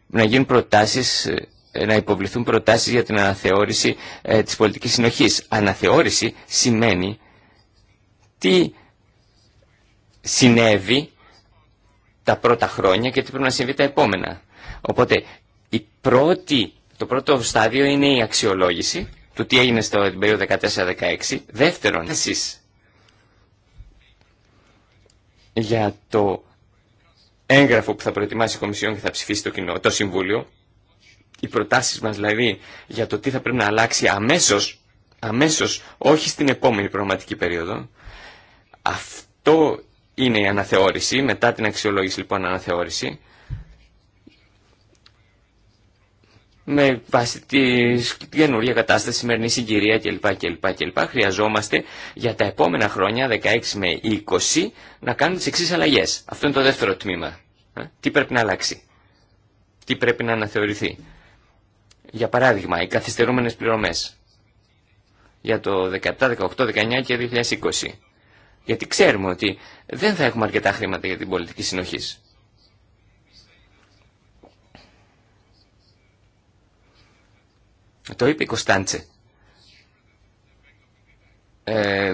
να γίνουν προτάσει ε, ε, να υποβληθούν προτάσεις για την αναθεώρηση ε, της πολιτικής συνοχής. Αναθεώρηση σημαίνει τι συνέβη τα πρώτα χρόνια και τι πρέπει να συμβεί τα επόμενα. Οπότε η πρώτη, το πρώτο στάδιο είναι η αξιολόγηση του τι έγινε στο περίοδο 14-16. Δεύτερον, εσείς για το έγγραφο που θα προετοιμάσει η Κομισιόν και θα ψηφίσει το, κοινό, το Συμβούλιο οι προτάσεις μας δηλαδή για το τι θα πρέπει να αλλάξει αμέσως, αμέσως όχι στην επόμενη προγραμματική περίοδο. Αυτό είναι η αναθεώρηση, μετά την αξιολόγηση λοιπόν αναθεώρηση. με βάση τη καινούργια κατάσταση, σημερινή συγκυρία κλπ. κλπ, κλπ. Χρειαζόμαστε για τα επόμενα χρόνια, 16 με 20, να κάνουμε τι εξή αλλαγέ. Αυτό είναι το δεύτερο τμήμα. Ε, τι πρέπει να αλλάξει, τι πρέπει να αναθεωρηθεί. Για παράδειγμα, οι καθυστερούμενες πληρωμές για το 17, 18, 19 και 2020. Γιατί ξέρουμε ότι δεν θα έχουμε αρκετά χρήματα για την πολιτική συνοχή. Το είπε η Κωνσταντσε. Ε,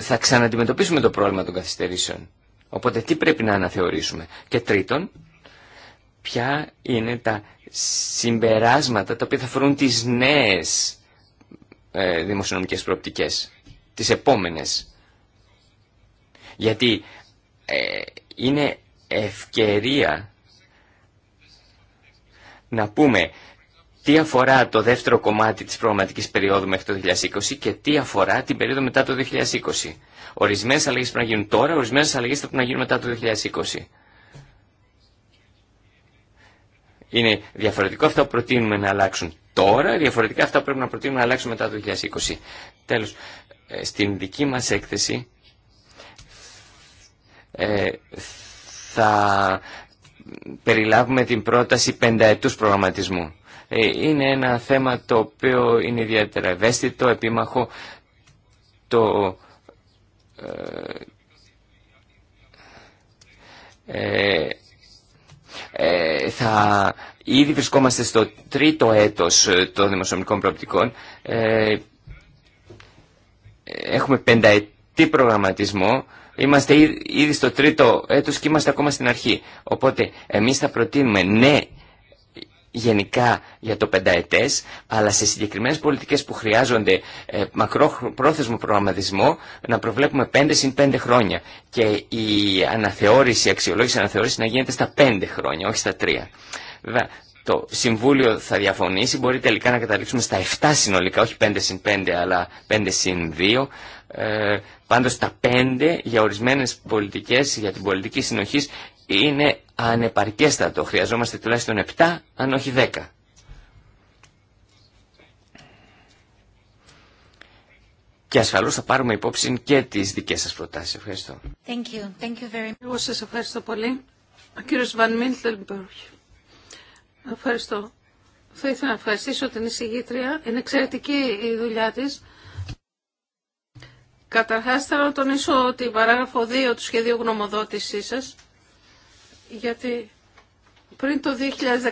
θα ξαναντιμετωπίσουμε το πρόβλημα των καθυστερήσεων. Οπότε τι πρέπει να αναθεωρήσουμε. Και τρίτον, ποια είναι τα συμπεράσματα τα οποία θα φορούν τις νέες ε, δημοσιονομικές προοπτικές, τις επόμενες. Γιατί ε, είναι ευκαιρία να πούμε τι αφορά το δεύτερο κομμάτι της προγραμματικής περίοδου μέχρι το 2020 και τι αφορά την περίοδο μετά το 2020. Ορισμένες αλλαγές πρέπει να γίνουν τώρα, ορισμένες αλλαγές θα πρέπει να γίνουν μετά το 2020. είναι διαφορετικό αυτά που προτείνουμε να αλλάξουν τώρα, διαφορετικά αυτά που πρέπει να προτείνουμε να αλλάξουν μετά το 2020. Τέλος, ε, στην δική μας έκθεση ε, θα περιλάβουμε την πρόταση πενταετούς προγραμματισμού. Ε, είναι ένα θέμα το οποίο είναι ιδιαίτερα ευαίσθητο, επίμαχο. Το, ε, ε, θα, ήδη βρισκόμαστε στο τρίτο έτος ε, των δημοσιονομικών προοπτικών. Ε, έχουμε πενταετή προγραμματισμό. Είμαστε ήδη στο τρίτο έτος και είμαστε ακόμα στην αρχή. Οπότε εμείς θα προτείνουμε ναι γενικά για το πενταετές, αλλά σε συγκεκριμένες πολιτικές που χρειάζονται ε, μακρόπρόθεσμο προγραμματισμό να προβλέπουμε πέντε συν πέντε χρόνια και η αναθεώρηση, η αξιολόγηση αναθεώρηση να γίνεται στα πέντε χρόνια, όχι στα τρία. Βέβαια, το Συμβούλιο θα διαφωνήσει, μπορεί τελικά να καταλήξουμε στα 7 συνολικά, όχι πέντε συν πέντε, αλλά πέντε συν δύο, Ε, πάντως τα πέντε για ορισμένες πολιτικές, για την πολιτική συνοχής είναι ανεπαρκέστατο. Χρειαζόμαστε τουλάχιστον 7, αν όχι 10. Και ασφαλώς θα πάρουμε υπόψη και τις δικές σας προτάσεις. Ευχαριστώ. Thank you. Thank you very much. Εγώ σας ευχαριστώ πολύ. Ο κύριος Βαν Ευχαριστώ. Θα ήθελα να ευχαριστήσω την εισηγήτρια. Είναι εξαιρετική η δουλειά της. Καταρχάς θέλω να τονίσω ότι παράγραφο 2 του σχεδίου γνωμοδότησής σας γιατί πριν το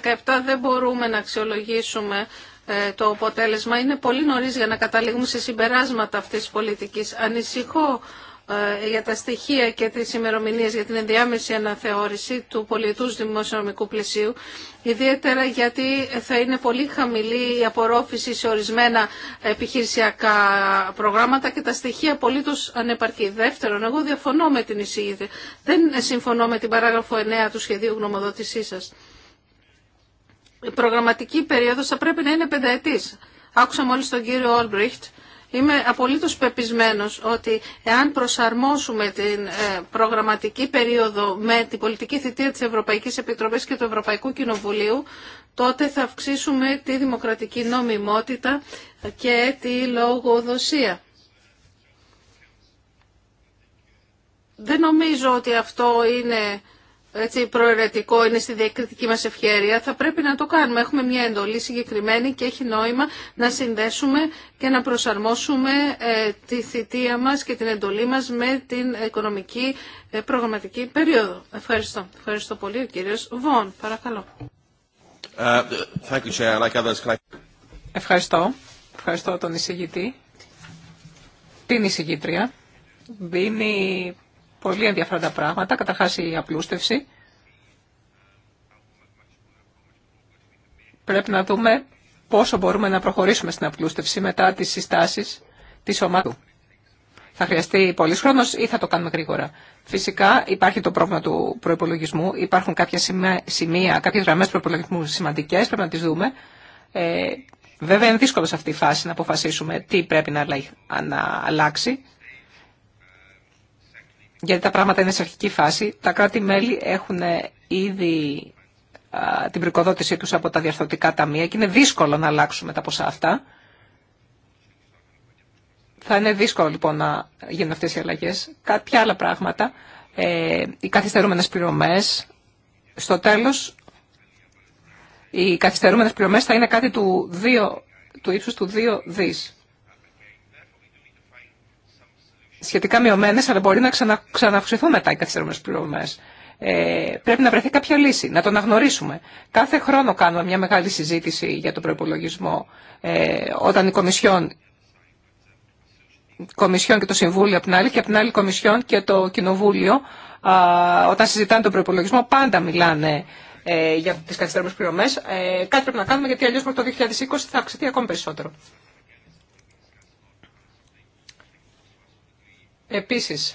2017 δεν μπορούμε να αξιολογήσουμε ε, το αποτέλεσμα. Είναι πολύ νωρίς για να καταλήγουμε σε συμπεράσματα αυτής της πολιτικής. Ανησυχώ ε, για τα στοιχεία και τις ημερομηνίες για την ενδιάμεση αναθεώρηση του πολιτούς δημοσιονομικού πλαισίου, ιδιαίτερα γιατί θα είναι πολύ χαμηλή η απορρόφηση σε ορισμένα επιχειρησιακά προγράμματα και τα στοιχεία απολύτως ανεπαρκή. Δεύτερον, εγώ διαφωνώ με την εισήγητη. Δεν συμφωνώ με την παράγραφο 9 του σχεδίου γνωμοδότησής σας. Η προγραμματική περίοδος θα πρέπει να είναι πενταετής. Άκουσα μόλις τον κύριο Όλμπριχτ Είμαι απολύτως πεπισμένος ότι εάν προσαρμόσουμε την ε, προγραμματική περίοδο με την πολιτική θητεία της Ευρωπαϊκής Επιτροπής και του Ευρωπαϊκού Κοινοβουλίου, τότε θα αυξήσουμε τη δημοκρατική νομιμότητα και τη λογοδοσία. Δεν νομίζω ότι αυτό είναι έτσι προαιρετικό είναι στη διακριτική μας ευχέρεια, θα πρέπει να το κάνουμε. Έχουμε μια εντολή συγκεκριμένη και έχει νόημα να συνδέσουμε και να προσαρμόσουμε ε, τη θητεία μας και την εντολή μας με την οικονομική ε, προγραμματική περίοδο. Ευχαριστώ. Ευχαριστώ πολύ. Ο κύριος Βόν, παρακαλώ. Ε, Ευχαριστώ. Ευχαριστώ τον εισηγητή. Την εισηγήτρια. Δίνει πολύ ενδιαφέροντα πράγματα. Καταρχάς η απλούστευση. Πρέπει να δούμε πόσο μπορούμε να προχωρήσουμε στην απλούστευση μετά τις συστάσεις της ομάδου. Θα χρειαστεί πολύς χρόνο ή θα το κάνουμε γρήγορα. Φυσικά υπάρχει το πρόβλημα του προπολογισμού. Υπάρχουν κάποια σημεία, κάποιε γραμμέ προπολογισμού σημαντικέ, πρέπει να τι δούμε. Ε, βέβαια είναι δύσκολο σε αυτή τη φάση να αποφασίσουμε τι πρέπει να αλλάξει γιατί τα πράγματα είναι σε αρχική φάση. Τα κράτη-μέλη έχουν ήδη την πρικοδότησή τους από τα διαρθρωτικά ταμεία και είναι δύσκολο να αλλάξουμε τα ποσά αυτά. Θα είναι δύσκολο λοιπόν να γίνουν αυτές οι αλλαγές. Κάποια άλλα πράγματα, ε, οι καθυστερούμενες πληρωμές, στο τέλος οι καθυστερούμενες πληρωμές θα είναι κάτι του, 2, του ύψους του 2 δις σχετικά μειωμένε, αλλά μπορεί να ξανα, ξαναυξηθούν μετά οι καθυστερούμενε πληρωμέ. Ε, πρέπει να βρεθεί κάποια λύση, να τον αναγνωρίσουμε. Κάθε χρόνο κάνουμε μια μεγάλη συζήτηση για τον προπολογισμό ε, όταν η Κομισιόν, Κομισιόν και το Συμβούλιο από την άλλη και από την άλλη η Κομισιόν και το Κοινοβούλιο α, όταν συζητάνε τον προπολογισμό πάντα μιλάνε ε, για τις καθυστερούμενες πληρωμές. Ε, κάτι πρέπει να κάνουμε γιατί αλλιώς μέχρι το 2020 θα αυξηθεί ακόμη περισσότερο. Επίσης,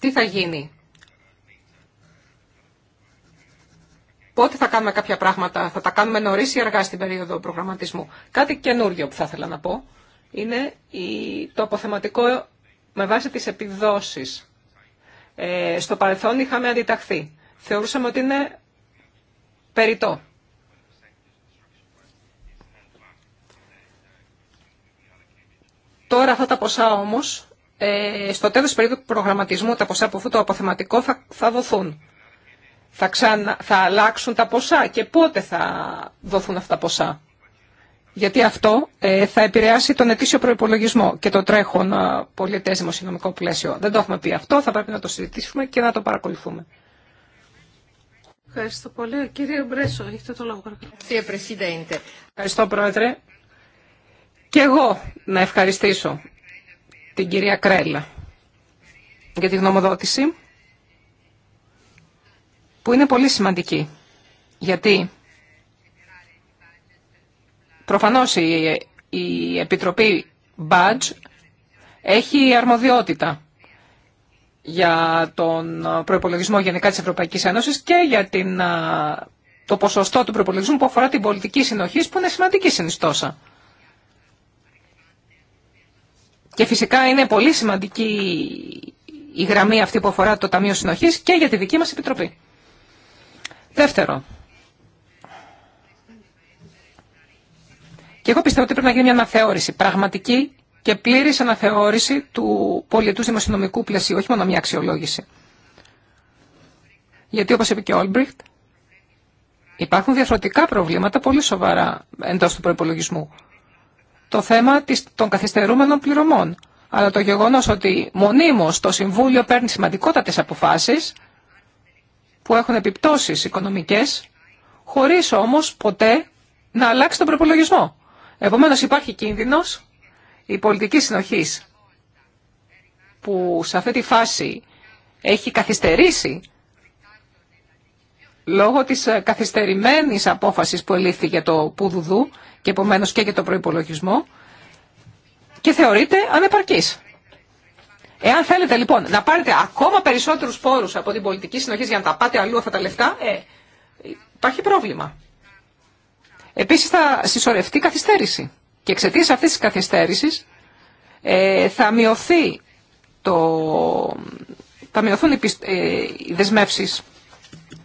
τι θα γίνει. Πότε θα κάνουμε κάποια πράγματα, θα τα κάνουμε νωρίς ή αργά στην περίοδο προγραμματισμού. Κάτι καινούργιο που θα ήθελα να πω είναι το αποθεματικό με βάση τις επιδόσεις. Ε, στο παρελθόν είχαμε αντιταχθεί. Θεωρούσαμε ότι είναι περιτό. Τώρα αυτά τα ποσά όμως, ε, στο τέλο περίπου περίοδου προγραμματισμού, τα ποσά από αυτό το αποθεματικό θα, θα δοθούν. Θα, ξανα, θα αλλάξουν τα ποσά και πότε θα δοθούν αυτά τα ποσά. Γιατί αυτό ε, θα επηρεάσει τον ετήσιο προπολογισμό και το τρέχον ε, πολιτέ δημοσιονομικό πλαίσιο. Δεν το έχουμε πει αυτό, θα πρέπει να το συζητήσουμε και να το παρακολουθούμε. Ευχαριστώ πολύ. Κύριε Μπρέσο, έχετε το λόγο. Ευχαριστώ, Πρόεδρε. Και εγώ να ευχαριστήσω την κυρία Κρέλα για τη γνωμοδότηση που είναι πολύ σημαντική γιατί προφανώς η, Επιτροπή Μπάτζ έχει αρμοδιότητα για τον προϋπολογισμό γενικά της Ευρωπαϊκής Ένωσης και για την, το ποσοστό του προϋπολογισμού που αφορά την πολιτική συνοχή που είναι σημαντική συνιστόσα. Και φυσικά είναι πολύ σημαντική η γραμμή αυτή που αφορά το Ταμείο Συνοχής και για τη δική μας Επιτροπή. Δεύτερο. Και εγώ πιστεύω ότι πρέπει να γίνει μια αναθεώρηση, πραγματική και πλήρης αναθεώρηση του πολιτού δημοσιονομικού πλαισίου, όχι μόνο μια αξιολόγηση. Γιατί όπως είπε και ο Όλμπριχτ, υπάρχουν διαφορετικά προβλήματα πολύ σοβαρά εντός του προϋπολογισμού το θέμα των καθυστερούμενων πληρωμών. Αλλά το γεγονός ότι μονίμως το Συμβούλιο παίρνει σημαντικότατες αποφάσεις που έχουν επιπτώσεις οικονομικές, χωρίς όμως ποτέ να αλλάξει τον προπολογισμό. Επομένως υπάρχει κίνδυνος η πολιτική συνοχής που σε αυτή τη φάση έχει καθυστερήσει λόγω της καθυστερημένης απόφασης που ελήφθη για το Πουδουδού και επομένως και για το προϋπολογισμό και θεωρείται ανεπαρκής. Εάν θέλετε λοιπόν να πάρετε ακόμα περισσότερους πόρους από την πολιτική συνοχή για να τα πάτε αλλού αυτά τα λεφτά, ε, υπάρχει πρόβλημα. Επίσης θα συσσωρευτεί καθυστέρηση. Και εξαιτία αυτής της καθυστέρησης ε, θα, μειωθεί το, θα μειωθούν οι, ε, οι δεσμεύσεις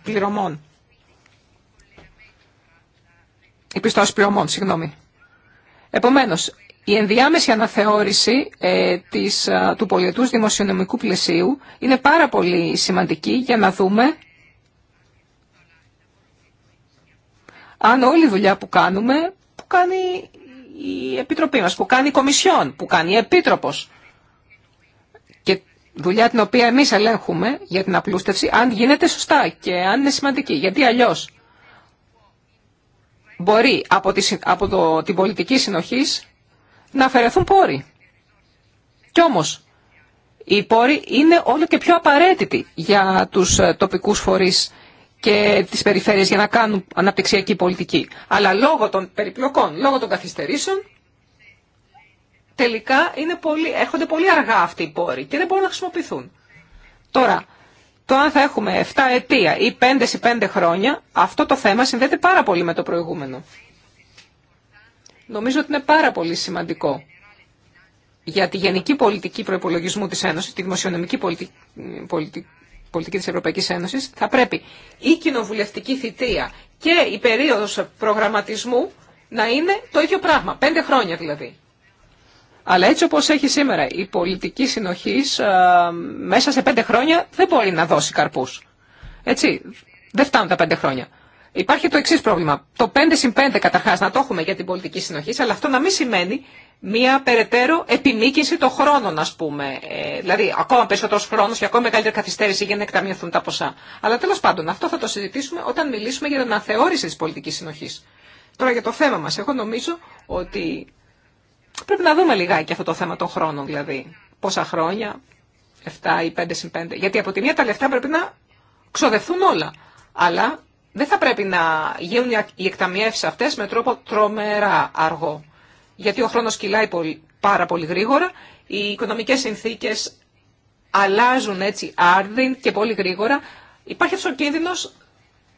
πληρωμών. Η συγγνώμη. Επομένως, η ενδιάμεση αναθεώρηση ε, της, ε, του πολιτού δημοσιονομικού πλαισίου είναι πάρα πολύ σημαντική για να δούμε αν όλη η δουλειά που κάνουμε, που κάνει η Επιτροπή μας, που κάνει η Κομισιόν, που κάνει η Επίτροπος και δουλειά την οποία εμείς ελέγχουμε για την απλούστευση, αν γίνεται σωστά και αν είναι σημαντική. Γιατί αλλιώς μπορεί από, από το, την πολιτική συνοχής να αφαιρεθούν πόροι. Κι όμως, οι πόροι είναι όλο και πιο απαραίτητοι για τους ε, τοπικούς φορείς και τις περιφέρειες για να κάνουν αναπτυξιακή πολιτική. Αλλά λόγω των περιπλοκών, λόγω των καθυστερήσεων, τελικά είναι πολύ, έρχονται πολύ αργά αυτοί οι πόροι και δεν μπορούν να χρησιμοποιηθούν. Τώρα, το αν θα έχουμε 7 αιτία ή 5 σε 5 χρόνια, αυτό το θέμα συνδέεται πάρα πολύ με το προηγούμενο. Νομίζω ότι είναι πάρα πολύ σημαντικό για τη γενική πολιτική προπολογισμού της Ένωσης, τη δημοσιονομική πολιτική, πολιτική της Ευρωπαϊκής Ένωσης, θα πρέπει η κοινοβουλευτική θητεία και η περίοδος προγραμματισμού να είναι το ίδιο πράγμα, πέντε χρόνια δηλαδή. Αλλά έτσι όπως έχει σήμερα η πολιτική συνοχής ε, μέσα σε πέντε χρόνια δεν μπορεί να δώσει καρπούς. Έτσι, δεν φτάνουν τα πέντε χρόνια. Υπάρχει το εξή πρόβλημα. Το 5 συν 5 καταρχά να το έχουμε για την πολιτική συνοχή, αλλά αυτό να μην σημαίνει μία περαιτέρω επιμήκυνση των χρόνων, α πούμε. Ε, δηλαδή, ακόμα περισσότερο χρόνο και ακόμα μεγαλύτερη καθυστέρηση για να εκταμιευθούν τα ποσά. Αλλά τέλο πάντων, αυτό θα το συζητήσουμε όταν μιλήσουμε για την αναθεώρηση τη πολιτική συνοχή. Τώρα για το θέμα μα. Εγώ νομίζω ότι Πρέπει να δούμε λιγάκι αυτό το θέμα των χρόνων, δηλαδή. Πόσα χρόνια, 7 ή 5 συν 5. Γιατί από τη μία τα λεφτά πρέπει να ξοδευτούν όλα. Αλλά δεν θα πρέπει να γίνουν οι εκταμιεύσει αυτέ με τρόπο τρομερά αργό. Γιατί ο χρόνο κυλάει πολύ, πάρα πολύ γρήγορα, οι οικονομικέ συνθήκε αλλάζουν έτσι άρδιν και πολύ γρήγορα. Υπάρχει αυτό ο κίνδυνο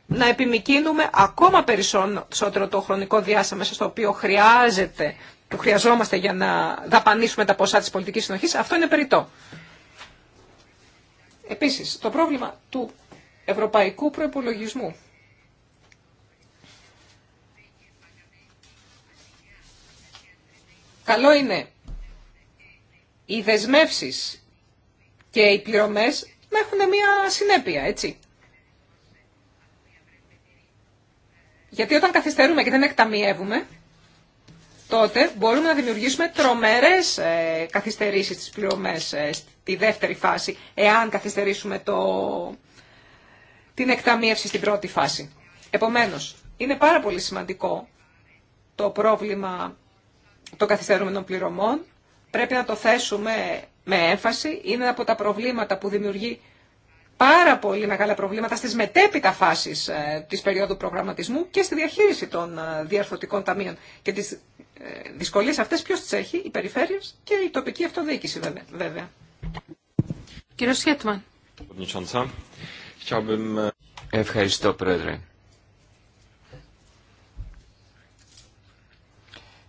να επιμηκύνουμε ακόμα περισσότερο το χρονικό διάστημα μέσα στο οποίο χρειάζεται που χρειαζόμαστε για να δαπανίσουμε τα ποσά της πολιτικής συνοχής, αυτό είναι περιττό. Επίσης, το πρόβλημα του ευρωπαϊκού προϋπολογισμού. Καλό είναι οι δεσμεύσει και οι πληρωμές να έχουν μια συνέπεια, έτσι. Γιατί όταν καθυστερούμε και δεν εκταμιεύουμε, τότε μπορούμε να δημιουργήσουμε τρομερές ε, καθυστερήσεις στις πληρωμές ε, στη δεύτερη φάση, εάν καθυστερήσουμε το... την εκταμίευση στην πρώτη φάση. Επομένως, είναι πάρα πολύ σημαντικό το πρόβλημα των καθυστερούμενων πληρωμών. Πρέπει να το θέσουμε με έμφαση. Είναι από τα προβλήματα που δημιουργεί πάρα πολύ μεγάλα προβλήματα στις μετέπειτα φάσεις ε, της περίοδου προγραμματισμού και στη διαχείριση των ε, διαρθρωτικών ταμείων. Και τις ε, δυσκολίες αυτές ποιος τις έχει, οι περιφέρειες και η τοπική αυτοδιοίκηση βέβαια. Κύριο Σχέτμαν. Ευχαριστώ Πρόεδρε.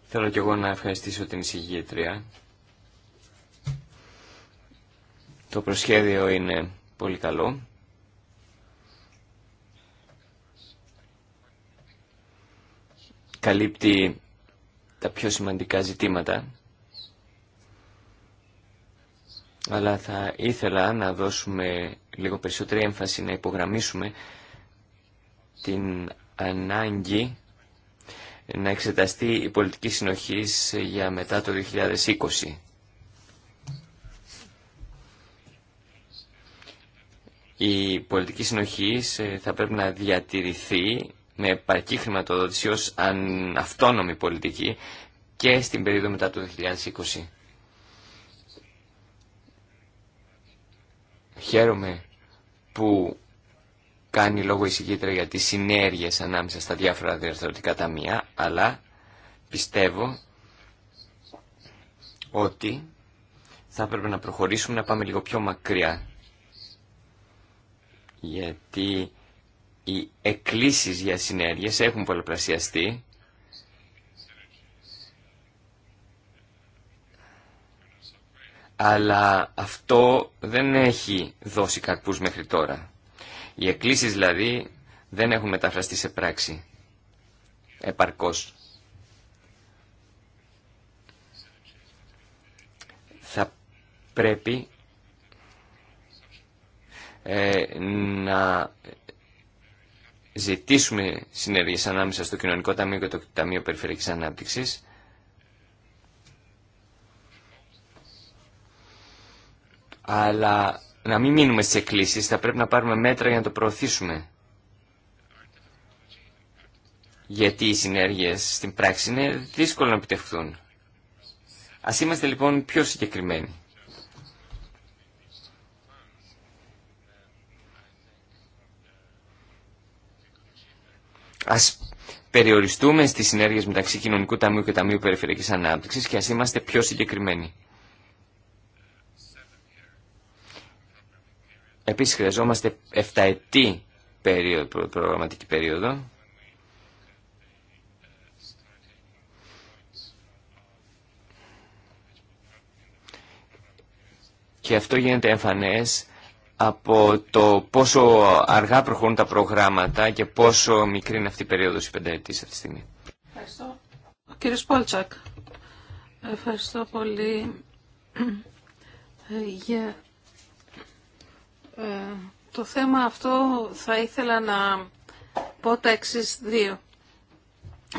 Θέλω και εγώ να ευχαριστήσω την εισηγήτρια. Το προσχέδιο είναι πολύ καλό. Καλύπτει τα πιο σημαντικά ζητήματα. Αλλά θα ήθελα να δώσουμε λίγο περισσότερη έμφαση, να υπογραμμίσουμε την ανάγκη να εξεταστεί η πολιτική συνοχής για μετά το 2020. Η πολιτική συνοχή ε, θα πρέπει να διατηρηθεί με επαρκή χρηματοδότηση ως αν αυτόνομη πολιτική και στην περίοδο μετά το 2020. Χαίρομαι που κάνει λόγο εισηγήτρια για τις συνέργειες ανάμεσα στα διάφορα διευθυντικά ταμεία, αλλά πιστεύω ότι θα έπρεπε να προχωρήσουμε να πάμε λίγο πιο μακριά γιατί οι εκκλήσεις για συνέργειες έχουν πολλαπλασιαστεί αλλά αυτό δεν έχει δώσει καρπούς μέχρι τώρα. Οι εκκλήσεις δηλαδή δεν έχουν μεταφραστεί σε πράξη επαρκώς. Θα πρέπει ε, να ζητήσουμε συνέργειες ανάμεσα στο Κοινωνικό Ταμείο και το Ταμείο Περιφερειακής Ανάπτυξης. Αλλά να μην μείνουμε στις εκκλήσεις, θα πρέπει να πάρουμε μέτρα για να το προωθήσουμε. Γιατί οι συνέργειες στην πράξη είναι δύσκολο να επιτευχθούν. Ας είμαστε λοιπόν πιο συγκεκριμένοι. Ας περιοριστούμε στις συνέργειες μεταξύ Κοινωνικού Ταμείου και Ταμείου Περιφερειακής Ανάπτυξης και ας είμαστε πιο συγκεκριμένοι. Επίσης χρειαζόμαστε 7 ετή περίοδο, προγραμματική περίοδο. Και αυτό γίνεται εμφανές από το πόσο αργά προχωρούν τα προγράμματα και πόσο μικρή είναι αυτή η περίοδος η πενταετής αυτή τη στιγμή. Ευχαριστώ. Κύριε Σπόλτσακ, ευχαριστώ πολύ ε, για ε, το θέμα αυτό θα ήθελα να πω τα εξής δύο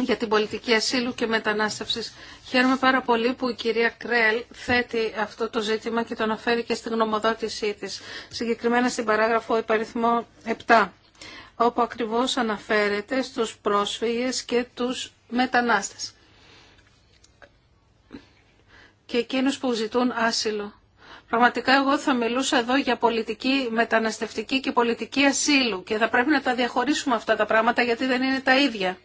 για την πολιτική ασύλου και μετανάστευσης. Χαίρομαι πάρα πολύ που η κυρία Κρέλ θέτει αυτό το ζήτημα και το αναφέρει και στην γνωμοδότησή της, συγκεκριμένα στην παράγραφο υπαριθμό 7, όπου ακριβώς αναφέρεται στους πρόσφυγες και τους μετανάστες και εκείνους που ζητούν άσυλο. Πραγματικά εγώ θα μιλούσα εδώ για πολιτική μεταναστευτική και πολιτική ασύλου και θα πρέπει να τα διαχωρίσουμε αυτά τα πράγματα γιατί δεν είναι τα ίδια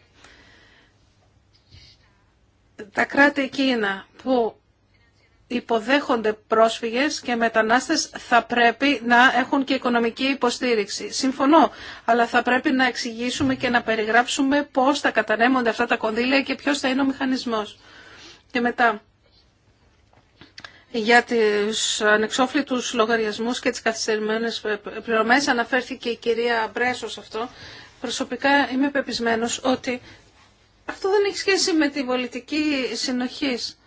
τα κράτη εκείνα που υποδέχονται πρόσφυγες και μετανάστες θα πρέπει να έχουν και οικονομική υποστήριξη. Συμφωνώ, αλλά θα πρέπει να εξηγήσουμε και να περιγράψουμε πώς θα κατανέμονται αυτά τα κονδύλια και ποιος θα είναι ο μηχανισμός. Και μετά, για τους ανεξόφλητους λογαριασμούς και τις καθυστερημένες πληρωμές αναφέρθηκε η κυρία Μπρέσο σε αυτό. Προσωπικά είμαι πεπισμένος ότι αυτό δεν έχει σχέση με την πολιτική συνοχής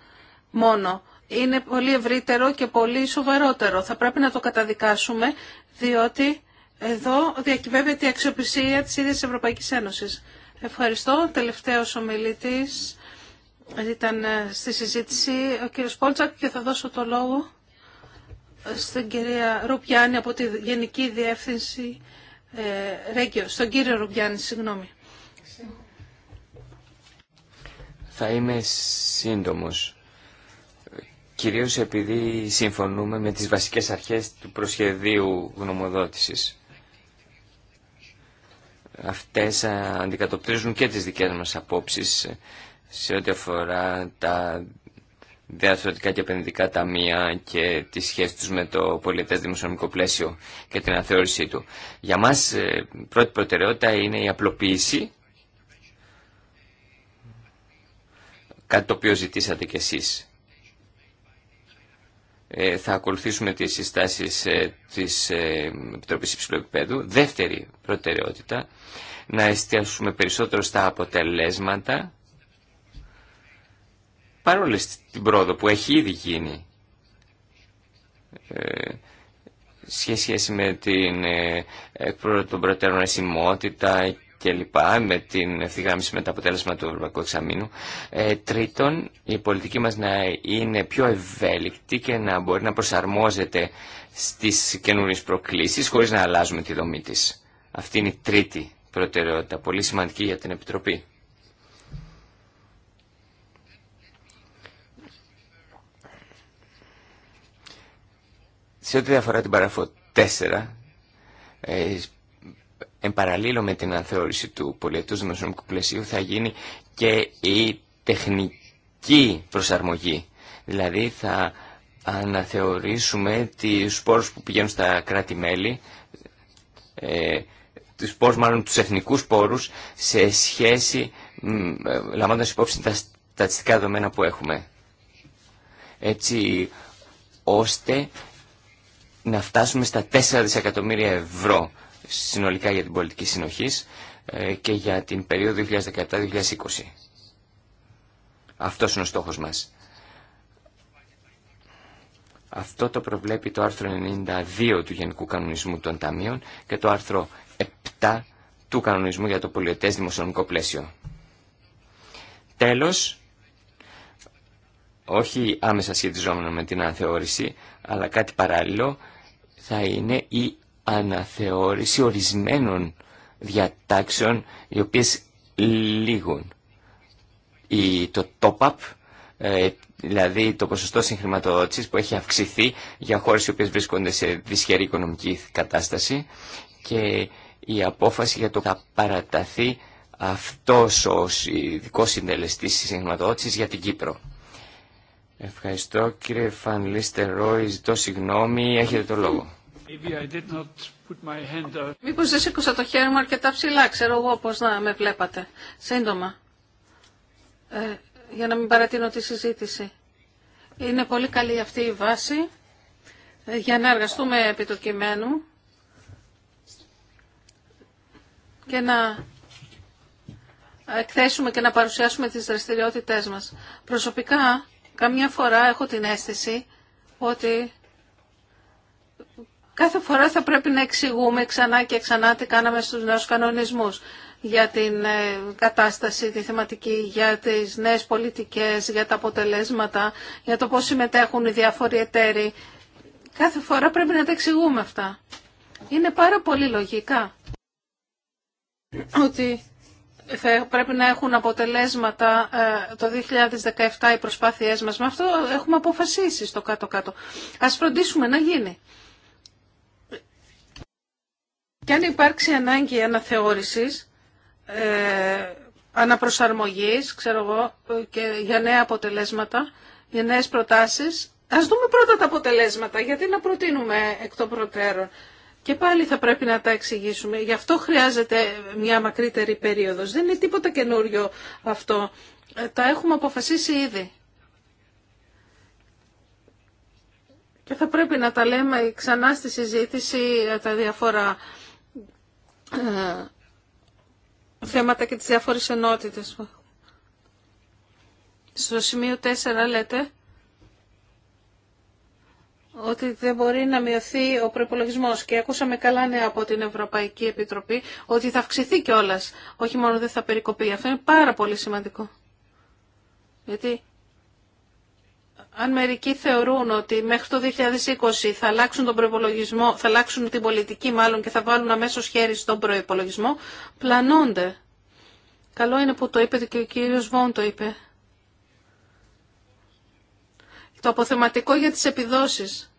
μόνο. Είναι πολύ ευρύτερο και πολύ σοβαρότερο. Θα πρέπει να το καταδικάσουμε, διότι εδώ διακυβεύεται η αξιοπιστία της ίδιας Ευρωπαϊκής Ένωσης. Ευχαριστώ. Τελευταίος ομιλητής ήταν ε, στη συζήτηση ο κύριος Πόλτσακ και θα δώσω το λόγο ε, στην κυρία Ρουπιάνη από τη Γενική Διεύθυνση ε, Στον κύριο Ρουπιάνη, συγγνώμη. Θα είμαι σύντομος, κυρίως επειδή συμφωνούμε με τις βασικές αρχές του προσχεδίου γνωμοδότησης. Αυτές αντικατοπτρίζουν και τις δικές μας απόψεις σε ό,τι αφορά τα διαθροτικά και επενδυτικά ταμεία και τη σχέση τους με το πολιτές δημοσιονομικό πλαίσιο και την αθεώρησή του. Για μας ε, πρώτη προτεραιότητα είναι η απλοποίηση κάτι το οποίο ζητήσατε κι εσείς. Ε, θα ακολουθήσουμε τις συστάσεις ε, της ε, Επιτροπής Υψηλού Επιπέδου. Δεύτερη προτεραιότητα, να εστιάσουμε περισσότερο στα αποτελέσματα, Παρόλο την πρόοδο που έχει ήδη γίνει, ε, σχέση με την ε, των με την ευθυγράμμιση με τα αποτέλεσμα του Ευρωπαϊκού Εξαμήνου. Ε, τρίτον, η πολιτική μας να είναι πιο ευέλικτη και να μπορεί να προσαρμόζεται στις καινούριες προκλήσεις χωρίς να αλλάζουμε τη δομή της. Αυτή είναι η τρίτη προτεραιότητα, πολύ σημαντική για την Επιτροπή. Σε ό,τι αφορά την παραφορά 4, ε, εν παραλίλω με την αναθεώρηση του πολιετούς δημοσιονομικού πλαισίου θα γίνει και η τεχνική προσαρμογή. Δηλαδή θα αναθεωρήσουμε τις σπόρους που πηγαίνουν στα κράτη-μέλη, ε, τους πόρους μάλλον τους εθνικούς σπόρους σε σχέση, ε, λαμβάνοντας υπόψη τα στατιστικά δεδομένα που έχουμε. Έτσι ώστε να φτάσουμε στα 4 δισεκατομμύρια ευρώ συνολικά για την πολιτική συνοχή ε, και για την περίοδο 2017-2020. Αυτό είναι ο στόχος μας. Αυτό το προβλέπει το άρθρο 92 του Γενικού Κανονισμού των Ταμείων και το άρθρο 7 του Κανονισμού για το Πολιωτές Δημοσιονομικό Πλαίσιο. Τέλος, όχι άμεσα σχετιζόμενο με την αναθεώρηση, αλλά κάτι παράλληλο, θα είναι η αναθεώρηση ορισμένων διατάξεων οι οποίες λίγουν. Η, το top-up, ε, δηλαδή το ποσοστό συγχρηματοδότησης που έχει αυξηθεί για χώρες οι οποίες βρίσκονται σε δυσχερή οικονομική κατάσταση και η απόφαση για το να παραταθεί αυτός ο ειδικό συντελεστής συγχρηματοδότησης για την Κύπρο. Ευχαριστώ κύριε Φανλίστερ Ρόι, ζητώ συγγνώμη, έχετε το λόγο. Μήπως δεν σήκωσα το χέρι μου αρκετά ψηλά, ξέρω εγώ πώς να με βλέπατε. Σύντομα, ε, για να μην παρατείνω τη συζήτηση. Είναι πολύ καλή αυτή η βάση ε, για να εργαστούμε επί του κειμένου και να εκθέσουμε και να παρουσιάσουμε τις δραστηριότητές μας. Προσωπικά, καμιά φορά έχω την αίσθηση ότι κάθε φορά θα πρέπει να εξηγούμε ξανά και ξανά τι κάναμε στους νέους κανονισμούς για την ε, κατάσταση, τη θεματική, για τις νέες πολιτικές, για τα αποτελέσματα, για το πώς συμμετέχουν οι διάφοροι εταίροι. Κάθε φορά πρέπει να τα εξηγούμε αυτά. Είναι πάρα πολύ λογικά ότι πρέπει να έχουν αποτελέσματα ε, το 2017 οι προσπάθειές μας. Με αυτό έχουμε αποφασίσει στο κάτω-κάτω. Ας φροντίσουμε να γίνει. Και αν υπάρξει ανάγκη αναθεώρησης, ε, αναπροσαρμογής, ξέρω εγώ, και για νέα αποτελέσματα, για νέες προτάσεις, ας δούμε πρώτα τα αποτελέσματα, γιατί να προτείνουμε εκ των προτέρων. Και πάλι θα πρέπει να τα εξηγήσουμε. Γι' αυτό χρειάζεται μια μακρύτερη περίοδος. Δεν είναι τίποτα καινούριο αυτό. Ε, τα έχουμε αποφασίσει ήδη. Και θα πρέπει να τα λέμε ξανά στη συζήτηση ε, τα διαφορά ε, θέματα και τις διάφορες ενότητες. Στο σημείο 4 λέτε ότι δεν μπορεί να μειωθεί ο προπολογισμό. Και ακούσαμε καλά νέα από την Ευρωπαϊκή Επιτροπή ότι θα αυξηθεί κιόλα. Όχι μόνο δεν θα περικοπεί. Αυτό είναι πάρα πολύ σημαντικό. Γιατί αν μερικοί θεωρούν ότι μέχρι το 2020 θα αλλάξουν τον προπολογισμό, θα αλλάξουν την πολιτική μάλλον και θα βάλουν αμέσω χέρι στον προπολογισμό, πλανώνται. Καλό είναι που το είπε και ο κύριο Βόν το είπε. Το αποθεματικό για τις επιδόσεις.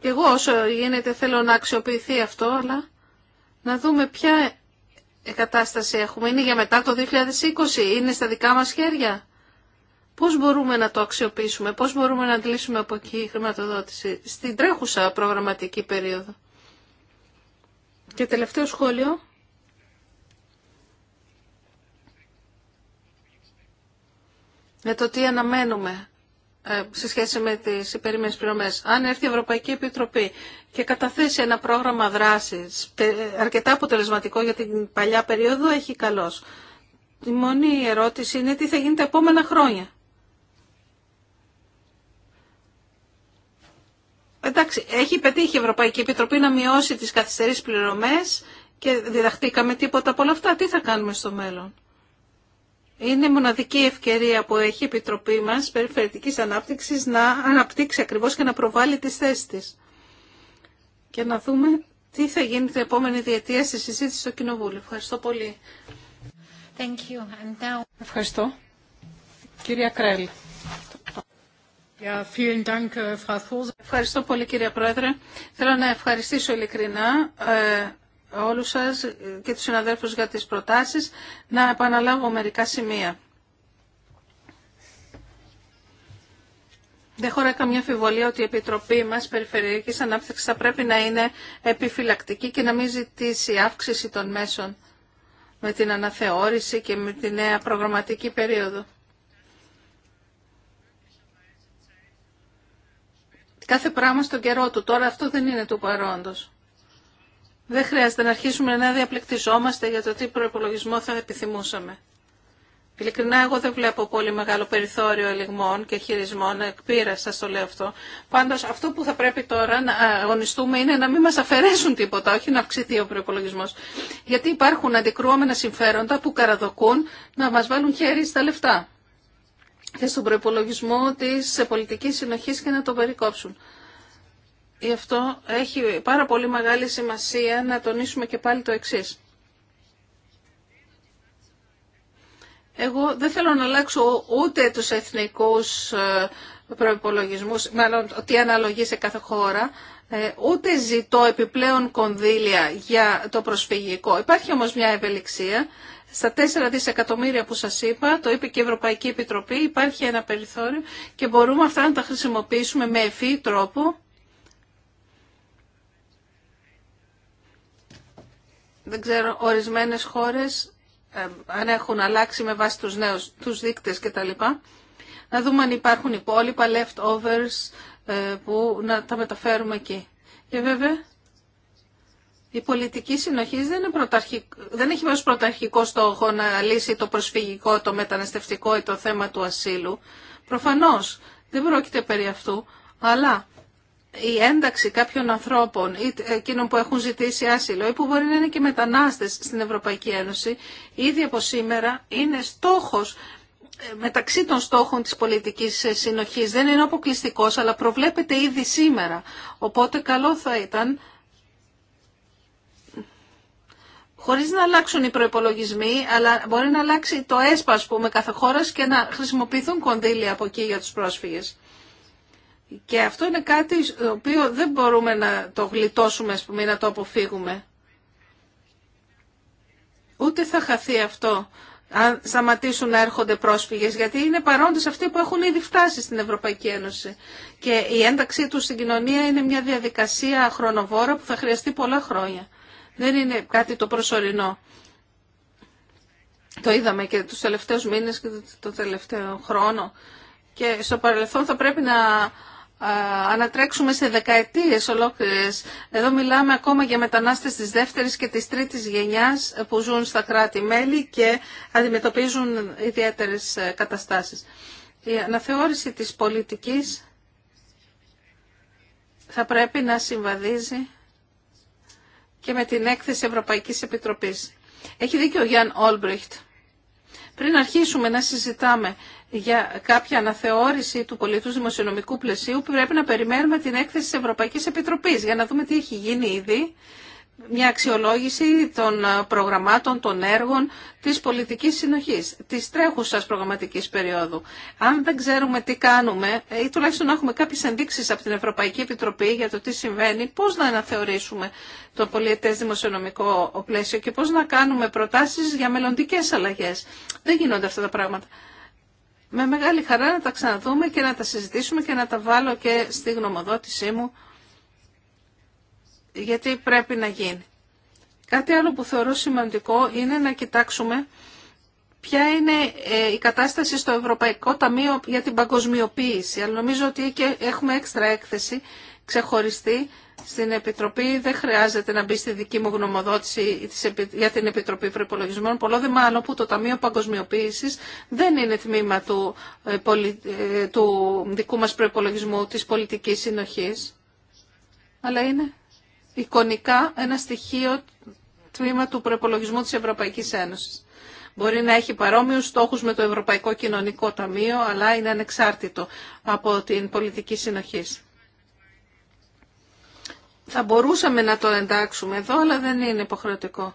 Και εγώ όσο γίνεται θέλω να αξιοποιηθεί αυτό, αλλά να δούμε ποια κατάσταση έχουμε. Είναι για μετά το 2020, είναι στα δικά μας χέρια. Πώς μπορούμε να το αξιοποιήσουμε, πώς μπορούμε να αντλήσουμε από εκεί η χρηματοδότηση στην τρέχουσα προγραμματική περίοδο. Και τελευταίο σχόλιο. Με το τι αναμένουμε ε, σε σχέση με τις υπερήμενες πληρωμές. Αν έρθει η Ευρωπαϊκή Επιτροπή και καταθέσει ένα πρόγραμμα δράσης αρκετά αποτελεσματικό για την παλιά περίοδο, έχει καλός. Η μόνη ερώτηση είναι τι θα γίνει τα επόμενα χρόνια. Εντάξει, έχει πετύχει η Ευρωπαϊκή Επιτροπή να μειώσει τις καθυστερείς πληρωμές και διδαχτήκαμε τίποτα από όλα αυτά. Τι θα κάνουμε στο μέλλον. Είναι μοναδική ευκαιρία που έχει η Επιτροπή μας Περιφερειακής Ανάπτυξης να αναπτύξει ακριβώς και να προβάλλει τις θέσεις της. Και να δούμε τι θα γίνει την επόμενη διετία στη συζήτηση στο Κοινοβούλιο. Ευχαριστώ πολύ. Thank you. now... Ευχαριστώ. Κυρία Κρέλ. Äh, Ευχαριστώ πολύ κύριε Πρόεδρε. Θέλω να ευχαριστήσω ειλικρινά ε, όλους σας και τους συναδέλφους για τις προτάσεις. Να επαναλάβω μερικά σημεία. Δεν χωράει καμία αμφιβολία ότι η Επιτροπή μας Περιφερειακής Ανάπτυξης θα πρέπει να είναι επιφυλακτική και να μην ζητήσει αύξηση των μέσων με την αναθεώρηση και με τη νέα προγραμματική περίοδο. Κάθε πράγμα στον καιρό του. Τώρα αυτό δεν είναι του παρόντος. Δεν χρειάζεται να αρχίσουμε να διαπληκτιζόμαστε για το τι προπολογισμό θα επιθυμούσαμε. Ειλικρινά εγώ δεν βλέπω πολύ μεγάλο περιθώριο ελιγμών και χειρισμών, εκπείρασα το λέω αυτό. Πάντως αυτό που θα πρέπει τώρα να αγωνιστούμε είναι να μην μα αφαιρέσουν τίποτα, όχι να αυξηθεί ο προπολογισμό. Γιατί υπάρχουν αντικρουόμενα συμφέροντα που καραδοκούν να μα βάλουν χέρι στα λεφτά και στον προπολογισμό τη πολιτική συνοχής και να τον περικόψουν. Γι' αυτό έχει πάρα πολύ μεγάλη σημασία να τονίσουμε και πάλι το εξή. Εγώ δεν θέλω να αλλάξω ούτε τους εθνικού ε, προπολογισμού, μάλλον τι αναλογεί σε κάθε χώρα, ε, ούτε ζητώ επιπλέον κονδύλια για το προσφυγικό. Υπάρχει όμως μια ευελιξία στα 4 δισεκατομμύρια που σας είπα, το είπε και η Ευρωπαϊκή Επιτροπή, υπάρχει ένα περιθώριο και μπορούμε αυτά να τα χρησιμοποιήσουμε με ευφύ τρόπο. Δεν ξέρω, ορισμένες χώρες αν έχουν αλλάξει με βάση τους νέους, τους δείκτες κτλ. Να δούμε αν υπάρχουν υπόλοιπα leftovers ε, που να τα μεταφέρουμε εκεί. Και βέβαια η πολιτική συνοχή δεν, είναι πρωταρχικ... δεν έχει ως πρωταρχικό στόχο να λύσει το προσφυγικό, το μεταναστευτικό ή το θέμα του ασύλου. Προφανώς δεν πρόκειται περί αυτού, αλλά η ένταξη κάποιων ανθρώπων ή εκείνων που έχουν ζητήσει άσυλο ή που μπορεί να είναι και μετανάστες στην Ευρωπαϊκή Ένωση, ήδη από σήμερα είναι στόχος ε, μεταξύ των στόχων της πολιτικής ε, συνοχής. Δεν είναι αποκλειστικός, αλλά προβλέπεται ήδη σήμερα. Οπότε καλό θα ήταν χωρίς να αλλάξουν οι προπολογισμοί, αλλά μπορεί να αλλάξει το ΕΣΠΑ, ας πούμε, κάθε χώρα και να χρησιμοποιηθούν κονδύλια από εκεί για τους πρόσφυγες. Και αυτό είναι κάτι το οποίο δεν μπορούμε να το γλιτώσουμε, ας πούμε, να το αποφύγουμε. Ούτε θα χαθεί αυτό αν σταματήσουν να έρχονται πρόσφυγες, γιατί είναι παρόντες αυτοί που έχουν ήδη φτάσει στην Ευρωπαϊκή Ένωση. Και η ένταξή τους στην κοινωνία είναι μια διαδικασία χρονοβόρα που θα χρειαστεί πολλά χρόνια. Δεν είναι κάτι το προσωρινό. Το είδαμε και τους τελευταίους μήνες και τον τελευταίο χρόνο. Και στο παρελθόν θα πρέπει να ε, ανατρέξουμε σε δεκαετίες ολόκληρες. Εδώ μιλάμε ακόμα για μετανάστες της δεύτερης και της τρίτης γενιάς που ζουν στα κράτη-μέλη και αντιμετωπίζουν ιδιαίτερες ε, καταστάσεις. Η αναθεώρηση της πολιτικής θα πρέπει να συμβαδίζει και με την έκθεση Ευρωπαϊκής Επιτροπής. Έχει δίκιο ο Γιάνν Ολμπριχτ. Πριν αρχίσουμε να συζητάμε για κάποια αναθεώρηση του πολιτού δημοσιονομικού πλαισίου, πρέπει να περιμένουμε την έκθεση της Ευρωπαϊκής Επιτροπής για να δούμε τι έχει γίνει ήδη μια αξιολόγηση των ε, προγραμμάτων, των έργων της πολιτικής συνοχής, της τρέχουσας προγραμματικής περίοδου. Αν δεν ξέρουμε τι κάνουμε, ε, ή τουλάχιστον να έχουμε κάποιες ενδείξεις από την Ευρωπαϊκή Επιτροπή για το τι συμβαίνει, πώς να αναθεωρήσουμε το πολιετές δημοσιονομικό πλαίσιο και πώς να κάνουμε προτάσεις για μελλοντικές αλλαγές. Δεν γίνονται αυτά τα πράγματα. Με μεγάλη χαρά να τα ξαναδούμε και να τα συζητήσουμε και να τα βάλω και στη γνωμοδότησή μου γιατί πρέπει να γίνει. Κάτι άλλο που θεωρώ σημαντικό είναι να κοιτάξουμε ποια είναι ε, η κατάσταση στο Ευρωπαϊκό Ταμείο για την Παγκοσμιοποίηση. Αλλά νομίζω ότι έχουμε έξτρα έκθεση ξεχωριστή στην Επιτροπή. Δεν χρειάζεται να μπει στη δική μου γνωμοδότηση για την Επιτροπή Προπολογισμών. Πολλό δε μάλλον που το Ταμείο Παγκοσμιοποίησης δεν είναι τμήμα του, ε, ε, δικού μας προπολογισμού της πολιτικής συνοχής. Αλλά είναι εικονικά ένα στοιχείο τμήμα του προπολογισμού της Ευρωπαϊκής Ένωσης. Μπορεί να έχει παρόμοιους στόχους με το Ευρωπαϊκό Κοινωνικό Ταμείο, αλλά είναι ανεξάρτητο από την πολιτική συνοχή. Θα μπορούσαμε να το εντάξουμε εδώ, αλλά δεν είναι υποχρεωτικό.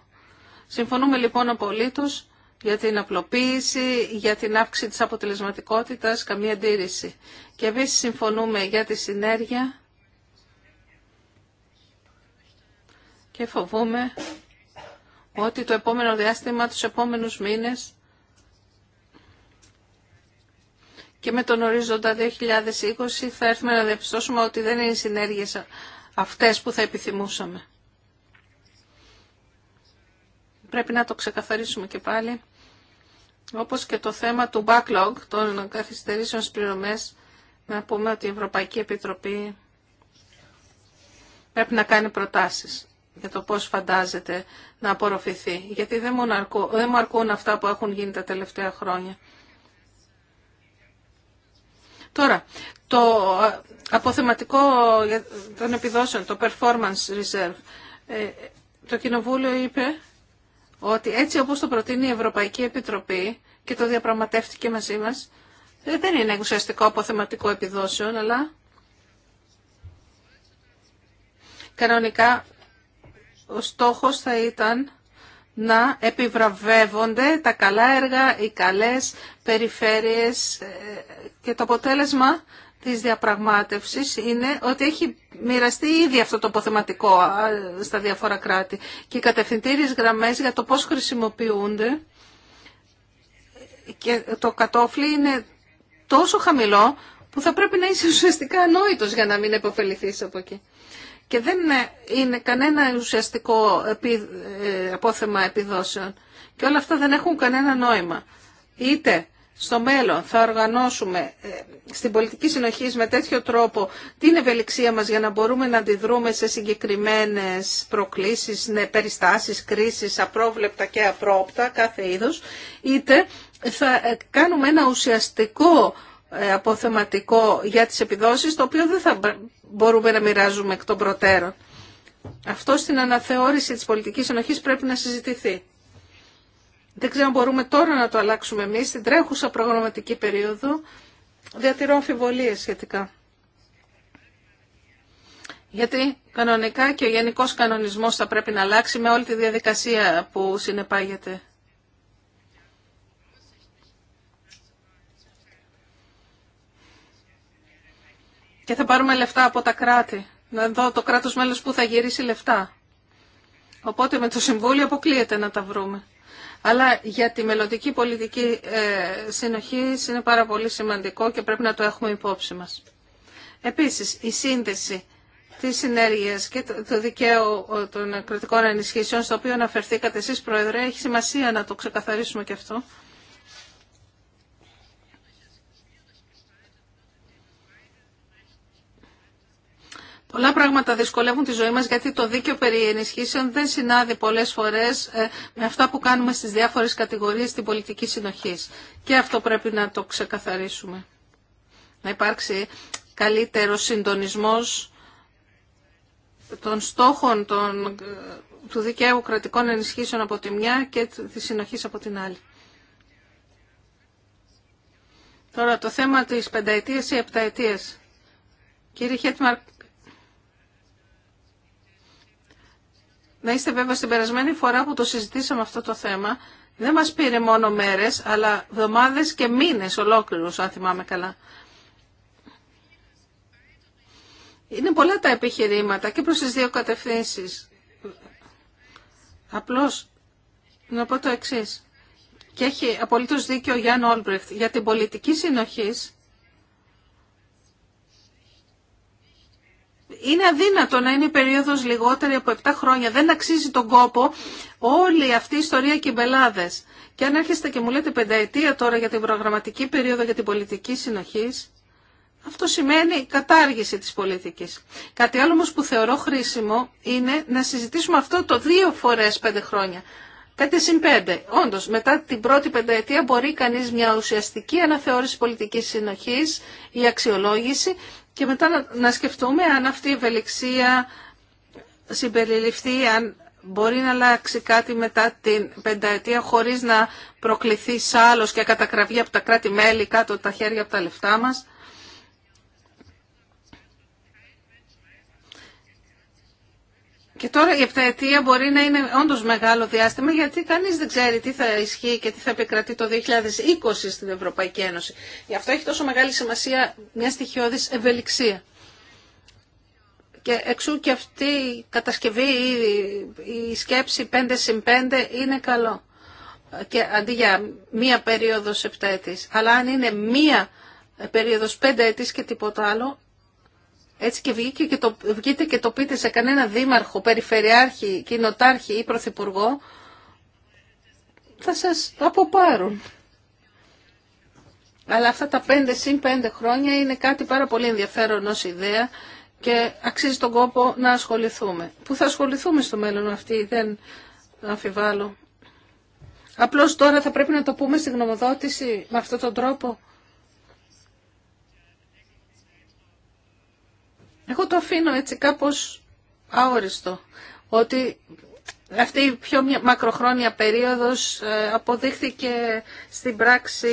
Συμφωνούμε λοιπόν απολύτως για την απλοποίηση, για την αύξηση της αποτελεσματικότητας, καμία αντίρρηση. Και επίση συμφωνούμε για τη συνέργεια και φοβούμε ότι το επόμενο διάστημα, τους επόμενους μήνες και με τον ορίζοντα 2020 θα έρθουμε να διαπιστώσουμε ότι δεν είναι οι συνέργειες αυτές που θα επιθυμούσαμε. Πρέπει να το ξεκαθαρίσουμε και πάλι. Όπως και το θέμα του backlog των καθυστερήσεων σπληρωμές να πούμε ότι η Ευρωπαϊκή Επιτροπή πρέπει να κάνει προτάσεις για το πώς φαντάζεται να απορροφηθεί. Γιατί δεν μου, αρκούν, δεν αυτά που έχουν γίνει τα τελευταία χρόνια. Τώρα, το αποθεματικό των επιδόσεων, το performance reserve, ε, το Κοινοβούλιο είπε ότι έτσι όπως το προτείνει η Ευρωπαϊκή Επιτροπή και το διαπραγματεύτηκε μαζί μας, ε, δεν είναι ουσιαστικό αποθεματικό επιδόσεων, αλλά κανονικά ο στόχος θα ήταν να επιβραβεύονται τα καλά έργα, οι καλές περιφέρειες ε, και το αποτέλεσμα της διαπραγμάτευσης είναι ότι έχει μοιραστεί ήδη αυτό το αποθεματικό στα διάφορα κράτη και οι κατευθυντήριες γραμμές για το πώς χρησιμοποιούνται και το κατόφλι είναι τόσο χαμηλό που θα πρέπει να είσαι ουσιαστικά ανόητος για να μην επωφεληθείς από εκεί και δεν είναι κανένα ουσιαστικό ε, απόθεμα επιδόσεων. Και όλα αυτά δεν έχουν κανένα νόημα. Είτε στο μέλλον θα οργανώσουμε ε, στην πολιτική συνοχή με τέτοιο τρόπο την ευελιξία μας για να μπορούμε να αντιδρούμε σε συγκεκριμένες προκλήσεις, ναι, περιστάσεις, κρίσεις, απρόβλεπτα και απρόπτα, κάθε είδους, είτε θα ε, κάνουμε ένα ουσιαστικό αποθεματικό για τις επιδόσεις, το οποίο δεν θα μπορούμε να μοιράζουμε εκ των προτέρων. Αυτό στην αναθεώρηση της πολιτικής ενοχής πρέπει να συζητηθεί. Δεν ξέρω αν μπορούμε τώρα να το αλλάξουμε εμείς. Στην τρέχουσα προγραμματική περίοδο διατηρώ αμφιβολίες σχετικά. Γιατί κανονικά και ο γενικός κανονισμός θα πρέπει να αλλάξει με όλη τη διαδικασία που συνεπάγεται. Και θα πάρουμε λεφτά από τα κράτη. Να δω το κράτος μέλος που θα γυρίσει λεφτά. Οπότε με το Συμβούλιο αποκλείεται να τα βρούμε. Αλλά για τη μελλοντική πολιτική ε, συνοχή είναι πάρα πολύ σημαντικό και πρέπει να το έχουμε υπόψη μας. Επίσης, η σύνδεση της συνέργειας και το δικαίου ε, των κρατικών ενισχύσεων, στο οποίο αναφερθήκατε εσείς, Πρόεδρε, έχει σημασία να το ξεκαθαρίσουμε και αυτό. Πολλά πράγματα δυσκολεύουν τη ζωή μας γιατί το δίκαιο περί ενισχύσεων δεν συνάδει πολλές φορές ε, με αυτά που κάνουμε στις διάφορες κατηγορίες στην πολιτική συνοχή. Και αυτό πρέπει να το ξεκαθαρίσουμε. Να υπάρξει καλύτερο συντονισμός των στόχων των, ε, του δικαίου κρατικών ενισχύσεων από τη μια και τη συνοχή από την άλλη. Τώρα το θέμα της πενταετίας ή επταετίας. Κύριε Χέτμαρκ Να είστε βέβαια στην περασμένη φορά που το συζητήσαμε αυτό το θέμα, δεν μας πήρε μόνο μέρες, αλλά εβδομάδες και μήνες ολόκληρους, αν θυμάμαι καλά. Είναι πολλά τα επιχειρήματα και προς τις δύο κατευθύνσεις. Απλώς να πω το εξής. Και έχει απολύτως δίκιο ο Γιάννη Όλμπρεχτ για την πολιτική συνοχής είναι αδύνατο να είναι η περίοδος λιγότερη από 7 χρόνια. Δεν αξίζει τον κόπο όλη αυτή η ιστορία και οι μπελάδες. Και αν έρχεστε και μου λέτε πενταετία τώρα για την προγραμματική περίοδο για την πολιτική συνοχή, αυτό σημαίνει κατάργηση της πολιτικής. Κάτι άλλο όμως που θεωρώ χρήσιμο είναι να συζητήσουμε αυτό το δύο φορές πέντε χρόνια. 5 συν Όντω, μετά την πρώτη πενταετία μπορεί κανεί μια ουσιαστική αναθεώρηση πολιτική συνοχή ή αξιολόγηση και μετά να σκεφτούμε αν αυτή η ευελιξία συμπεριληφθεί, αν μπορεί να αλλάξει κάτι μετά την πενταετία χωρίς να προκληθεί σάλος και κατακραυγή από τα κράτη-μέλη κάτω τα χέρια από τα λεφτά μας. Και τώρα η επταετία μπορεί να είναι όντως μεγάλο διάστημα γιατί κανείς δεν ξέρει τι θα ισχύει και τι θα επικρατεί το 2020 στην Ευρωπαϊκή Ένωση. Γι' αυτό έχει τόσο μεγάλη σημασία μια στοιχειώδης ευελιξία. Και εξού και αυτή η κατασκευή ή η σκέψη 5 συν 5 είναι καλό. Και αντί για μία περίοδος επτά Αλλά αν είναι μία περίοδος πέντε ετής και τίποτα άλλο, έτσι και, και το, βγείτε και το πείτε σε κανένα δήμαρχο, περιφερειάρχη, κοινοτάρχη ή πρωθυπουργό, θα σας αποπάρουν. Αλλά αυτά τα πέντε συν πέντε χρόνια είναι κάτι πάρα πολύ ενδιαφέρον ως ιδέα και αξίζει τον κόπο να ασχοληθούμε. Που θα ασχοληθούμε στο μέλλον αυτή, δεν αμφιβάλλω. Απλώς τώρα θα πρέπει να το πούμε στη γνωμοδότηση με αυτόν τον τρόπο. Εγώ το αφήνω έτσι κάπως αόριστο, ότι αυτή η πιο μακροχρόνια περίοδος ε, αποδείχθηκε στην πράξη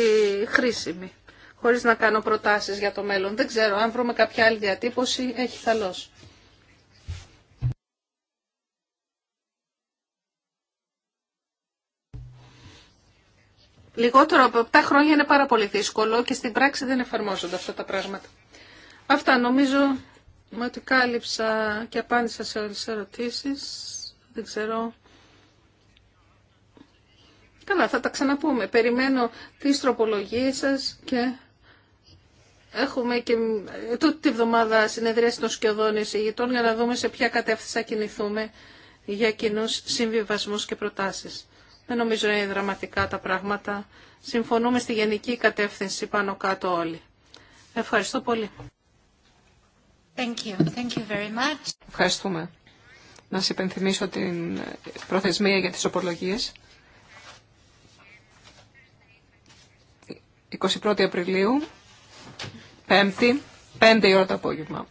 χρήσιμη, χωρίς να κάνω προτάσεις για το μέλλον. Δεν ξέρω, αν βρούμε κάποια άλλη διατύπωση, έχει θαλός. Λιγότερο από 7 χρόνια είναι πάρα πολύ δύσκολο και στην πράξη δεν εφαρμόζονται αυτά τα πράγματα. Αυτά νομίζω με ότι κάλυψα και απάντησα σε όλες τις ερωτήσεις. Δεν ξέρω. Καλά, θα τα ξαναπούμε. Περιμένω τις τροπολογίες σας και έχουμε και τούτη τη βδομάδα συνεδρία των σκιωδών εισηγητών για να δούμε σε ποια κατεύθυνση θα κινηθούμε για κοινού συμβιβασμούς και προτάσεις. Δεν νομίζω είναι δραματικά τα πράγματα. Συμφωνούμε στη γενική κατεύθυνση πάνω κάτω όλοι. Ευχαριστώ πολύ. Ευχαριστούμε. Να σας υπενθυμίσω την προθεσμία για τις οπολογίες. 21 Απριλίου, 5η, 5 η ώρα το απόγευμα.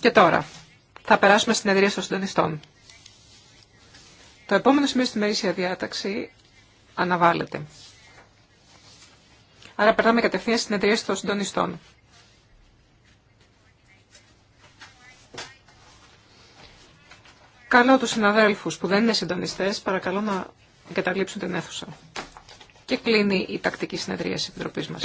Και τώρα, θα περάσουμε στην εδρία των συντονιστών. Το επόμενο σημείο στη μερίσια διάταξη αναβάλλεται. Άρα περνάμε κατευθείαν στην εταιρεία των συντονιστών. Καλώ τους συναδέλφους που δεν είναι συντονιστές, παρακαλώ να εγκαταλείψουν την αίθουσα. Και κλείνει η τακτική συνεδρία της Επιτροπής μας.